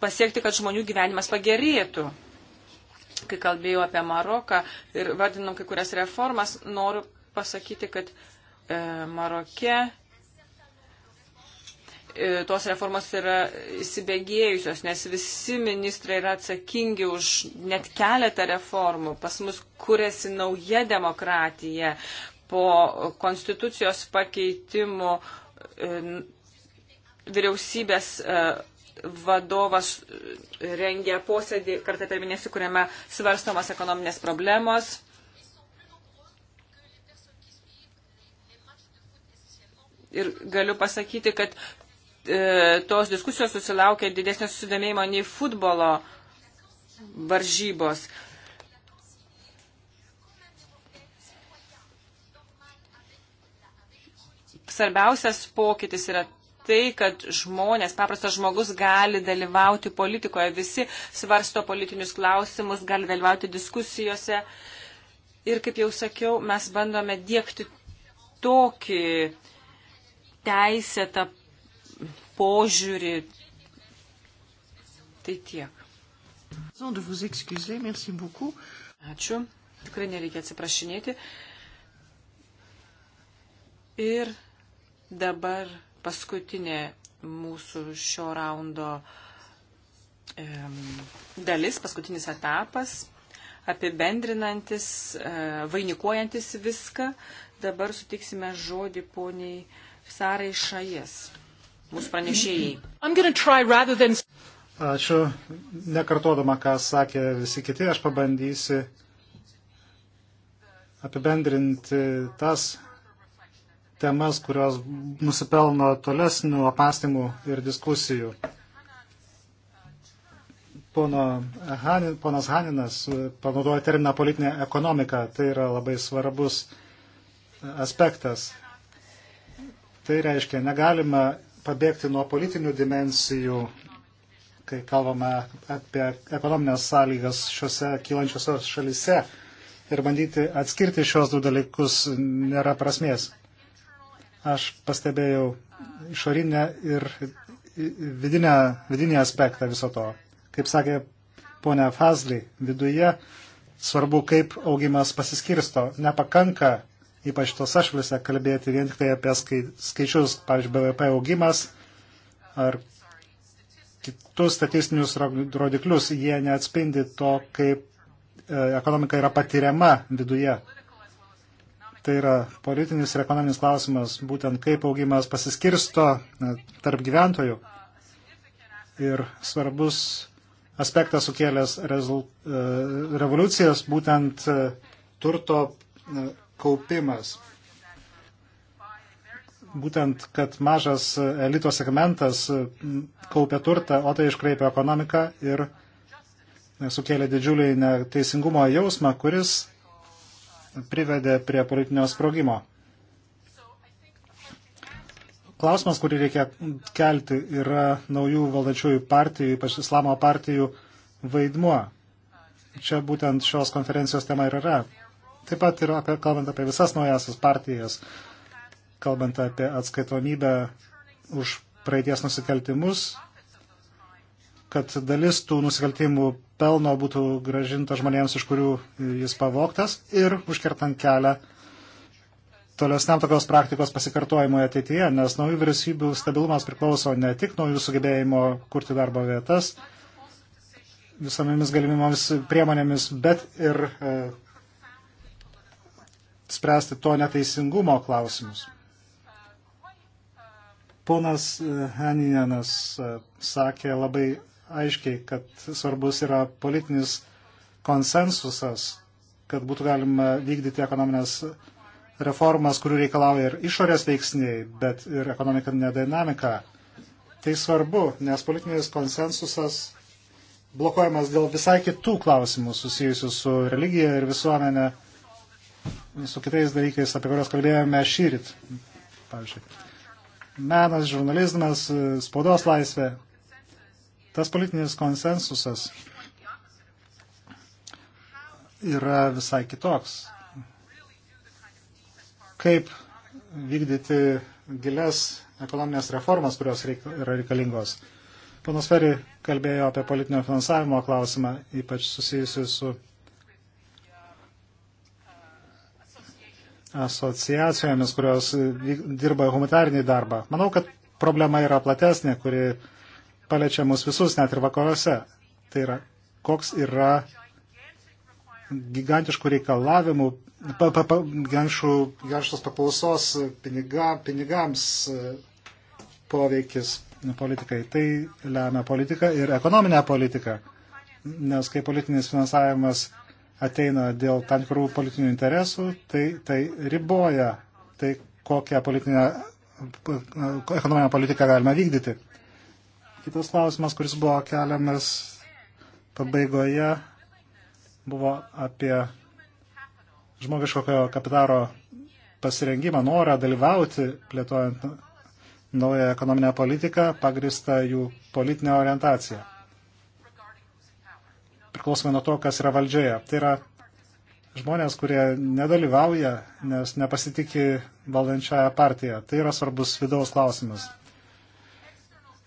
pasiekti, kad žmonių gyvenimas pagerėtų. Kai kalbėjau apie Maroką ir vadinam kai kurias reformas, noriu pasakyti, kad E, Maroke e, tos reformos yra įsibėgėjusios, nes visi ministrai yra atsakingi už net keletą reformų. Pas mus kūrėsi nauja demokratija po konstitucijos pakeitimų e, vyriausybės vadovas rengia posėdį kartą per mėnesį, kuriame svarstomas ekonominės problemos Ir galiu pasakyti, kad e, tos diskusijos susilaukė didesnio susidomėjimo nei futbolo varžybos. Svarbiausias pokytis yra tai, kad žmonės, paprastas žmogus gali dalyvauti politikoje, visi svarsto politinius klausimus, gali dalyvauti diskusijose. Ir kaip jau sakiau, mes bandome dėkti tokį teisėtą požiūrį. Tai tiek. Ačiū. Tikrai nereikia atsiprašinėti. Ir dabar paskutinė mūsų šio raundo e, dalis, paskutinis etapas, apibendrinantis, e, vainikuojantis viską. Dabar sutiksime žodį poniai sąrašą jas, mūsų pranešėjai. Than... Ačiū, nekartodama, ką sakė visi kiti, aš pabandysiu apibendrinti tas temas, kurios nusipelno tolesnių apastymų ir diskusijų. Pono Hanin, ponas Haninas panaudoja terminą politinė ekonomika, tai yra labai svarbus aspektas. Tai reiškia, negalima pabėgti nuo politinių dimensijų, kai kalbame apie ekonominės sąlygas šiuose kylančiuose šalise ir bandyti atskirti šios du dalykus nėra prasmės. Aš pastebėjau išorinę ir vidinę, vidinį aspektą viso to. Kaip sakė ponia Fazli, viduje svarbu, kaip augimas pasiskirsto. Nepakanka ypač tos ašvilise, kalbėti vien tik tai apie skaičius, pavyzdžiui, BVP augimas ar kitus statistinius rodiklius, jie neatspindi to, kaip e, ekonomika yra patiriama viduje. Tai yra politinis ir ekonominis klausimas, būtent kaip augimas pasiskirsto e, tarp gyventojų. Ir svarbus aspektas sukėlęs rezult, e, revoliucijas, būtent turto kaupimas. Būtent, kad mažas elito segmentas kaupia turtą, o tai iškreipia ekonomiką ir sukėlė didžiulį neteisingumo jausmą, kuris privedė prie politinio sprogimo. Klausimas, kurį reikia kelti, yra naujų valdančiųjų partijų, ypač islamo partijų vaidmuo. Čia būtent šios konferencijos tema ir yra. Taip pat ir apie, kalbant apie visas naujasias partijas, kalbant apie atskaitomybę už praeities nusikaltimus, kad dalis tų nusikaltimų pelno būtų gražinta žmonėms, iš kurių jis pavoktas ir užkertant kelią tolesniam tokios praktikos pasikartojimui ateityje, nes naujų vyriausybių stabilumas priklauso ne tik nuo jų sugebėjimo kurti darbo vietas visomis galimimomis priemonėmis, bet ir e, spręsti to neteisingumo klausimus. Ponas e, Hanijanas e, sakė labai aiškiai, kad svarbus yra politinis konsensusas, kad būtų galima vykdyti ekonominės reformas, kurių reikalauja ir išorės veiksniai, bet ir ekonomikane dinamika. Tai svarbu, nes politinis konsensusas blokuojamas dėl visai kitų klausimų susijusių su religija ir visuomenė su kitais dalykais, apie kuriuos kalbėjome šyrit. Pavyzdžiui, menas, žurnalizmas, spaudos laisvė. Tas politinis konsensusas yra visai kitoks. Kaip vykdyti gilias ekonominės reformas, kurios reik, yra reikalingos. Panas Feri kalbėjo apie politinio finansavimo klausimą, ypač susijusiu su asociacijomis, kurios dirba humanitarinį darbą. Manau, kad problema yra platesnė, kuri paliečia mus visus, net ir vakaruose. Tai yra, koks yra gigantiškų reikalavimų, pa, pa, pa, gigančių, gigančios paklausos piniga, pinigams e, poveikis politikai. Tai lemia politika ir ekonominė politika, nes kai politinis finansavimas ateina dėl tam tikrų politinių interesų, tai, tai riboja tai, kokią politinę, ekonominę politiką galima vykdyti. Kitas klausimas, kuris buvo keliamas pabaigoje, buvo apie žmogiškojo kapitaro pasirengimą, norą dalyvauti plėtojant naują ekonominę politiką, pagristą jų politinę orientaciją priklausomai nuo to, kas yra valdžioje. Tai yra žmonės, kurie nedalyvauja, nes nepasitikė valdančiąją partiją. Tai yra svarbus vidaus klausimas.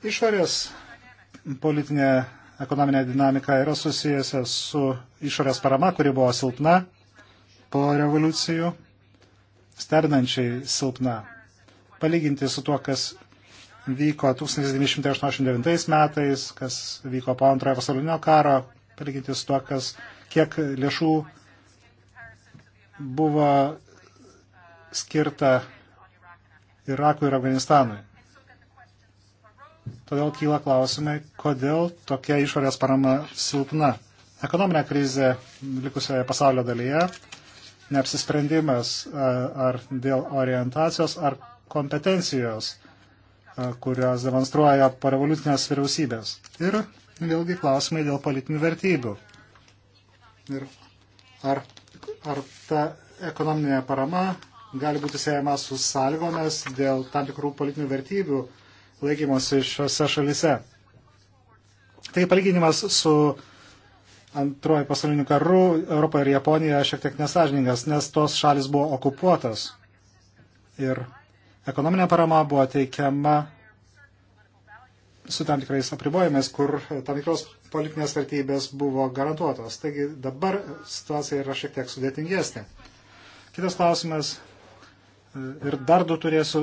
Išorės politinė ekonominė dinamika yra susijusi su išorės parama, kuri buvo silpna po revoliucijų, sternančiai silpna. Palyginti su tuo, kas vyko 1989 metais, kas vyko po antrojo pasaulinio karo, palyginti su to, kas, kiek lėšų buvo skirta Irakui ir Afganistanui. Todėl kyla klausimai, kodėl tokia išorės parama silpna. Ekonominė krizė likusioje pasaulio dalyje, neapsisprendimas ar dėl orientacijos ar kompetencijos, kurios demonstruoja porevoliucinės vyriausybės. Ir vėlgi klausimai dėl politinių vertybių. Ir ar, ar ta ekonominė parama gali būti siejama su sąlygomis dėl tam tikrų politinių vertybių laikymosi šiose šalise. Tai palyginimas su antroji pasauliniu karu Europoje ir Japonijoje šiek tiek nesažiningas, nes tos šalis buvo okupuotas. Ir ekonominė parama buvo teikiama su tam tikrais apribojimais, kur tam tikros politinės vertybės buvo garantuotos. Taigi dabar situacija yra šiek tiek sudėtingesnė. Kitas klausimas, e, ir dar du turėsiu,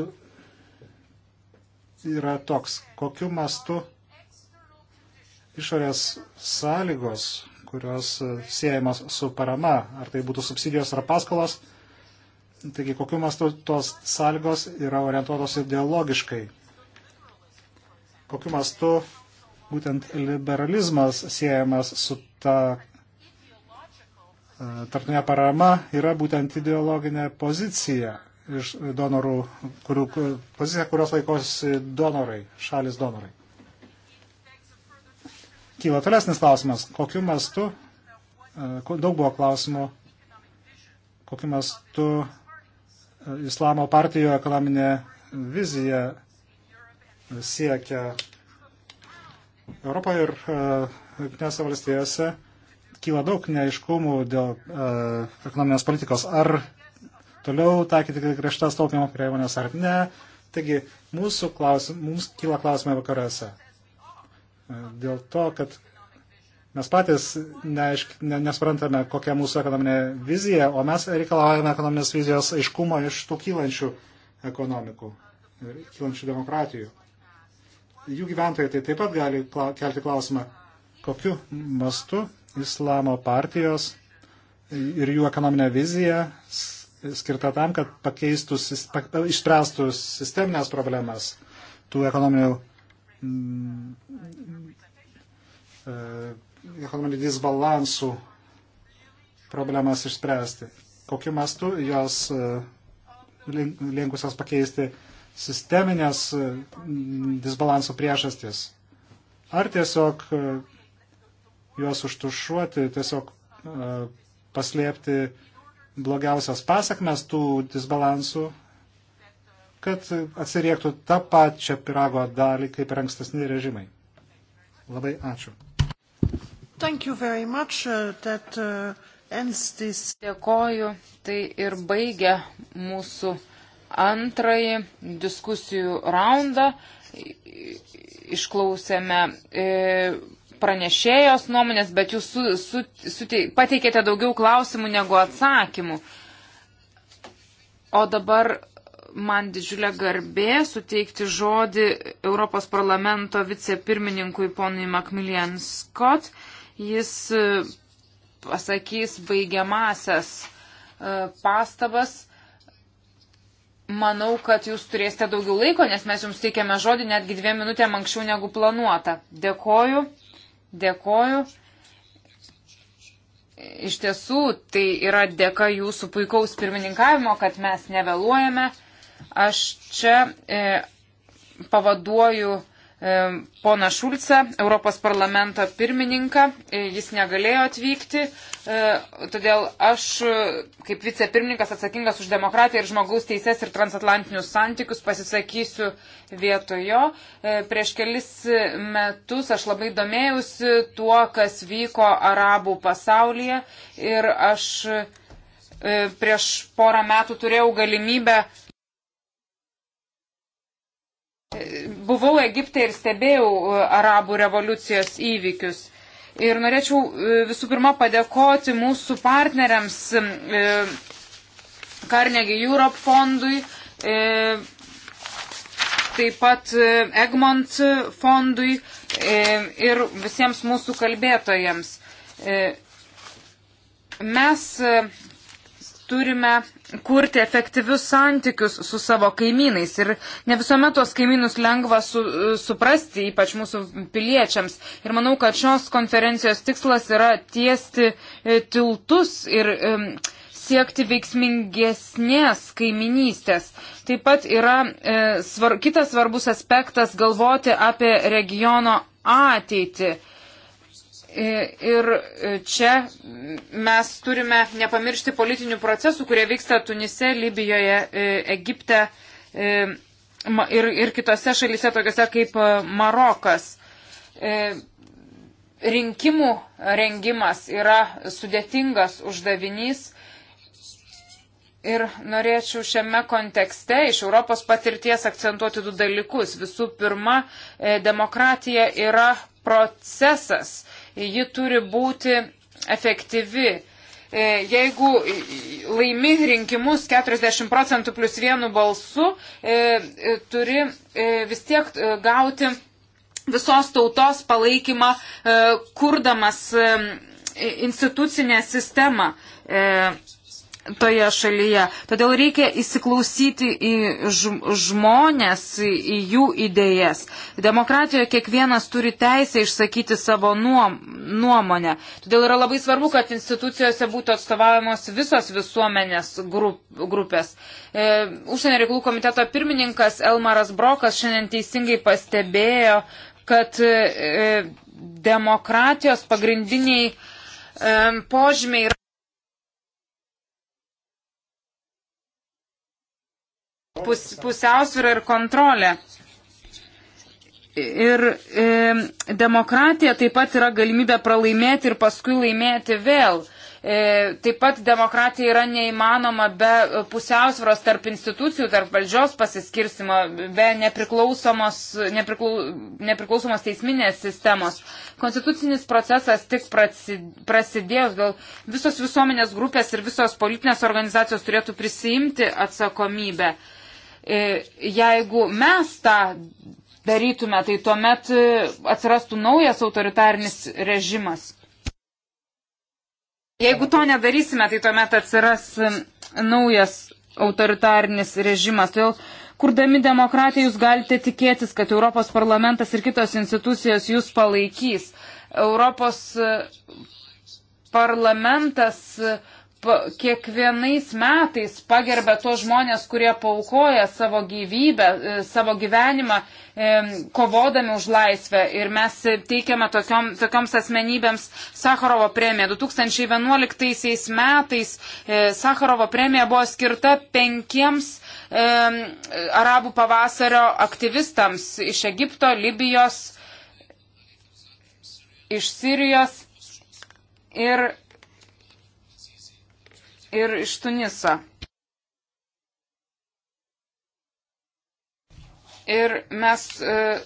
yra toks, kokiu mastu išorės sąlygos, kurios e, siejamas su parama, ar tai būtų subsidijos ar paskolos, taigi kokiu mastu tos sąlygos yra orientuotos ideologiškai kokiu mastu būtent liberalizmas siejamas su ta e, tarptautinė parama yra būtent ideologinė pozicija iš donorų, kurių, pozicija, kurios laikosi donorai, šalis donorai. Kyla tolesnis klausimas, kokiu mastu, e, daug buvo klausimų, kokiu mastu e, Islamo partijų ekonominė vizija siekia Europoje ir e, Junktinėse valstijose kyla daug neaiškumų dėl e, ekonominės politikos. Ar toliau taikyti griežtas taupimo priemonės ar ne. Taigi mūsų klausim, mums kyla klausimai vakaruose. E, dėl to, kad mes patys neaišk, ne, nesprantame, kokia mūsų ekonominė vizija, o mes reikalavome ekonominės vizijos aiškumo iš tų kylančių ekonomikų, kylančių demokratijų jų gyventojai tai taip pat gali kelti klausimą, kokiu mastu islamo partijos ir jų ekonominė vizija skirta tam, kad pakeistų, išspręstų sisteminės problemas tų ekonominių mm, e, ekonominių disbalansų problemas išspręsti. Kokiu mastu jos e, linkusios pakeisti uh, sisteminės e, disbalansų priežastis. Ar tiesiog e, juos užtušuoti, tiesiog e, paslėpti blogiausias pasakmes tų disbalansų, kad atsiriektų tą pačią pirago dalį kaip ir ankstesni režimai. Labai ačiū. Uh, that, uh, this... Dėkoju, tai ir baigia mūsų antrąjį diskusijų raundą. Išklausėme e, pranešėjos nuomonės, bet jūs su, su, su, pateikėte daugiau klausimų negu atsakymų. O dabar man didžiulė garbė suteikti žodį Europos parlamento vicepirmininkui ponui Macmillian Scott. Jis e, pasakys baigiamasias e, pastabas Manau, kad jūs turėsite daugiau laiko, nes mes jums teikiame žodį netgi dviem minutėm anksčiau negu planuota. Dėkoju, dėkoju. Iš tiesų, tai yra dėka jūsų puikaus pirmininkavimo, kad mes nevėluojame. Aš čia e, pavaduoju E, pona Šulcą, Europos parlamento pirmininką. E, jis negalėjo atvykti, e, todėl aš kaip vicepirmininkas atsakingas už demokratiją ir žmogaus teises ir transatlantinius santykius pasisakysiu vietojo. Prieš kelis metus aš labai domėjausi tuo, kas vyko arabų pasaulyje ir aš prieš porą metų turėjau galimybę Buvau Egipte ir stebėjau e, arabų revoliucijos įvykius. Ir norėčiau e, visų pirma padėkoti mūsų partneriams e, Carnegie Europe fondui, taip pat Egmont fondui ir visiems mūsų kalbėtojams. Mes turime kurti efektyvius santykius su savo kaimynais. Ir ne visuomet tuos kaimynus lengva su, suprasti, ypač mūsų piliečiams. Ir manau, kad šios konferencijos tikslas yra tiesti e, tiltus ir um, siekti veiksmingesnės kaiminystės. Taip pat yra e, svar, kitas svarbus aspektas galvoti apie regiono ateitį. E, E, ir e, čia mes turime nepamiršti politinių procesų, kurie vyksta Tunise, Libijoje, e, Egipte ir, ir kitose šalyse, tokiuose kaip Marokas. Rinkimų rengimas yra sudėtingas uždavinys. Ir norėčiau šiame kontekste iš Europos patirties akcentuoti du dalykus. Visų pirma, demokratija yra procesas ji turi būti efektyvi. E, jeigu laimi rinkimus 40 procentų plus vienu balsu, e, e, turi vis tiek gauti visos tautos palaikymą, kurdamas institucinę sistemą. E, toje šalyje. Todėl reikia įsiklausyti į žmonės, į jų idėjas. Demokratijoje kiekvienas turi teisę išsakyti savo nuomonę. Todėl yra labai svarbu, kad institucijose būtų atstovaujamos visos visuomenės grupės. E, užsienio reikalų komiteto pirmininkas Elmaras Brokas šiandien teisingai pastebėjo, kad e, demokratijos pagrindiniai e, požymiai yra pus, pusiausvyrą ir kontrolę. Ir e, demokratija taip pat yra galimybė pralaimėti ir paskui laimėti vėl. E, taip pat demokratija yra neįmanoma be pusiausvros tarp institucijų, tarp valdžios pasiskirstimo, be nepriklausomos, nepriklau, nepriklausomos teisminės sistemos. Konstitucinis procesas tik prasidėjus, gal visos visuomenės grupės ir visos politinės organizacijos turėtų prisijimti atsakomybę. E, E, jeigu mes tą darytume, tai tuomet e, atsirastų naujas autoritarinis režimas. Jeigu to nedarysime, tai tuomet atsiras e, naujas autoritarinis režimas. Todėl, kurdami demokratiją, jūs galite tikėtis, kad Europos parlamentas ir kitos institucijos jūs palaikys. Europos parlamentas uh, kiekvienais metais pagerbia tos žmonės, kurie paukoja savo gyvybę, e, savo gyvenimą, e, kovodami už laisvę. Ir mes teikiame tokiom, tokioms asmenybėms Sakarovo premiją. 2011 metais e, Sakarovo premija buvo skirta penkiems arabų pavasario aktyvistams iš Egipto, Libijos, iš Sirijos. Ir ir iš Tuniso. Ir mes e,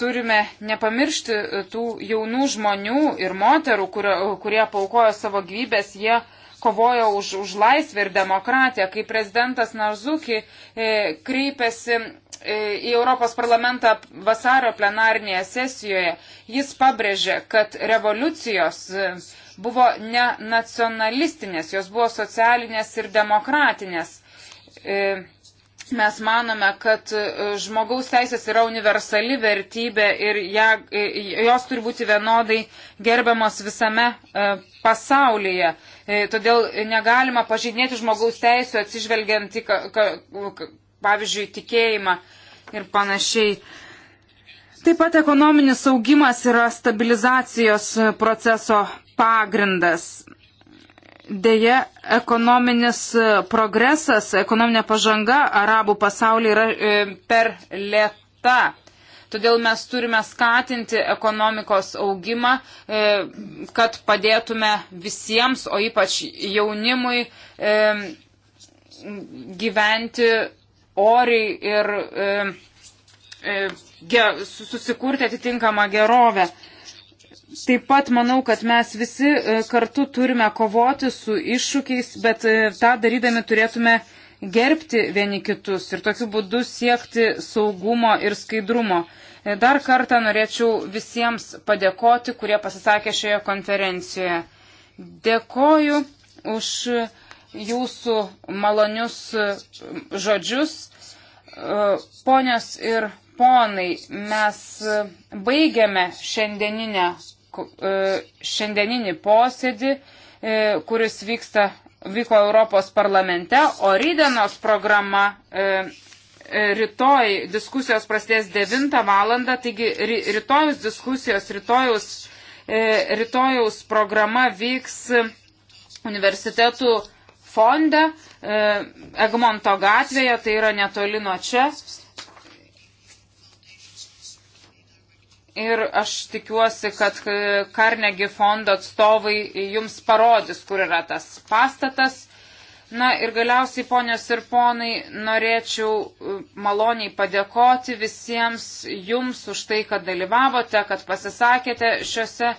turime nepamiršti e, tų jaunų žmonių ir moterų, e, kurie, kurie paukojo savo gyvybės, jie kovojo už, už laisvę ir demokratiją. Kai prezidentas Narzuki e, kreipėsi e, į Europos parlamentą vasario plenarnėje sesijoje, jis pabrėžė, kad revoliucijos e, buvo ne nacionalistinės, jos buvo socialinės ir demokratinės. E, mes manome, kad e, žmogaus teisės yra universali vertybė ir ją, e, jos turi būti vienodai gerbiamos visame pasaulyje. Todėl negalima pažydinėti žmogaus teisų atsižvelgiant į, pavyzdžiui, tikėjimą ir panašiai. Taip pat ekonominis augimas yra stabilizacijos proceso pagrindas. Deja, ekonominis progresas, ekonominė pažanga arabų pasaulyje yra e, per lėta. Todėl mes turime skatinti ekonomikos augimą, e, kad padėtume visiems, o ypač jaunimui, e, gyventi oriai ir susikurti atitinkamą gerovę. Taip pat manau, kad mes visi e, kartu turime kovoti su iššūkiais, bet e, tą darydami turėtume gerbti vieni kitus ir tokiu būdu siekti saugumo ir skaidrumo. E, dar kartą norėčiau visiems padėkoti, kurie pasisakė šioje konferencijoje. Dėkoju už jūsų malonius žodžius. Ponios ir ponai, mes baigiame šiandieninę E, šiandieninį posėdį, e, kuris vyksta, vyko Europos parlamente, o rydienos programa e, rytoj diskusijos prasidės 9 valandą, taigi rytojus diskusijos, rytojus, rytojus programa vyks universitetų fonde Egmonto gatvėje, tai yra netoli nuo čia. Ir aš tikiuosi, kad Karnegi fondo atstovai jums parodys, kur yra tas pastatas. Na ir galiausiai, ponios ir ponai, norėčiau uh, maloniai padėkoti visiems jums už tai, kad dalyvavote, kad pasisakėte šiose,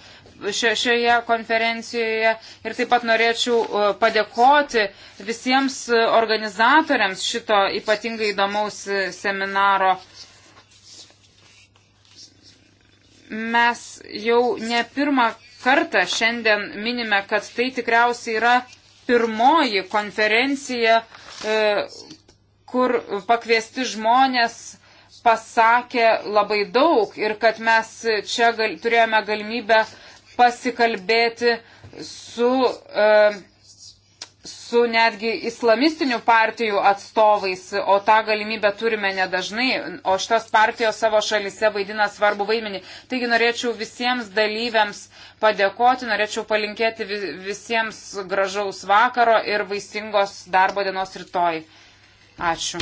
šio, šioje konferencijoje. Ir taip pat norėčiau uh, padėkoti visiems uh, organizatoriams šito ypatingai įdomaus seminaro. Mes jau ne pirmą kartą šiandien minime, kad tai tikriausiai yra pirmoji konferencija, e, kur pakviesti žmonės pasakė labai daug ir kad mes čia gal, turėjome galimybę pasikalbėti su uh, su netgi islamistinių partijų atstovais, o tą galimybę turime nedažnai, o šitos partijos savo šalise vaidina svarbu vaidmenį. Taigi norėčiau visiems dalyviams padėkoti, norėčiau palinkėti visiems gražaus vakaro ir vaisingos darbo dienos rytoj. Ačiū.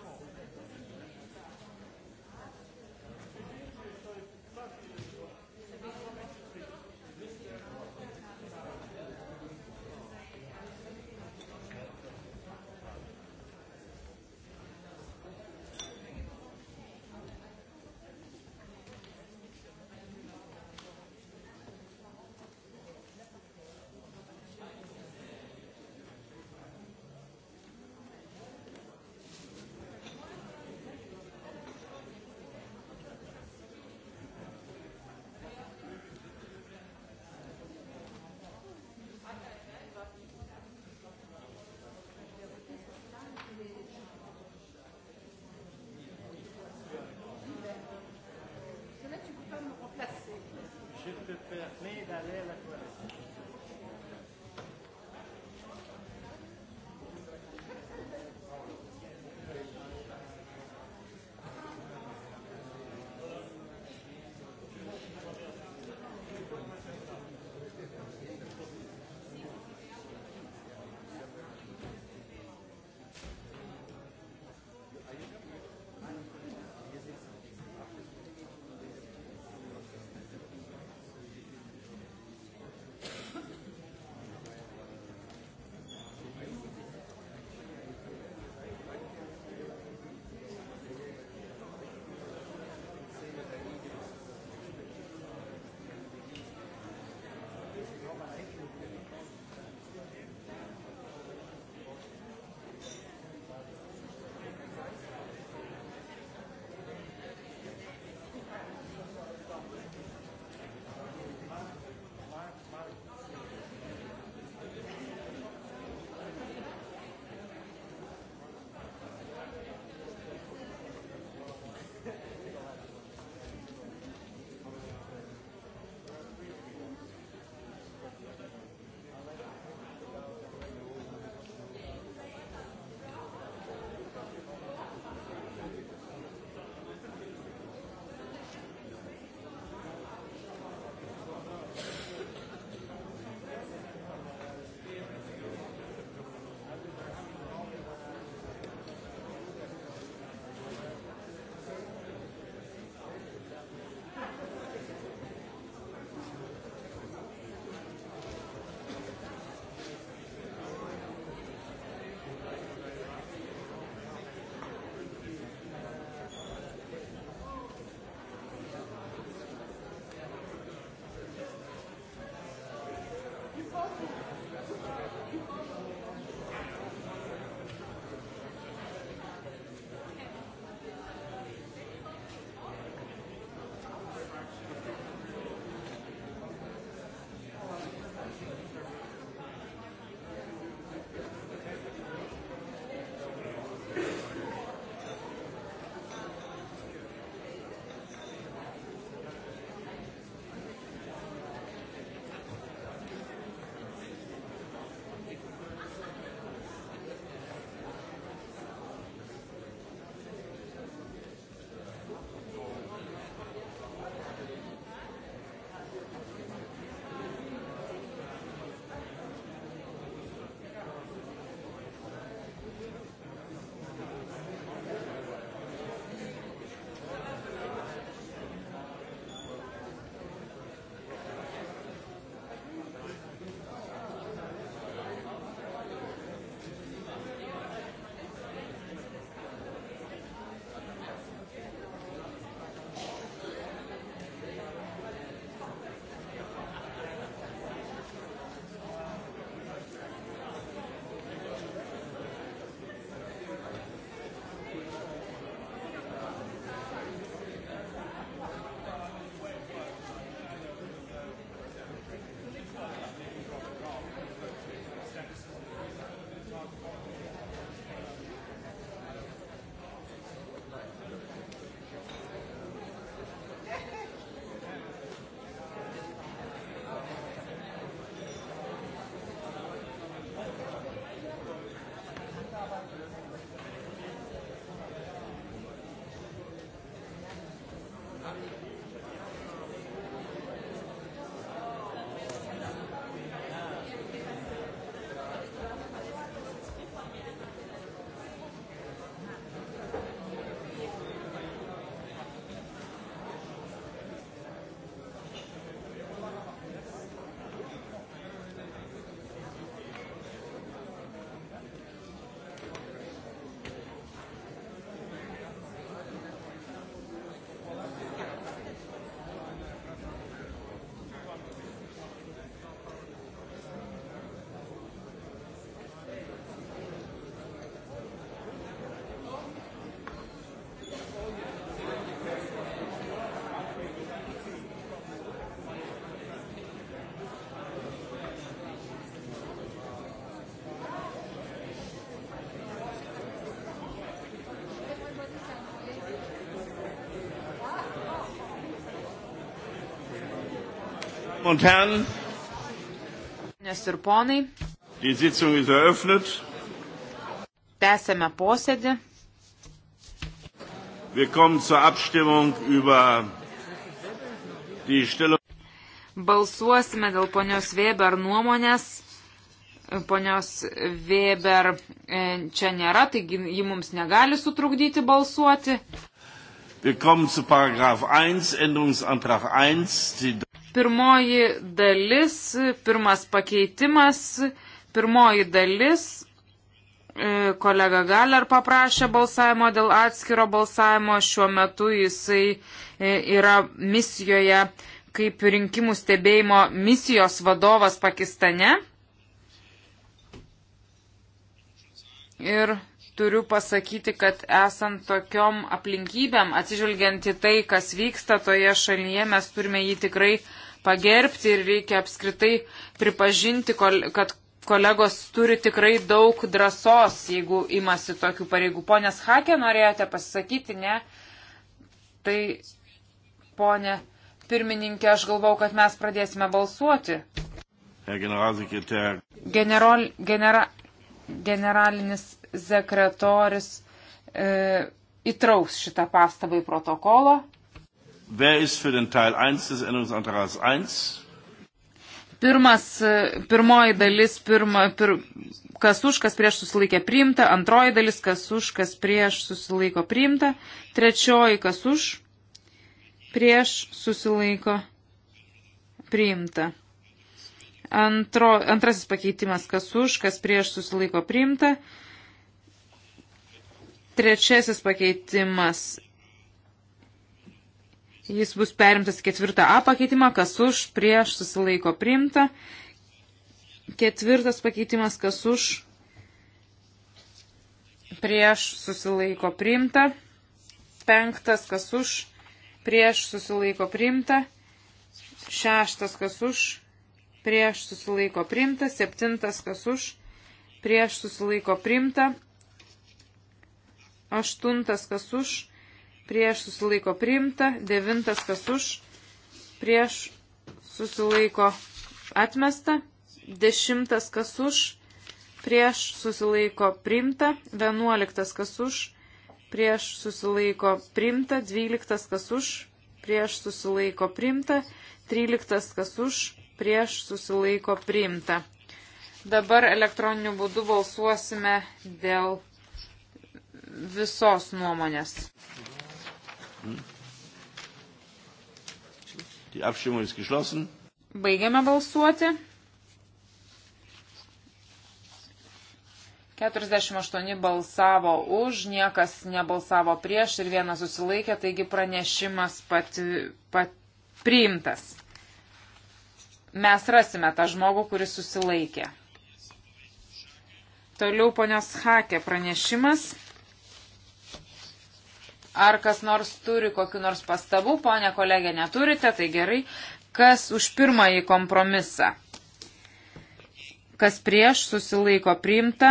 pentru că mei de ale la und Herren, die Sitzung ist eröffnet. Tęsėme posėdį. Wir kommen zur Abstimmung über die Stellung. Balsuosime dėl ponios Weber nuomonės. Ponios Weber e, čia nėra, taigi ji mums negali sutrukdyti balsuoti. Wir kommen zu Paragraph 1, Änderungsantrag 1. Die Pirmoji dalis, pirmas pakeitimas, pirmoji dalis, e, kolega Galer paprašė balsavimo dėl atskiro balsavimo, šiuo metu jisai e, yra misijoje kaip rinkimų stebėjimo misijos vadovas Pakistane. Ir turiu pasakyti, kad esant tokiom aplinkybėm, atsižvelgiant į tai, kas vyksta toje šalyje, mes turime jį tikrai uh, pagerbti ir reikia apskritai pripažinti, kad kolegos turi tikrai daug drąsos, jeigu imasi tokių pareigų. Ponės Hakė, norėjote pasisakyti, ne? Tai, ponė pirmininkė, aš galvau, kad mes pradėsime balsuoti. General, genera, generalinis sekretoris e, įtraus šitą pastabą į protokolą. Wer ist für den Teil 1 des Änderungsantrags 1? Pirmas, e, pirmoji dalis, pirma, pir, kas už, kas prieš susilaikė priimta, antroji dalis, kas už, kas prieš susilaiko priimta, trečioji, kas už, prieš susilaiko priimta. Antro, antrasis pakeitimas, kas už, kas prieš susilaiko priimta. Trečiasis pakeitimas Jis bus perimtas ketvirtą A pakeitimą, kas už, prieš, susilaiko priimta. Ketvirtas pakeitimas, kas už, prieš, susilaiko priimta. Penktas, kas už, prieš, susilaiko priimta. Šeštas, kas už, prieš, susilaiko priimta. Septintas, kas už, prieš, susilaiko priimta. Aštuntas, kas už, prieš susilaiko priimta, devintas kas už, prieš susilaiko atmesta, dešimtas kas už, prieš susilaiko priimta, vienuoliktas kas už, prieš susilaiko priimta, dvyliktas kas už, prieš susilaiko priimta, tryliktas kas už, prieš susilaiko priimta. Dabar elektroniniu būdu balsuosime dėl visos nuomonės. Hm? Die Abstimmung ist geschlossen. Baigiame balsuoti. 48 balsavo už, niekas nebalsavo prieš ir vienas susilaikė, taigi pranešimas pat, pat priimtas. Mes rasime tą žmogų, kuris susilaikė. Toliau ponios Hakė pranešimas. Ar kas nors turi kokiu nors pastabu, ponė kolegė, neturite, tai gerai. Kas už pirmąjį kompromisą? Kas prieš susilaiko priimta?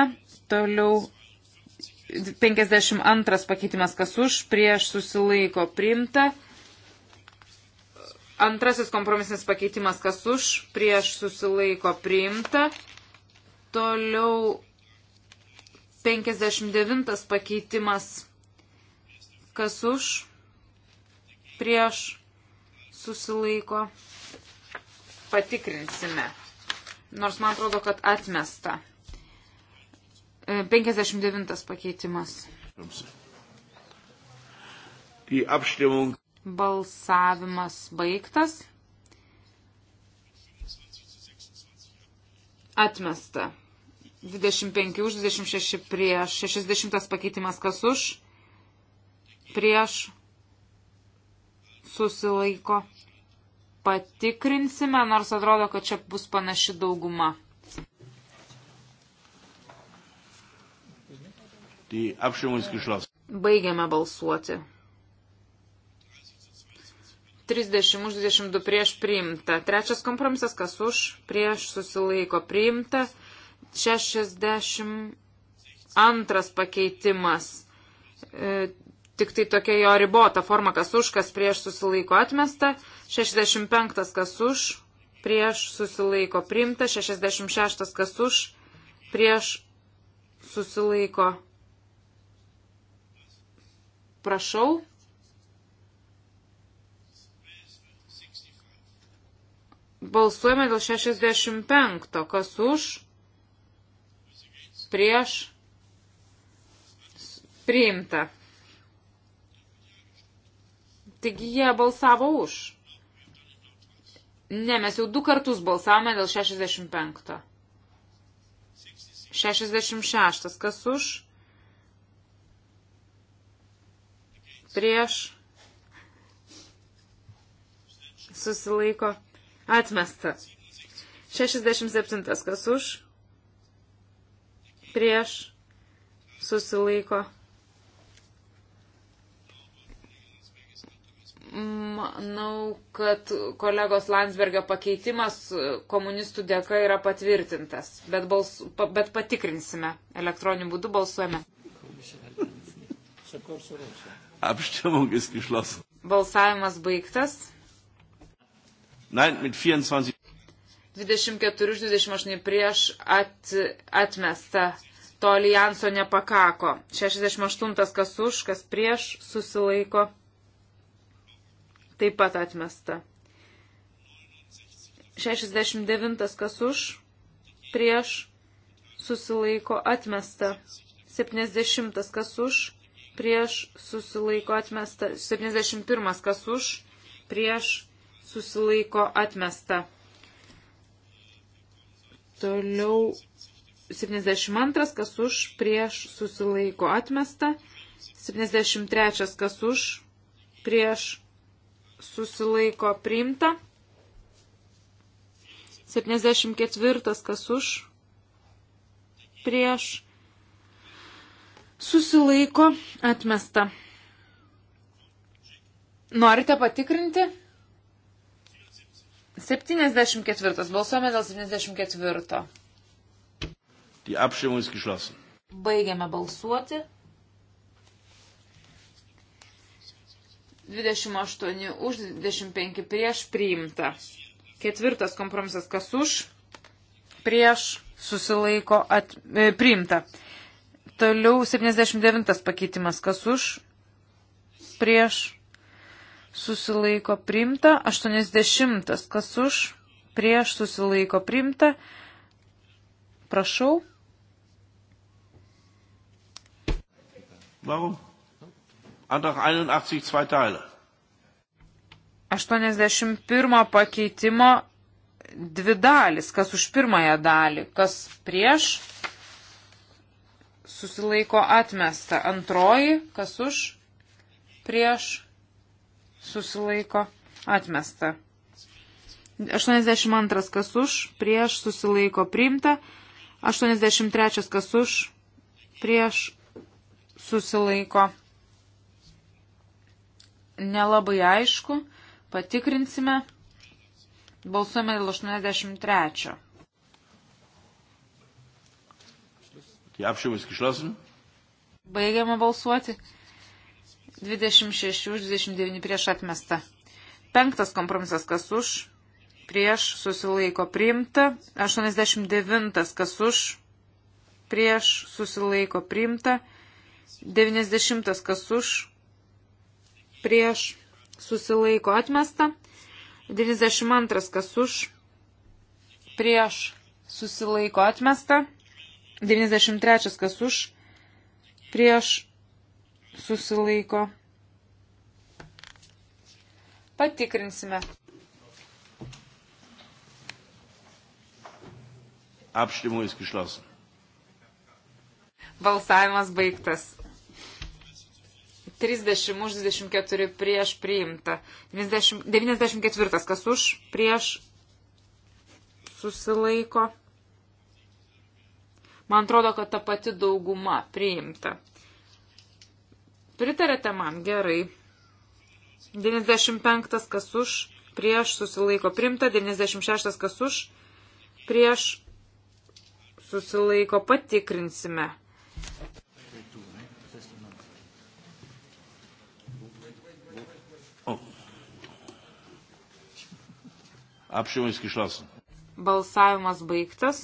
Toliau 52 pakeitimas, kas už, prieš susilaiko priimta. Antrasis kompromisinis pakeitimas, kas už, prieš susilaiko priimta. Toliau 59 pakeitimas kas už, prieš, susilaiko, patikrinsime. Nors man atrodo, kad atmesta. 59 e, pakeitimas. Balsavimas baigtas. Atmesta. 25 už 26 prieš 60 pakeitimas kas už prieš susilaiko. Patikrinsime, nors atrodo, kad čia bus panaši dauguma. Baigiame balsuoti. 30 už 22 prieš priimta. Trečias kompromisas, kas už, prieš susilaiko priimta. 62 pakeitimas. E, tik tai tokia jo ribota forma, kas už, kas prieš susilaiko atmesta, 65 kas už, prieš susilaiko priimta, 66 kas už, prieš susilaiko. Prašau. Balsuojame dėl 65, kas už, prieš, priimta. Taigi jie balsavo už. Ne, mes jau du kartus balsavome dėl 65. 66. Kas už? Prieš. Susilaiko. Atmesta. 67. Kas už? Prieš. Susilaiko. Manau, kad kolegos Landsbergio pakeitimas komunistų dėka yra patvirtintas, bet, bals, pa, bet patikrinsime. Elektroniniu būdu balsuojame. Balsavimas baigtas. Nein, 24 už 28 prieš at, atmesta. To alijanso nepakako. 68 kas už, kas prieš susilaiko taip pat atmesta. 69 kas už, prieš, susilaiko atmesta. 70 kas už, prieš, susilaiko atmesta. 71 kas už, prieš, susilaiko atmesta. Toliau 72 kas už, prieš, susilaiko atmesta. 73 kas už, prieš, susilaiko priimta. 74 kas už, prieš, susilaiko atmesta. Norite patikrinti? 74. Balsuojame dėl 74. Die Abstimmung ist geschlossen. Baigiame balsuoti. 28 už, 25 prieš priimta. Ketvirtas kompromisas, kas už, prieš susilaiko at, e, priimta. Toliau 79 pakeitimas, kas už, prieš susilaiko priimta. 80 kas už, prieš susilaiko priimta. Prašau. Varum? Antrag 81 zwei Teile. 81 pakeitimo dvi dalis. Kas už pirmąją dalį, kas prieš, susilaiko atmesta. Antroji, kas už, prieš, susilaiko atmesta. 82 kas už, prieš, susilaiko priimta. 83 kas už, prieš, susilaiko nelabai aišku. Patikrinsime. Balsuojame dėl 83. Die Abstimmung ist geschlossen. Baigiame balsuoti. 26 už 29 prieš atmesta. Penktas kompromisas kas už, prieš susilaiko priimta. 89 kas už, prieš susilaiko priimta. 90 kas už, prieš susilaiko atmesta, 92 kas už, prieš susilaiko atmesta, 93 kas už, prieš susilaiko. Patikrinsime. Abstimmung ist geschlossen. Balsavimas baigtas. 30 už 24 prieš priimta. 90, 94 kas už prieš susilaiko. Man atrodo, kad ta pati dauguma priimta. Pritarėte man gerai. 95 kas už prieš susilaiko priimta. 96 kas už prieš susilaiko patikrinsime. Abstimmung ist geschlossen. Balsavimas baigtas.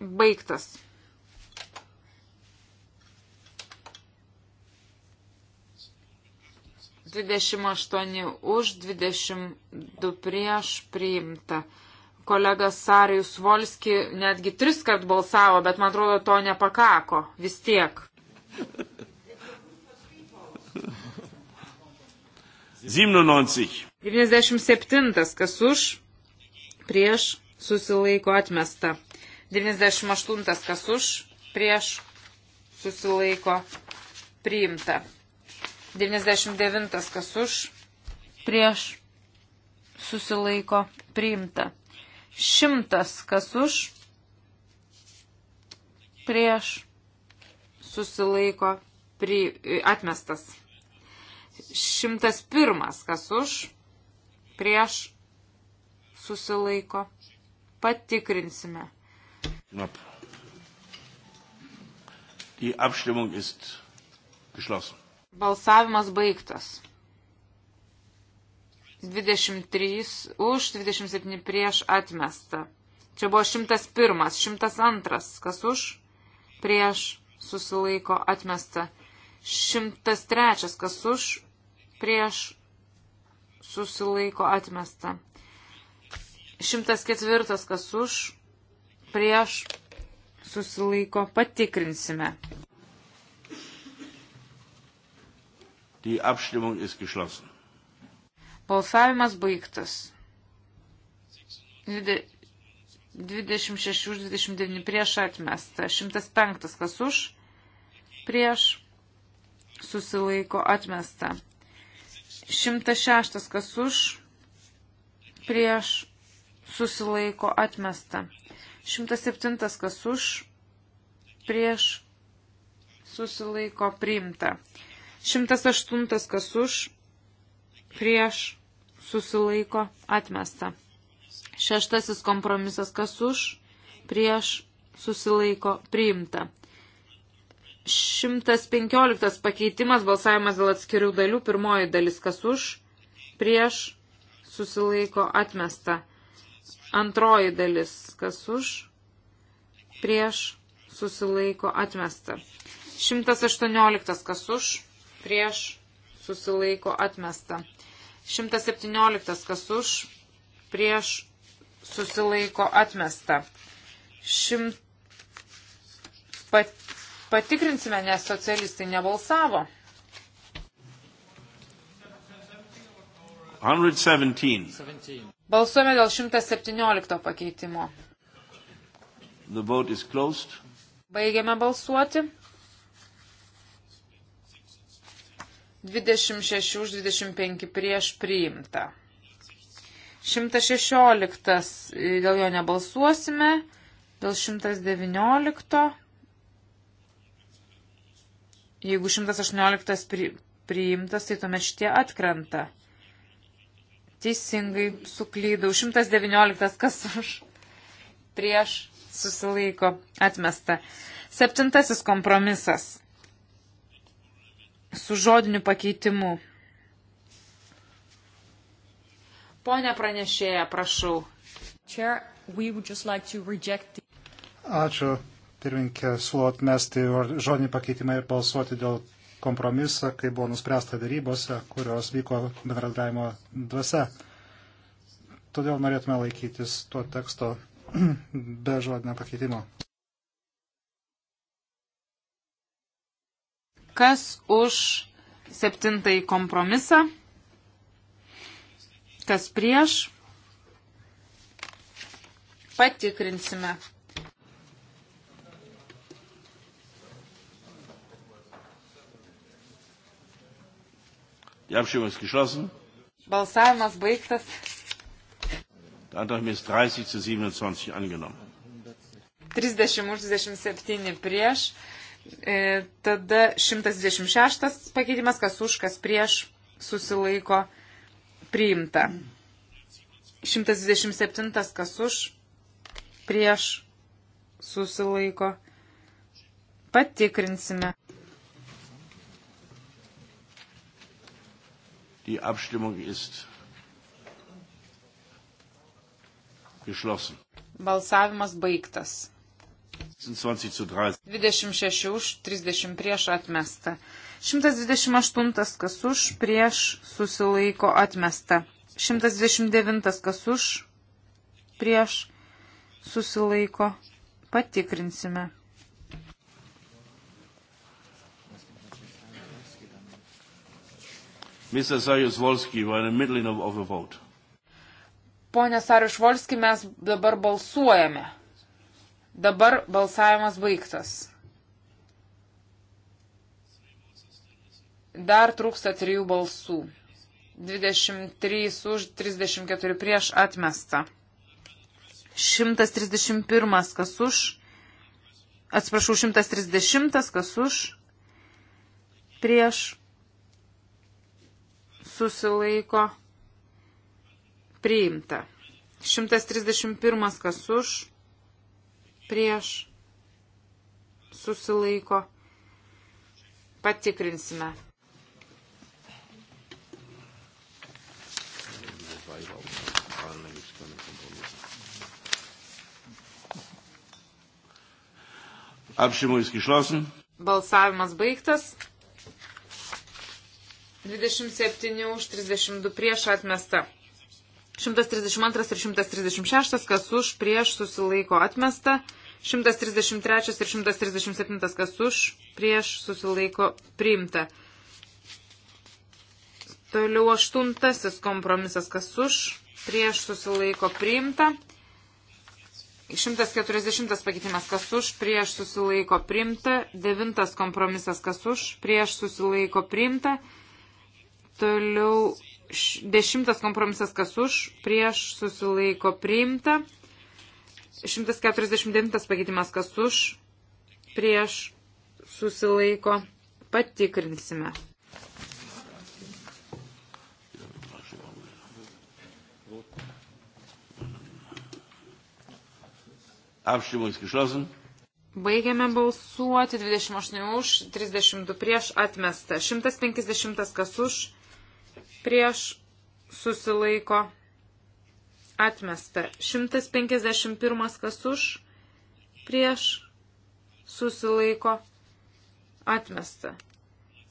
Baigtas. Dvidešimt aštuoni už, dvidešimt du prieš priimta. Kolega Sarijus Volski netgi tris kart balsavo, bet man atrodo to nepakako vis tiek. *laughs* 97. 97. Kas už, prieš, susilaiko atmesta. 98. Kas už, prieš, susilaiko priimta. 99. Kas už, prieš, susilaiko priimta. 100. Kas už, prieš, susilaiko pri, atmestas. 101. Kas už? Prieš susilaiko. Patikrinsime. Die Abstimmung ist geschlossen. Balsavimas baigtas. 23 už, 27 prieš atmesta. Čia buvo 101, 102, kas už, prieš susilaiko atmesta. 103, kas už, prieš susilaiko atmesta. 104 kas už, prieš susilaiko patikrinsime. Die Abstimmung ist geschlossen. Balsavimas baigtas. 26 už 29 prieš atmesta. 105 kas už, prieš susilaiko atmesta. 106 kas už, prieš susilaiko atmesta. 107 kas už, prieš susilaiko priimta. 108 kas už, prieš susilaiko atmesta. Šeštasis kompromisas kas už, prieš susilaiko priimta. 115 pakeitimas, balsavimas dėl atskirių dalių, pirmoji dalis kas už, prieš, susilaiko atmesta. Antroji dalis kas už, prieš, susilaiko atmesta. 118 kas už, prieš, susilaiko atmesta. 117 kas už, prieš, susilaiko atmesta. 100 pat Patikrinsime, nes socialistai nebalsavo. 117. Balsuojame dėl 117 pakeitimo. The vote is closed. Baigiame balsuoti. 26 už 25 prieš priimta. 116 dėl jo nebalsuosime, dėl 119. Jeigu 118 pri, priimtas, tai tuomet šitie atkrenta. Teisingai suklydau. 119 kas už prieš susilaiko atmesta. Septintasis kompromisas su žodiniu pakeitimu. Pone pranešėja, prašau. Chair, like the... Ačiū pirminkė siūlo atmesti žodinį pakeitimą ir balsuoti dėl kompromisą, kai buvo nuspręsta darybose, kurios vyko bendradavimo dvasia. Todėl norėtume laikytis tuo teksto *clears throat* be žodinio pakeitimo. Kas už septintąjį kompromisą? Kas prieš? Patikrinsime. Apšimas geschlossen. Balsavimas baigtas. Der Antrag ist 30 zu 27 angenommen. 30 už 27 prieš. E, tada 126 pakeitimas, kas už, kas prieš susilaiko priimta. 127 kas už, prieš susilaiko. Patikrinsime. Die Abstimmung ist geschlossen. Balsavimas baigtas. 26 už, 30 prieš atmesta. 128 kas už, prieš susilaiko atmesta. 129 kas už, prieš susilaiko. Patikrinsime. Mr. Sajus-Volski, we are in the middle of, of a vote. Pone Sarišvolski, mes dabar balsuojame. Dabar balsavimas baigtas. Dar trūksta trijų balsų. 23 už 34 prieš atmesta. 131 kas už. Atsiprašau, 130 kas už. Prieš susilaiko priimta. 131 kas už, prieš, susilaiko, patikrinsime. Apšimų įskišlosim. Balsavimas baigtas. 27 už 32 prieš atmesta. 132 ir 136, kas už prieš susilaiko atmesta. 133 ir 137, kas už prieš susilaiko priimta. Toliau aštuntasis kompromisas, kas už prieš susilaiko priimta. 140 pakeitimas kas už, prieš susilaiko primta, 9 kompromisas kas už, prieš susilaiko primta, Toliau dešimtas kompromisas, kas už, prieš susilaiko priimta. 149 pakeitimas, kas už, prieš susilaiko patikrinsime. Abstimmung ist geschlossen. Baigiame balsuoti 28 už, 32 prieš atmesta, 150 kas už, prieš susilaiko atmesta. 151 kas už prieš susilaiko atmesta.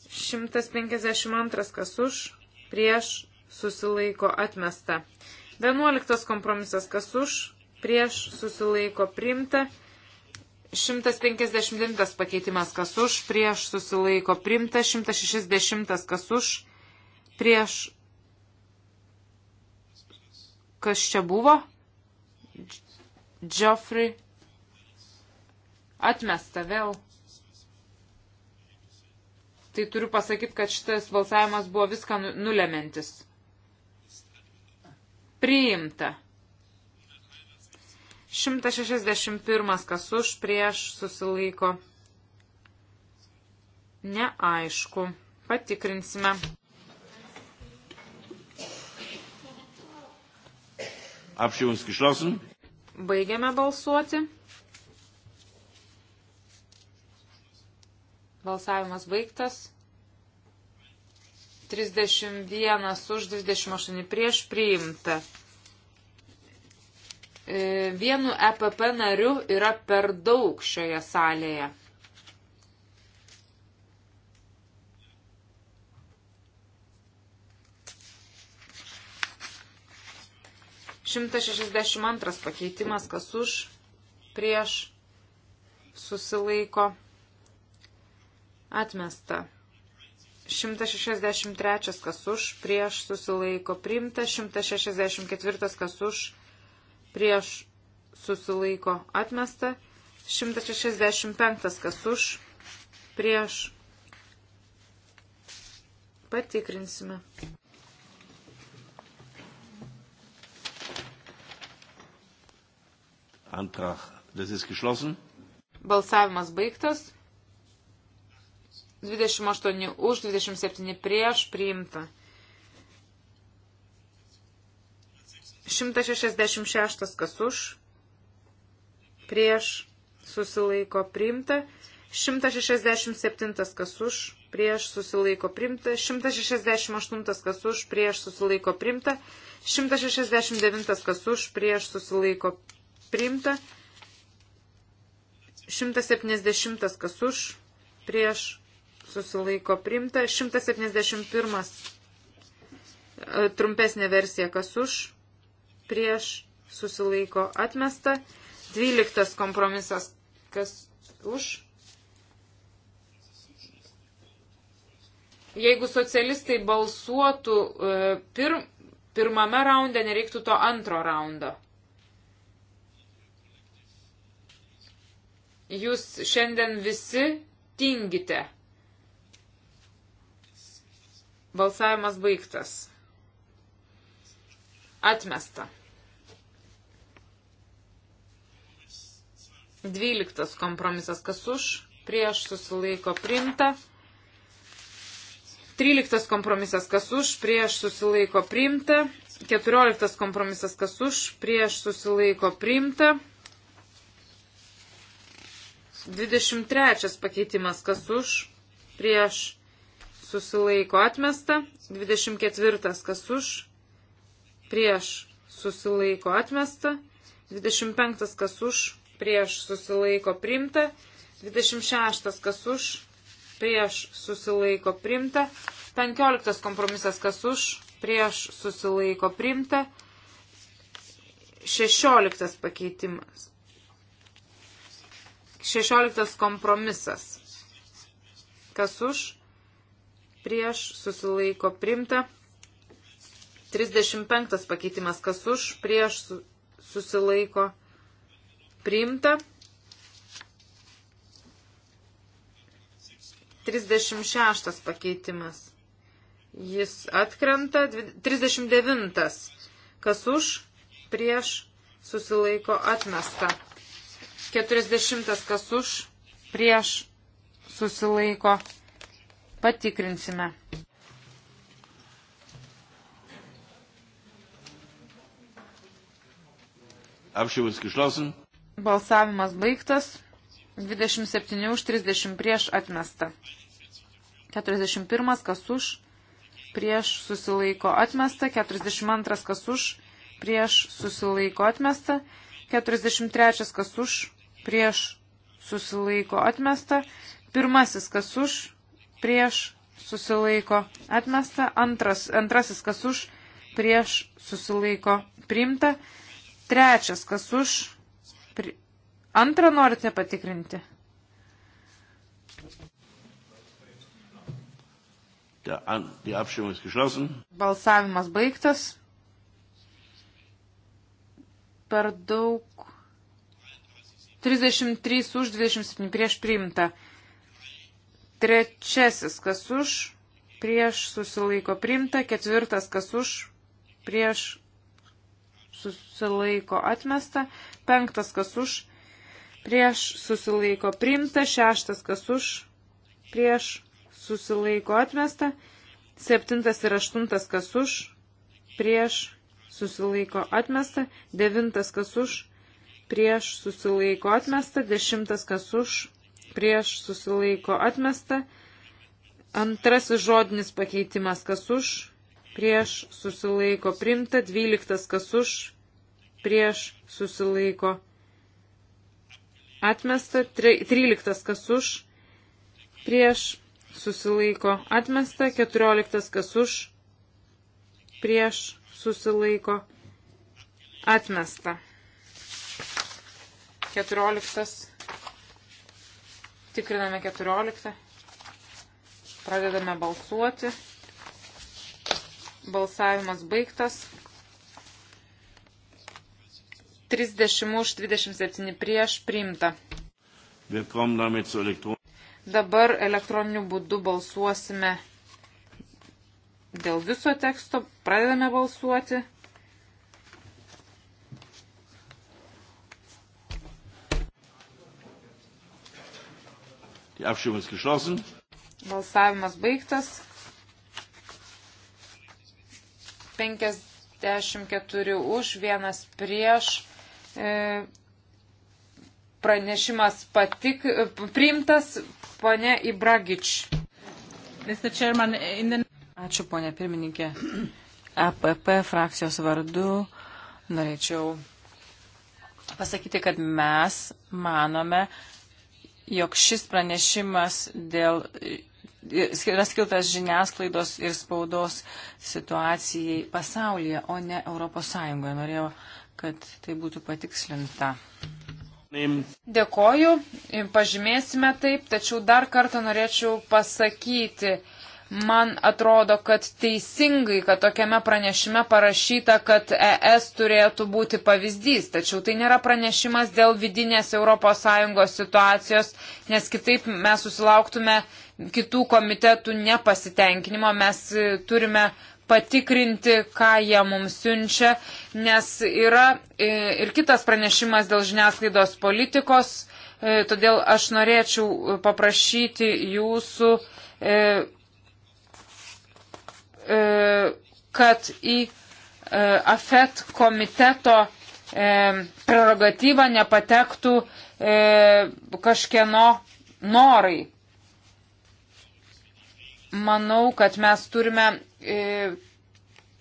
152 kas už prieš susilaiko atmesta. 11 kompromisas kas už prieš susilaiko primta. 159 pakeitimas kas už, prieš susilaiko primta, 160 kas už, prieš. Kas čia buvo? Džofri. Atmesta vėl. Tai turiu pasakyti, kad šitas balsavimas buvo viską nu-, nulementis. Priimta. 161 kas už prieš susilaiko. Neaišku. Patikrinsime. Apšimus geschlossen. Baigiame balsuoti. Balsavimas baigtas. 31 už 28 prieš priimta. E, vienu EPP nariu yra per daug šioje salėje. 162 pakeitimas, kas už, prieš, susilaiko, atmesta. 163 kas už, prieš, susilaiko, priimta. 164 kas už, prieš, susilaiko, atmesta. 165 kas už, prieš, patikrinsime. Antrag, das ist geschlossen. Balsavimas baigtas. 28 už, 27 prieš priimta. 166 kas už, prieš susilaiko priimta. 167 kas už, prieš susilaiko primta, 168 kas už, prieš susilaiko primta, 169 kas už, prieš susilaiko priimta. 170 kas už, prieš susilaiko priimta. 171 e, trumpesnė versija kas už, prieš susilaiko atmesta. 12 kompromisas kas už. Jeigu socialistai balsuotų e, pir, pirmame raunde, nereiktų to antro raundo. Jūs šiandien visi tingite. Balsavimas baigtas. Atmesta. Dvyliktas kompromisas, kas už, prieš susilaiko primta. Tryliktas kompromisas, kas už, prieš susilaiko primta. Keturioliktas kompromisas, kas už, prieš susilaiko primta. 23 pakeitimas, kas už, prieš, susilaiko atmesta. 24, kas už, prieš, susilaiko atmesta. 25, kas už, prieš, susilaiko primta. 26, kas už, prieš, susilaiko primta. 15 kompromisas, kas už, prieš, susilaiko primta. 16 pakeitimas 16 kompromisas. Kas už? Prieš susilaiko primta. 35 pakeitimas. Kas už? Prieš susilaiko primta. 36 pakeitimas. Jis atkrenta. 39. Kas už? Prieš susilaiko atmesta. 40 kas už, prieš susilaiko. Patikrinsime. Apšimas išlausim. Balsavimas baigtas. 27 už 30 prieš atmesta. 41 kas už, prieš susilaiko atmesta. 42 kas už, prieš susilaiko atmesta. 43 kas už, prieš susilaiko atmesta. Pirmasis, kas už, prieš susilaiko atmesta. Antras, antrasis, kas už, prieš susilaiko priimta. Trečias, kas už, pri... antrą norite patikrinti. Balsavimas baigtas. Per daug 33 už, 27 prieš priimta. Trečiasis, kas už, prieš susilaiko priimta. Ketvirtas, kas už, prieš susilaiko atmesta. Penktas, kas už, prieš susilaiko priimta. Šeštas, kas už, prieš susilaiko atmesta. Septintas ir aštuntas, kas už, prieš susilaiko atmesta. Devintas, kas už, prieš prieš susilaiko atmesta, dešimtas kas už, prieš susilaiko atmesta, antrasis žodinis pakeitimas kas už, prieš susilaiko primta, dvyliktas kas už, prieš susilaiko atmesta, tryliktas kas už, prieš susilaiko atmesta, keturioliktas kas už, prieš susilaiko atmesta. 14. Tikriname 14. Pradedame balsuoti. Balsavimas baigtas. 30 už 27 prieš priimta. Dabar elektroniniu būdu balsuosime dėl viso teksto. Pradedame balsuoti. Die Abstimmung ist geschlossen. Balsavimas baigtas. 54 už, vienas prieš. E, pranešimas patik, e, priimtas, ponė Ibragič. Ačiū, ponė pirmininkė. APP e frakcijos vardu norėčiau pasakyti, kad mes manome, jog šis pranešimas dėl yra skiltas žiniasklaidos ir spaudos situacijai pasaulyje, o ne Europos Sąjungoje. Norėjau, kad tai būtų patikslinta. Dėkoju, pažymėsime taip, tačiau dar kartą norėčiau pasakyti, Man atrodo, kad teisingai, kad tokiame pranešime parašyta, kad ES turėtų būti pavyzdys, tačiau tai nėra pranešimas dėl vidinės ES situacijos, nes kitaip mes susilauktume kitų komitetų nepasitenkinimo, mes e, turime patikrinti, ką jie mums siunčia, nes yra e, ir kitas pranešimas dėl žiniasklaidos politikos, e, todėl aš norėčiau paprašyti jūsų E, kad į e, AFET komiteto e, prerogatyvą nepatektų kažkieno norai. Manau, kad mes turime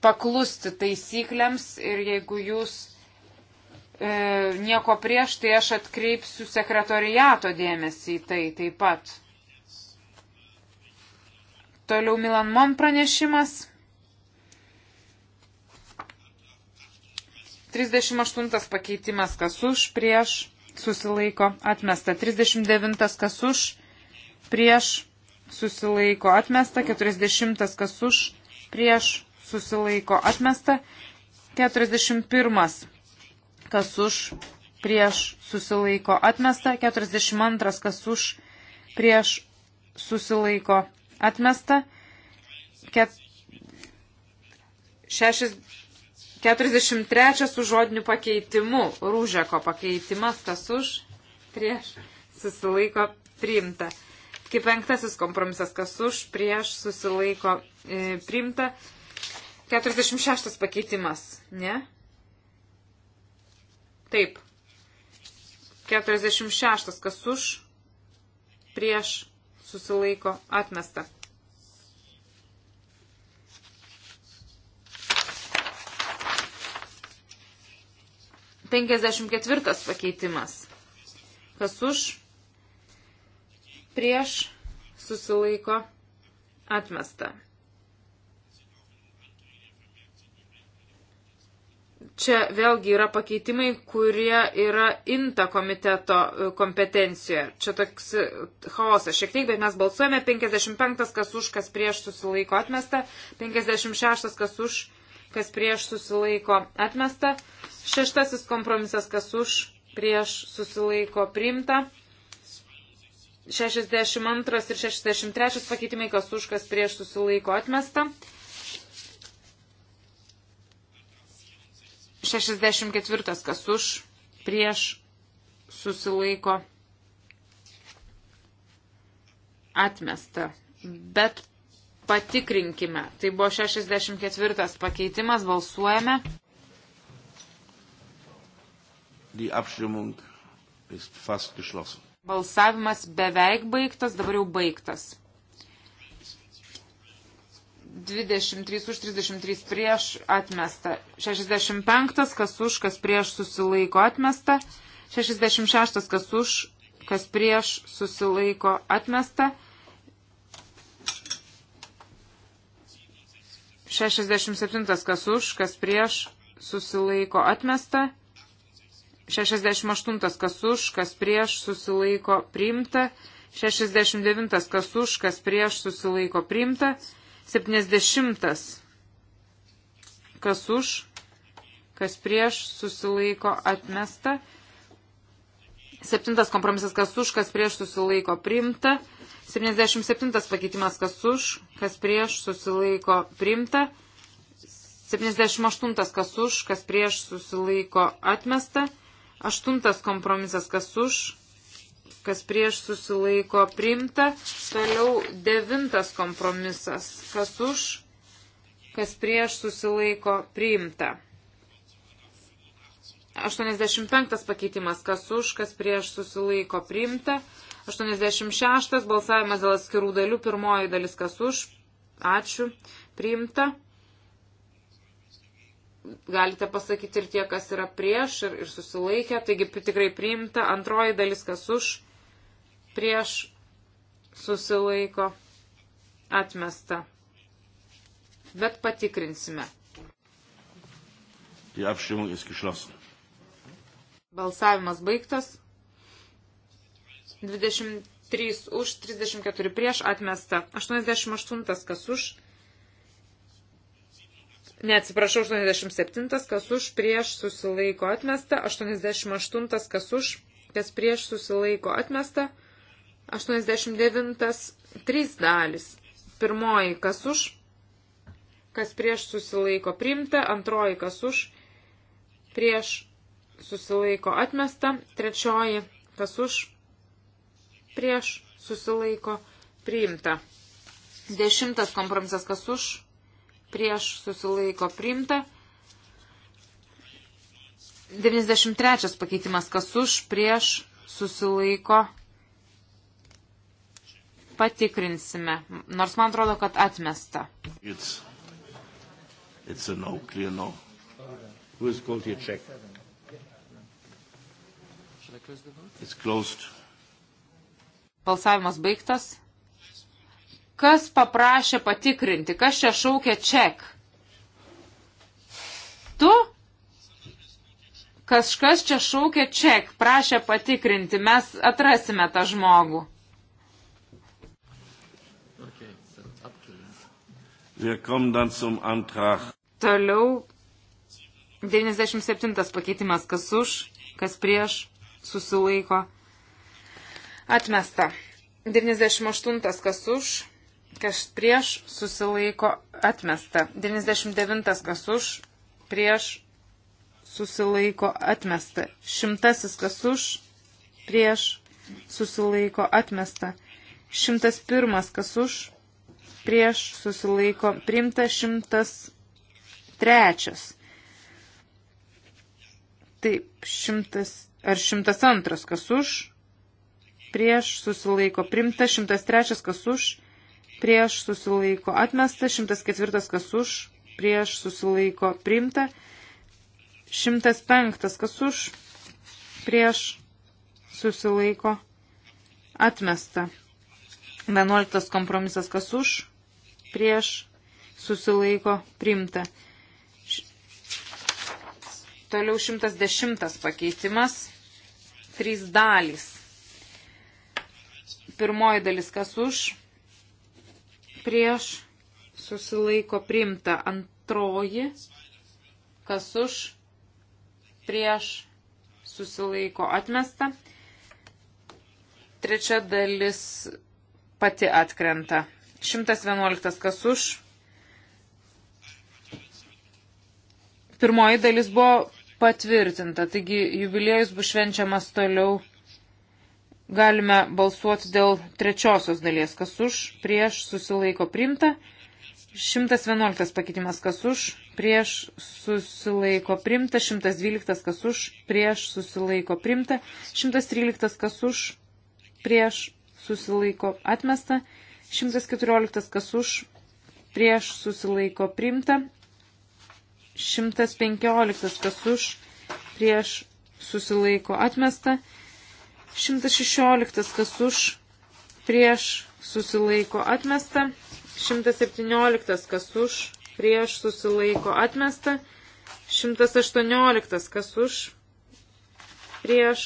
paklusti taisyklėms ir jeigu jūs e, nieko prieš, tai aš atkreipsiu sekretoriato dėmesį į tai taip pat. Toliau Milan Mon pranešimas. 38 pakeitimas kas už, prieš, susilaiko, atmesta. 39 kas už, prieš, susilaiko, atmesta. 40 kas už, prieš, susilaiko, atmesta. 41 kas už, prieš, susilaiko, atmesta. 42 kas už, prieš, susilaiko, atmesta. 43 su žodiniu pakeitimu, rūžeko pakeitimas, kas už, prieš, susilaiko, priimta. Kaip penktasis kompromisas, kas už, prieš, susilaiko, e, priimta. 46 pakeitimas, ne? Taip. 46 kas už, prieš, susilaiko atmesta. Penkiasdešimt ketvirtas pakeitimas. Kas už, prieš, susilaiko atmesta. Čia vėlgi yra pakeitimai, kurie yra inta komiteto e, kompetencijoje. Čia toks e, chaosas šiek tiek, bet mes balsuojame 55, kas už, kas prieš susilaiko atmesta, 56, kas už, kas prieš susilaiko atmesta, šeštasis kompromisas, kas už, prieš susilaiko priimta. 62 ir 63 pakeitimai, kas už, kas prieš susilaiko atmesta. 64 kas už, prieš, susilaiko, atmesta. Bet patikrinkime. Tai buvo 64 pakeitimas, balsuojame. Die Abstimmung ist fast geschlossen. Balsavimas beveik baigtas, dabar jau baigtas. 23 už 33 prieš atmesta. 65 kas už, kas prieš susilaiko atmesta. 66 kas už, kas prieš susilaiko atmesta. 67 kas už, kas prieš susilaiko atmesta. 68 kas už, kas prieš susilaiko priimta. 69 kas už, kas prieš susilaiko priimta. 70. Kas už, kas prieš, susilaiko atmesta. 7. Kompromisas, kas už, kas prieš, susilaiko priimta. 77. Pakeitimas, kas už, kas prieš, susilaiko priimta. 78. Kas už, kas prieš, susilaiko atmesta. 8. Kompromisas, kas už, kas prieš susilaiko priimta. Toliau devintas kompromisas, kas už, kas prieš susilaiko priimta. 85 pakeitimas, kas už, kas prieš susilaiko priimta. 86 balsavimas dėl atskirų dalių, pirmoji dalis kas už, ačiū, priimta. Galite pasakyti ir tie, kas yra prieš ir, ir susilaikę, taigi tikrai priimta. Antroji dalis kas už, prieš susilaiko atmesta. Bet patikrinsime. Die Abstimmung ist geschlossen. Balsavimas baigtas. 23 už, 34 prieš atmesta. 88 kas už. Neatsiprašau, 87 kas už, prieš susilaiko atmesta. 88 kas už, kas prieš susilaiko atmesta. 89 trys dalis. Pirmoji, kas už, kas prieš susilaiko primta, antroji, kas už, prieš susilaiko atmesta, trečioji, kas už, prieš susilaiko priimta. Dešimtas kompromisas, kas už, prieš susilaiko priimta. 93 pakeitimas, kas už, prieš susilaiko priimta Patikrinsime, nors man atrodo, kad atmesta. It's, it's a no, clear no. Who is called here check? It's closed. Balsavimas baigtas. Kas paprašė patikrinti? Kas čia šaukia ček? Tu? Kažkas čia šaukia ček, prašė patikrinti, mes atrasime tą žmogų. Toliau 97 pakeitimas, kas už, kas prieš, susilaiko. Atmesta. 98 kas už, kas prieš, susilaiko. Atmesta. 99 kas už, prieš, susilaiko. Atmesta. Šimtasis kas už, prieš, susilaiko. Atmesta. Šimtas pirmas kas už, prieš susilaiko priimta 103. Taip, 100 ar 102 kas už, prieš susilaiko priimta 103 kas už, prieš susilaiko atmesta 104 kas už, prieš susilaiko priimta 105 kas už, prieš susilaiko atmesta. 11 kompromisas kas už, prieš susilaiko primta. Toliau 110 pakeitimas. Trys dalys. Pirmoji dalis kas už, prieš susilaiko primta. Antroji kas už, prieš susilaiko atmesta. Trečia dalis pati atkrenta. 111 kas už. Pirmoji dalis buvo patvirtinta, taigi jubiliejus bus švenčiamas toliau. Galime balsuoti dėl trečiosios dalies, kas už, prieš, susilaiko primta. 111 pakeitimas kas už, prieš susilaiko primta, 112 kas už, prieš susilaiko primta, 113 kas už, prieš susilaiko atmesta, 114 kas už, prieš susilaiko primta. 115 kas už, prieš susilaiko atmesta. 116 kas už, prieš susilaiko atmesta. 117 kas už, prieš susilaiko atmesta. 118 kas už, prieš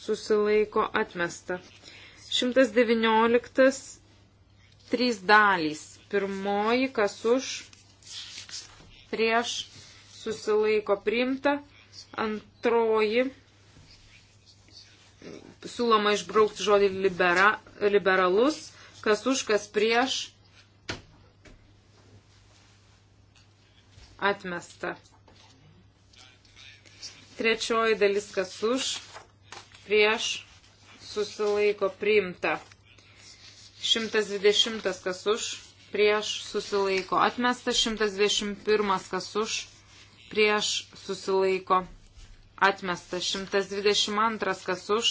susilaiko atmesta. 119 Trys dalys. Pirmoji, kas už, prieš, susilaiko priimta. Antroji, siūloma išbraukti žodį libera, liberalus, kas už, kas prieš, atmesta. Trečioji dalis, kas už, prieš, susilaiko priimta. 120 kas už, prieš susilaiko. Atmestas 121 kas už, prieš susilaiko. Atmestas 122 kas už,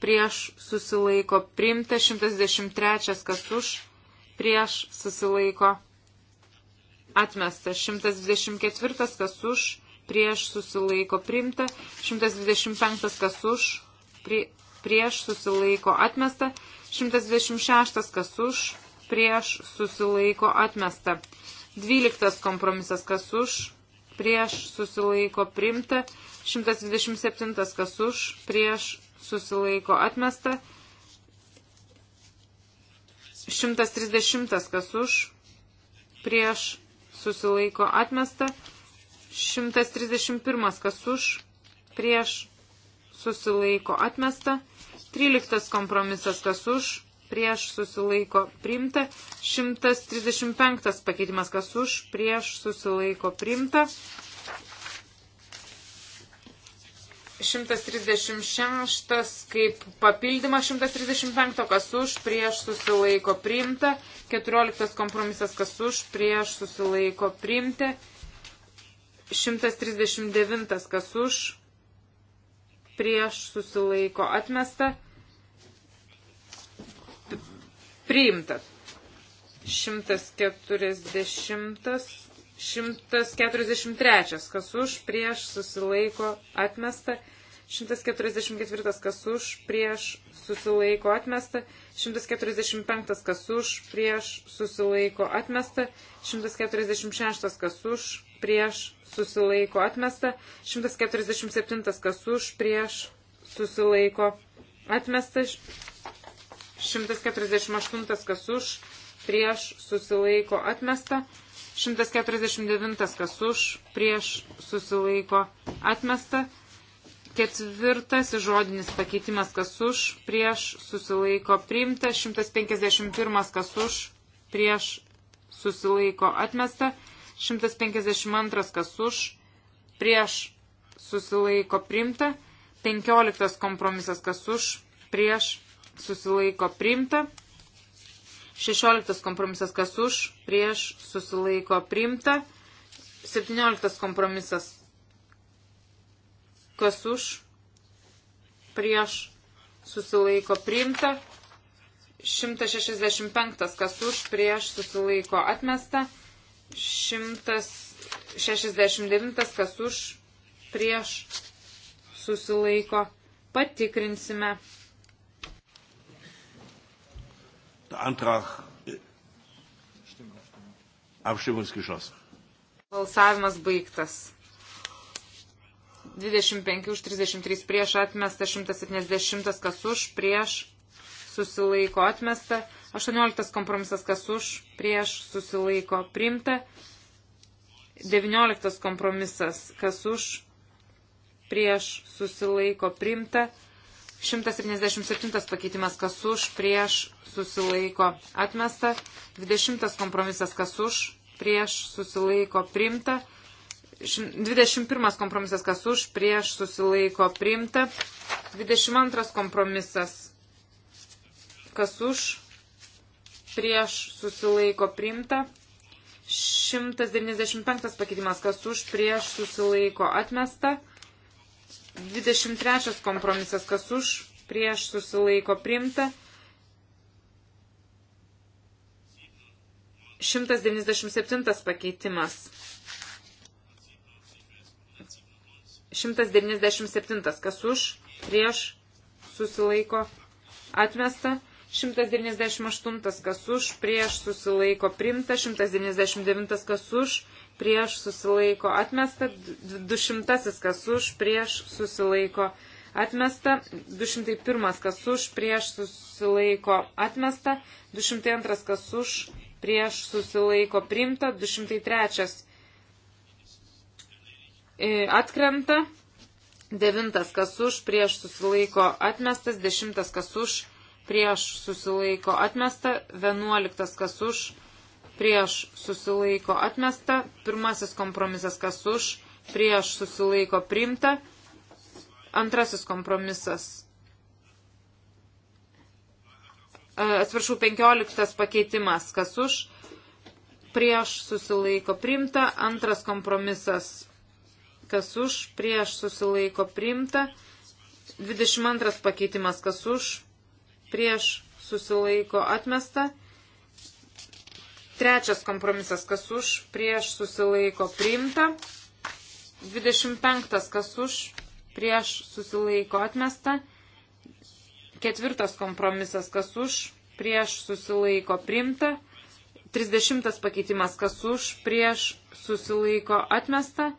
prieš susilaiko. Priimta 123 kas už, prieš susilaiko. Atmestas 124 kas už, prieš susilaiko. Priimta 125 kas už, prie, prieš susilaiko. Atmestas 126 kas už, prieš susilaiko atmesta. 12 kompromisas kas už, prieš susilaiko primta. 127 kas už, prieš susilaiko atmesta. 130 kas už, prieš susilaiko atmesta. 131 kas už, prieš susilaiko atmesta. 13 kompromisas, kas už, prieš susilaiko primta. 135 pakeitimas, kas už, prieš susilaiko primta. 136 kaip papildymas 135, kas už, prieš susilaiko primta. 14 kompromisas, kas už, prieš susilaiko primta. 139, kas už, prieš susilaiko atmesta, priimta. 140, 143, kas už, prieš susilaiko atmesta, 144, kas už, prieš susilaiko atmesta, 145, kas už, prieš susilaiko atmesta, 146, kas už, prieš susilaiko atmesta, 147 kas už prieš susilaiko atmesta, 148 kas už prieš susilaiko atmesta, 149 kas už prieš susilaiko atmesta, ketvirtas žodinis pakeitimas kas už prieš susilaiko priimta, 151 kas už prieš susilaiko atmesta. 152 kas už, prieš susilaiko primta, 15 kompromisas kas už, prieš susilaiko primta, 16 kompromisas kas už, prieš susilaiko primta, 17 kompromisas kas už, prieš susilaiko primta, 165 kas už, prieš susilaiko atmesta, 169, kas už, prieš, susilaiko. Patikrinsime. Antrag. Äh, Apštimus kišos. Balsavimas baigtas. 25 už 33 prieš atmesta, 170 kas už, prieš susilaiko atmesta, 18 kompromisas kas už, prieš susilaiko priimta. 19 kompromisas kas už, prieš susilaiko priimta. 177 pakeitimas kas už, prieš susilaiko atmesta. 20 kompromisas kas už, prieš susilaiko priimta. 21 kompromisas kas už, prieš susilaiko priimta. 22 kompromisas kas už, prieš susilaiko primta. 195 pakeitimas, kas už prieš susilaiko atmesta. 23 kompromisas, kas už prieš susilaiko primta. 197 pakeitimas. 197 kas už prieš susilaiko atmesta. 198 kas už, prieš susilaiko primta, 199 kas už, prieš susilaiko atmesta, 200 kas už, prieš susilaiko atmesta, 201 kas už, prieš susilaiko atmesta, 202 kas už, prieš susilaiko primta, 203 e, atkrenta, 9 kas už, prieš susilaiko atmestas, 10 kas už, prieš susilaiko atmesta, 11 kas už, prieš susilaiko atmesta, pirmasis kompromisas kas už, prieš susilaiko primta, antrasis kompromisas. E, atsiprašau, 15 pakeitimas kas už, prieš susilaiko primta, antras kompromisas kas už, prieš susilaiko primta, 22 pakeitimas kas už, prieš susilaiko atmesta. Trečias kompromisas, kas už, prieš susilaiko priimta. 25, kas už, prieš susilaiko atmesta. Ketvirtas kompromisas, kas už, prieš susilaiko priimta. 30 pakeitimas, kas už, prieš susilaiko atmesta.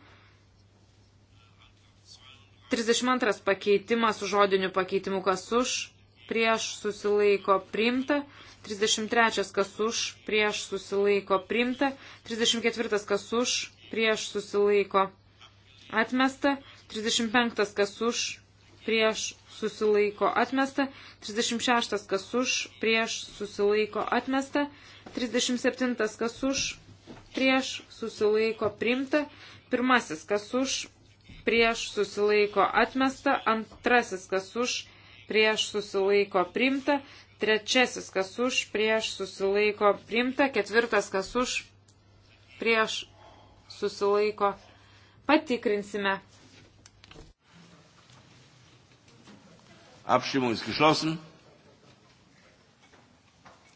32 pakeitimas su žodiniu pakeitimu, kas už, prieš susilaiko primta, 33 kas už, prieš susilaiko primta, 34 kas už, prieš susilaiko atmesta, 35 kas už, prieš susilaiko atmesta, 36 kas už, prieš susilaiko atmesta, 37 kas už, prieš susilaiko primta, pirmasis kas už, prieš susilaiko atmesta, antrasis kas už, prieš susilaiko primta, trečiasis kas už, prieš susilaiko primta, ketvirtas kas už, prieš susilaiko. Patikrinsime. Abstimmung ist geschlossen.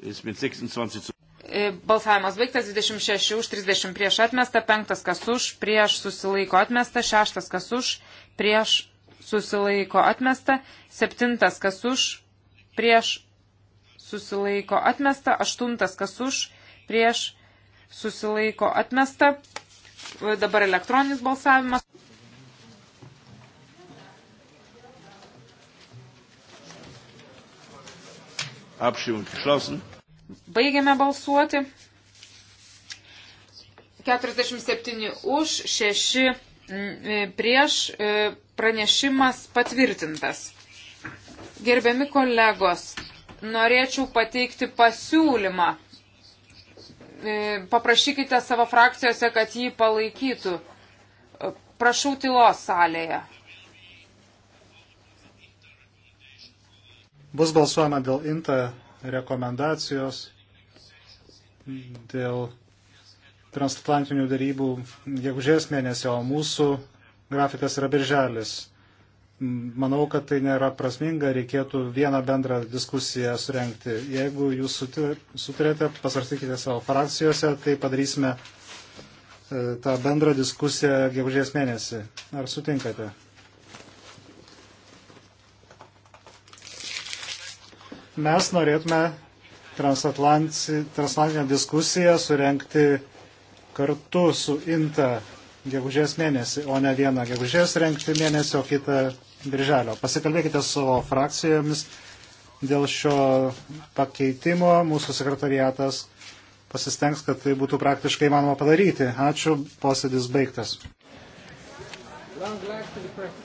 Ist mit 26 zu e, Balsavimas baigtas 26 už 30 prieš atmestą, 5 kas už, prieš susilaiko atmestą, 6 kas už, prieš susilaiko atmesta, septintas kas už, prieš susilaiko atmesta, aštuntas kas už, prieš susilaiko atmesta. Dabar elektroninis balsavimas. Abstimmung geschlossen. Baigiame balsuoti. 47 už, 6 Mm, e, prieš e, pranešimas patvirtintas. Gerbiami kolegos, norėčiau pateikti pasiūlymą. E, paprašykite savo frakcijose, kad jį palaikytų. Prašau tylos salėje. Bus balsuojama dėl INTA rekomendacijos, dėl transatlantinių darybų gegužės mėnesio, o mūsų grafikas yra birželis. Manau, kad tai nėra prasminga, reikėtų vieną bendrą diskusiją surenkti. Jeigu jūs sutarėte, pasarstykite savo frakcijose, tai padarysime e, tą bendrą diskusiją gegužės mėnesį. Ar sutinkate? Mes norėtume transatlantinę diskusiją surenkti kartu su INTA gegužės mėnesį, o ne vieną gegužės renkti mėnesį, o kitą birželio. Pasikalbėkite su savo frakcijomis dėl šio pakeitimo. Mūsų sekretariatas pasistengs, kad tai būtų praktiškai įmanoma padaryti. Ačiū, posėdis baigtas. Long life to the press.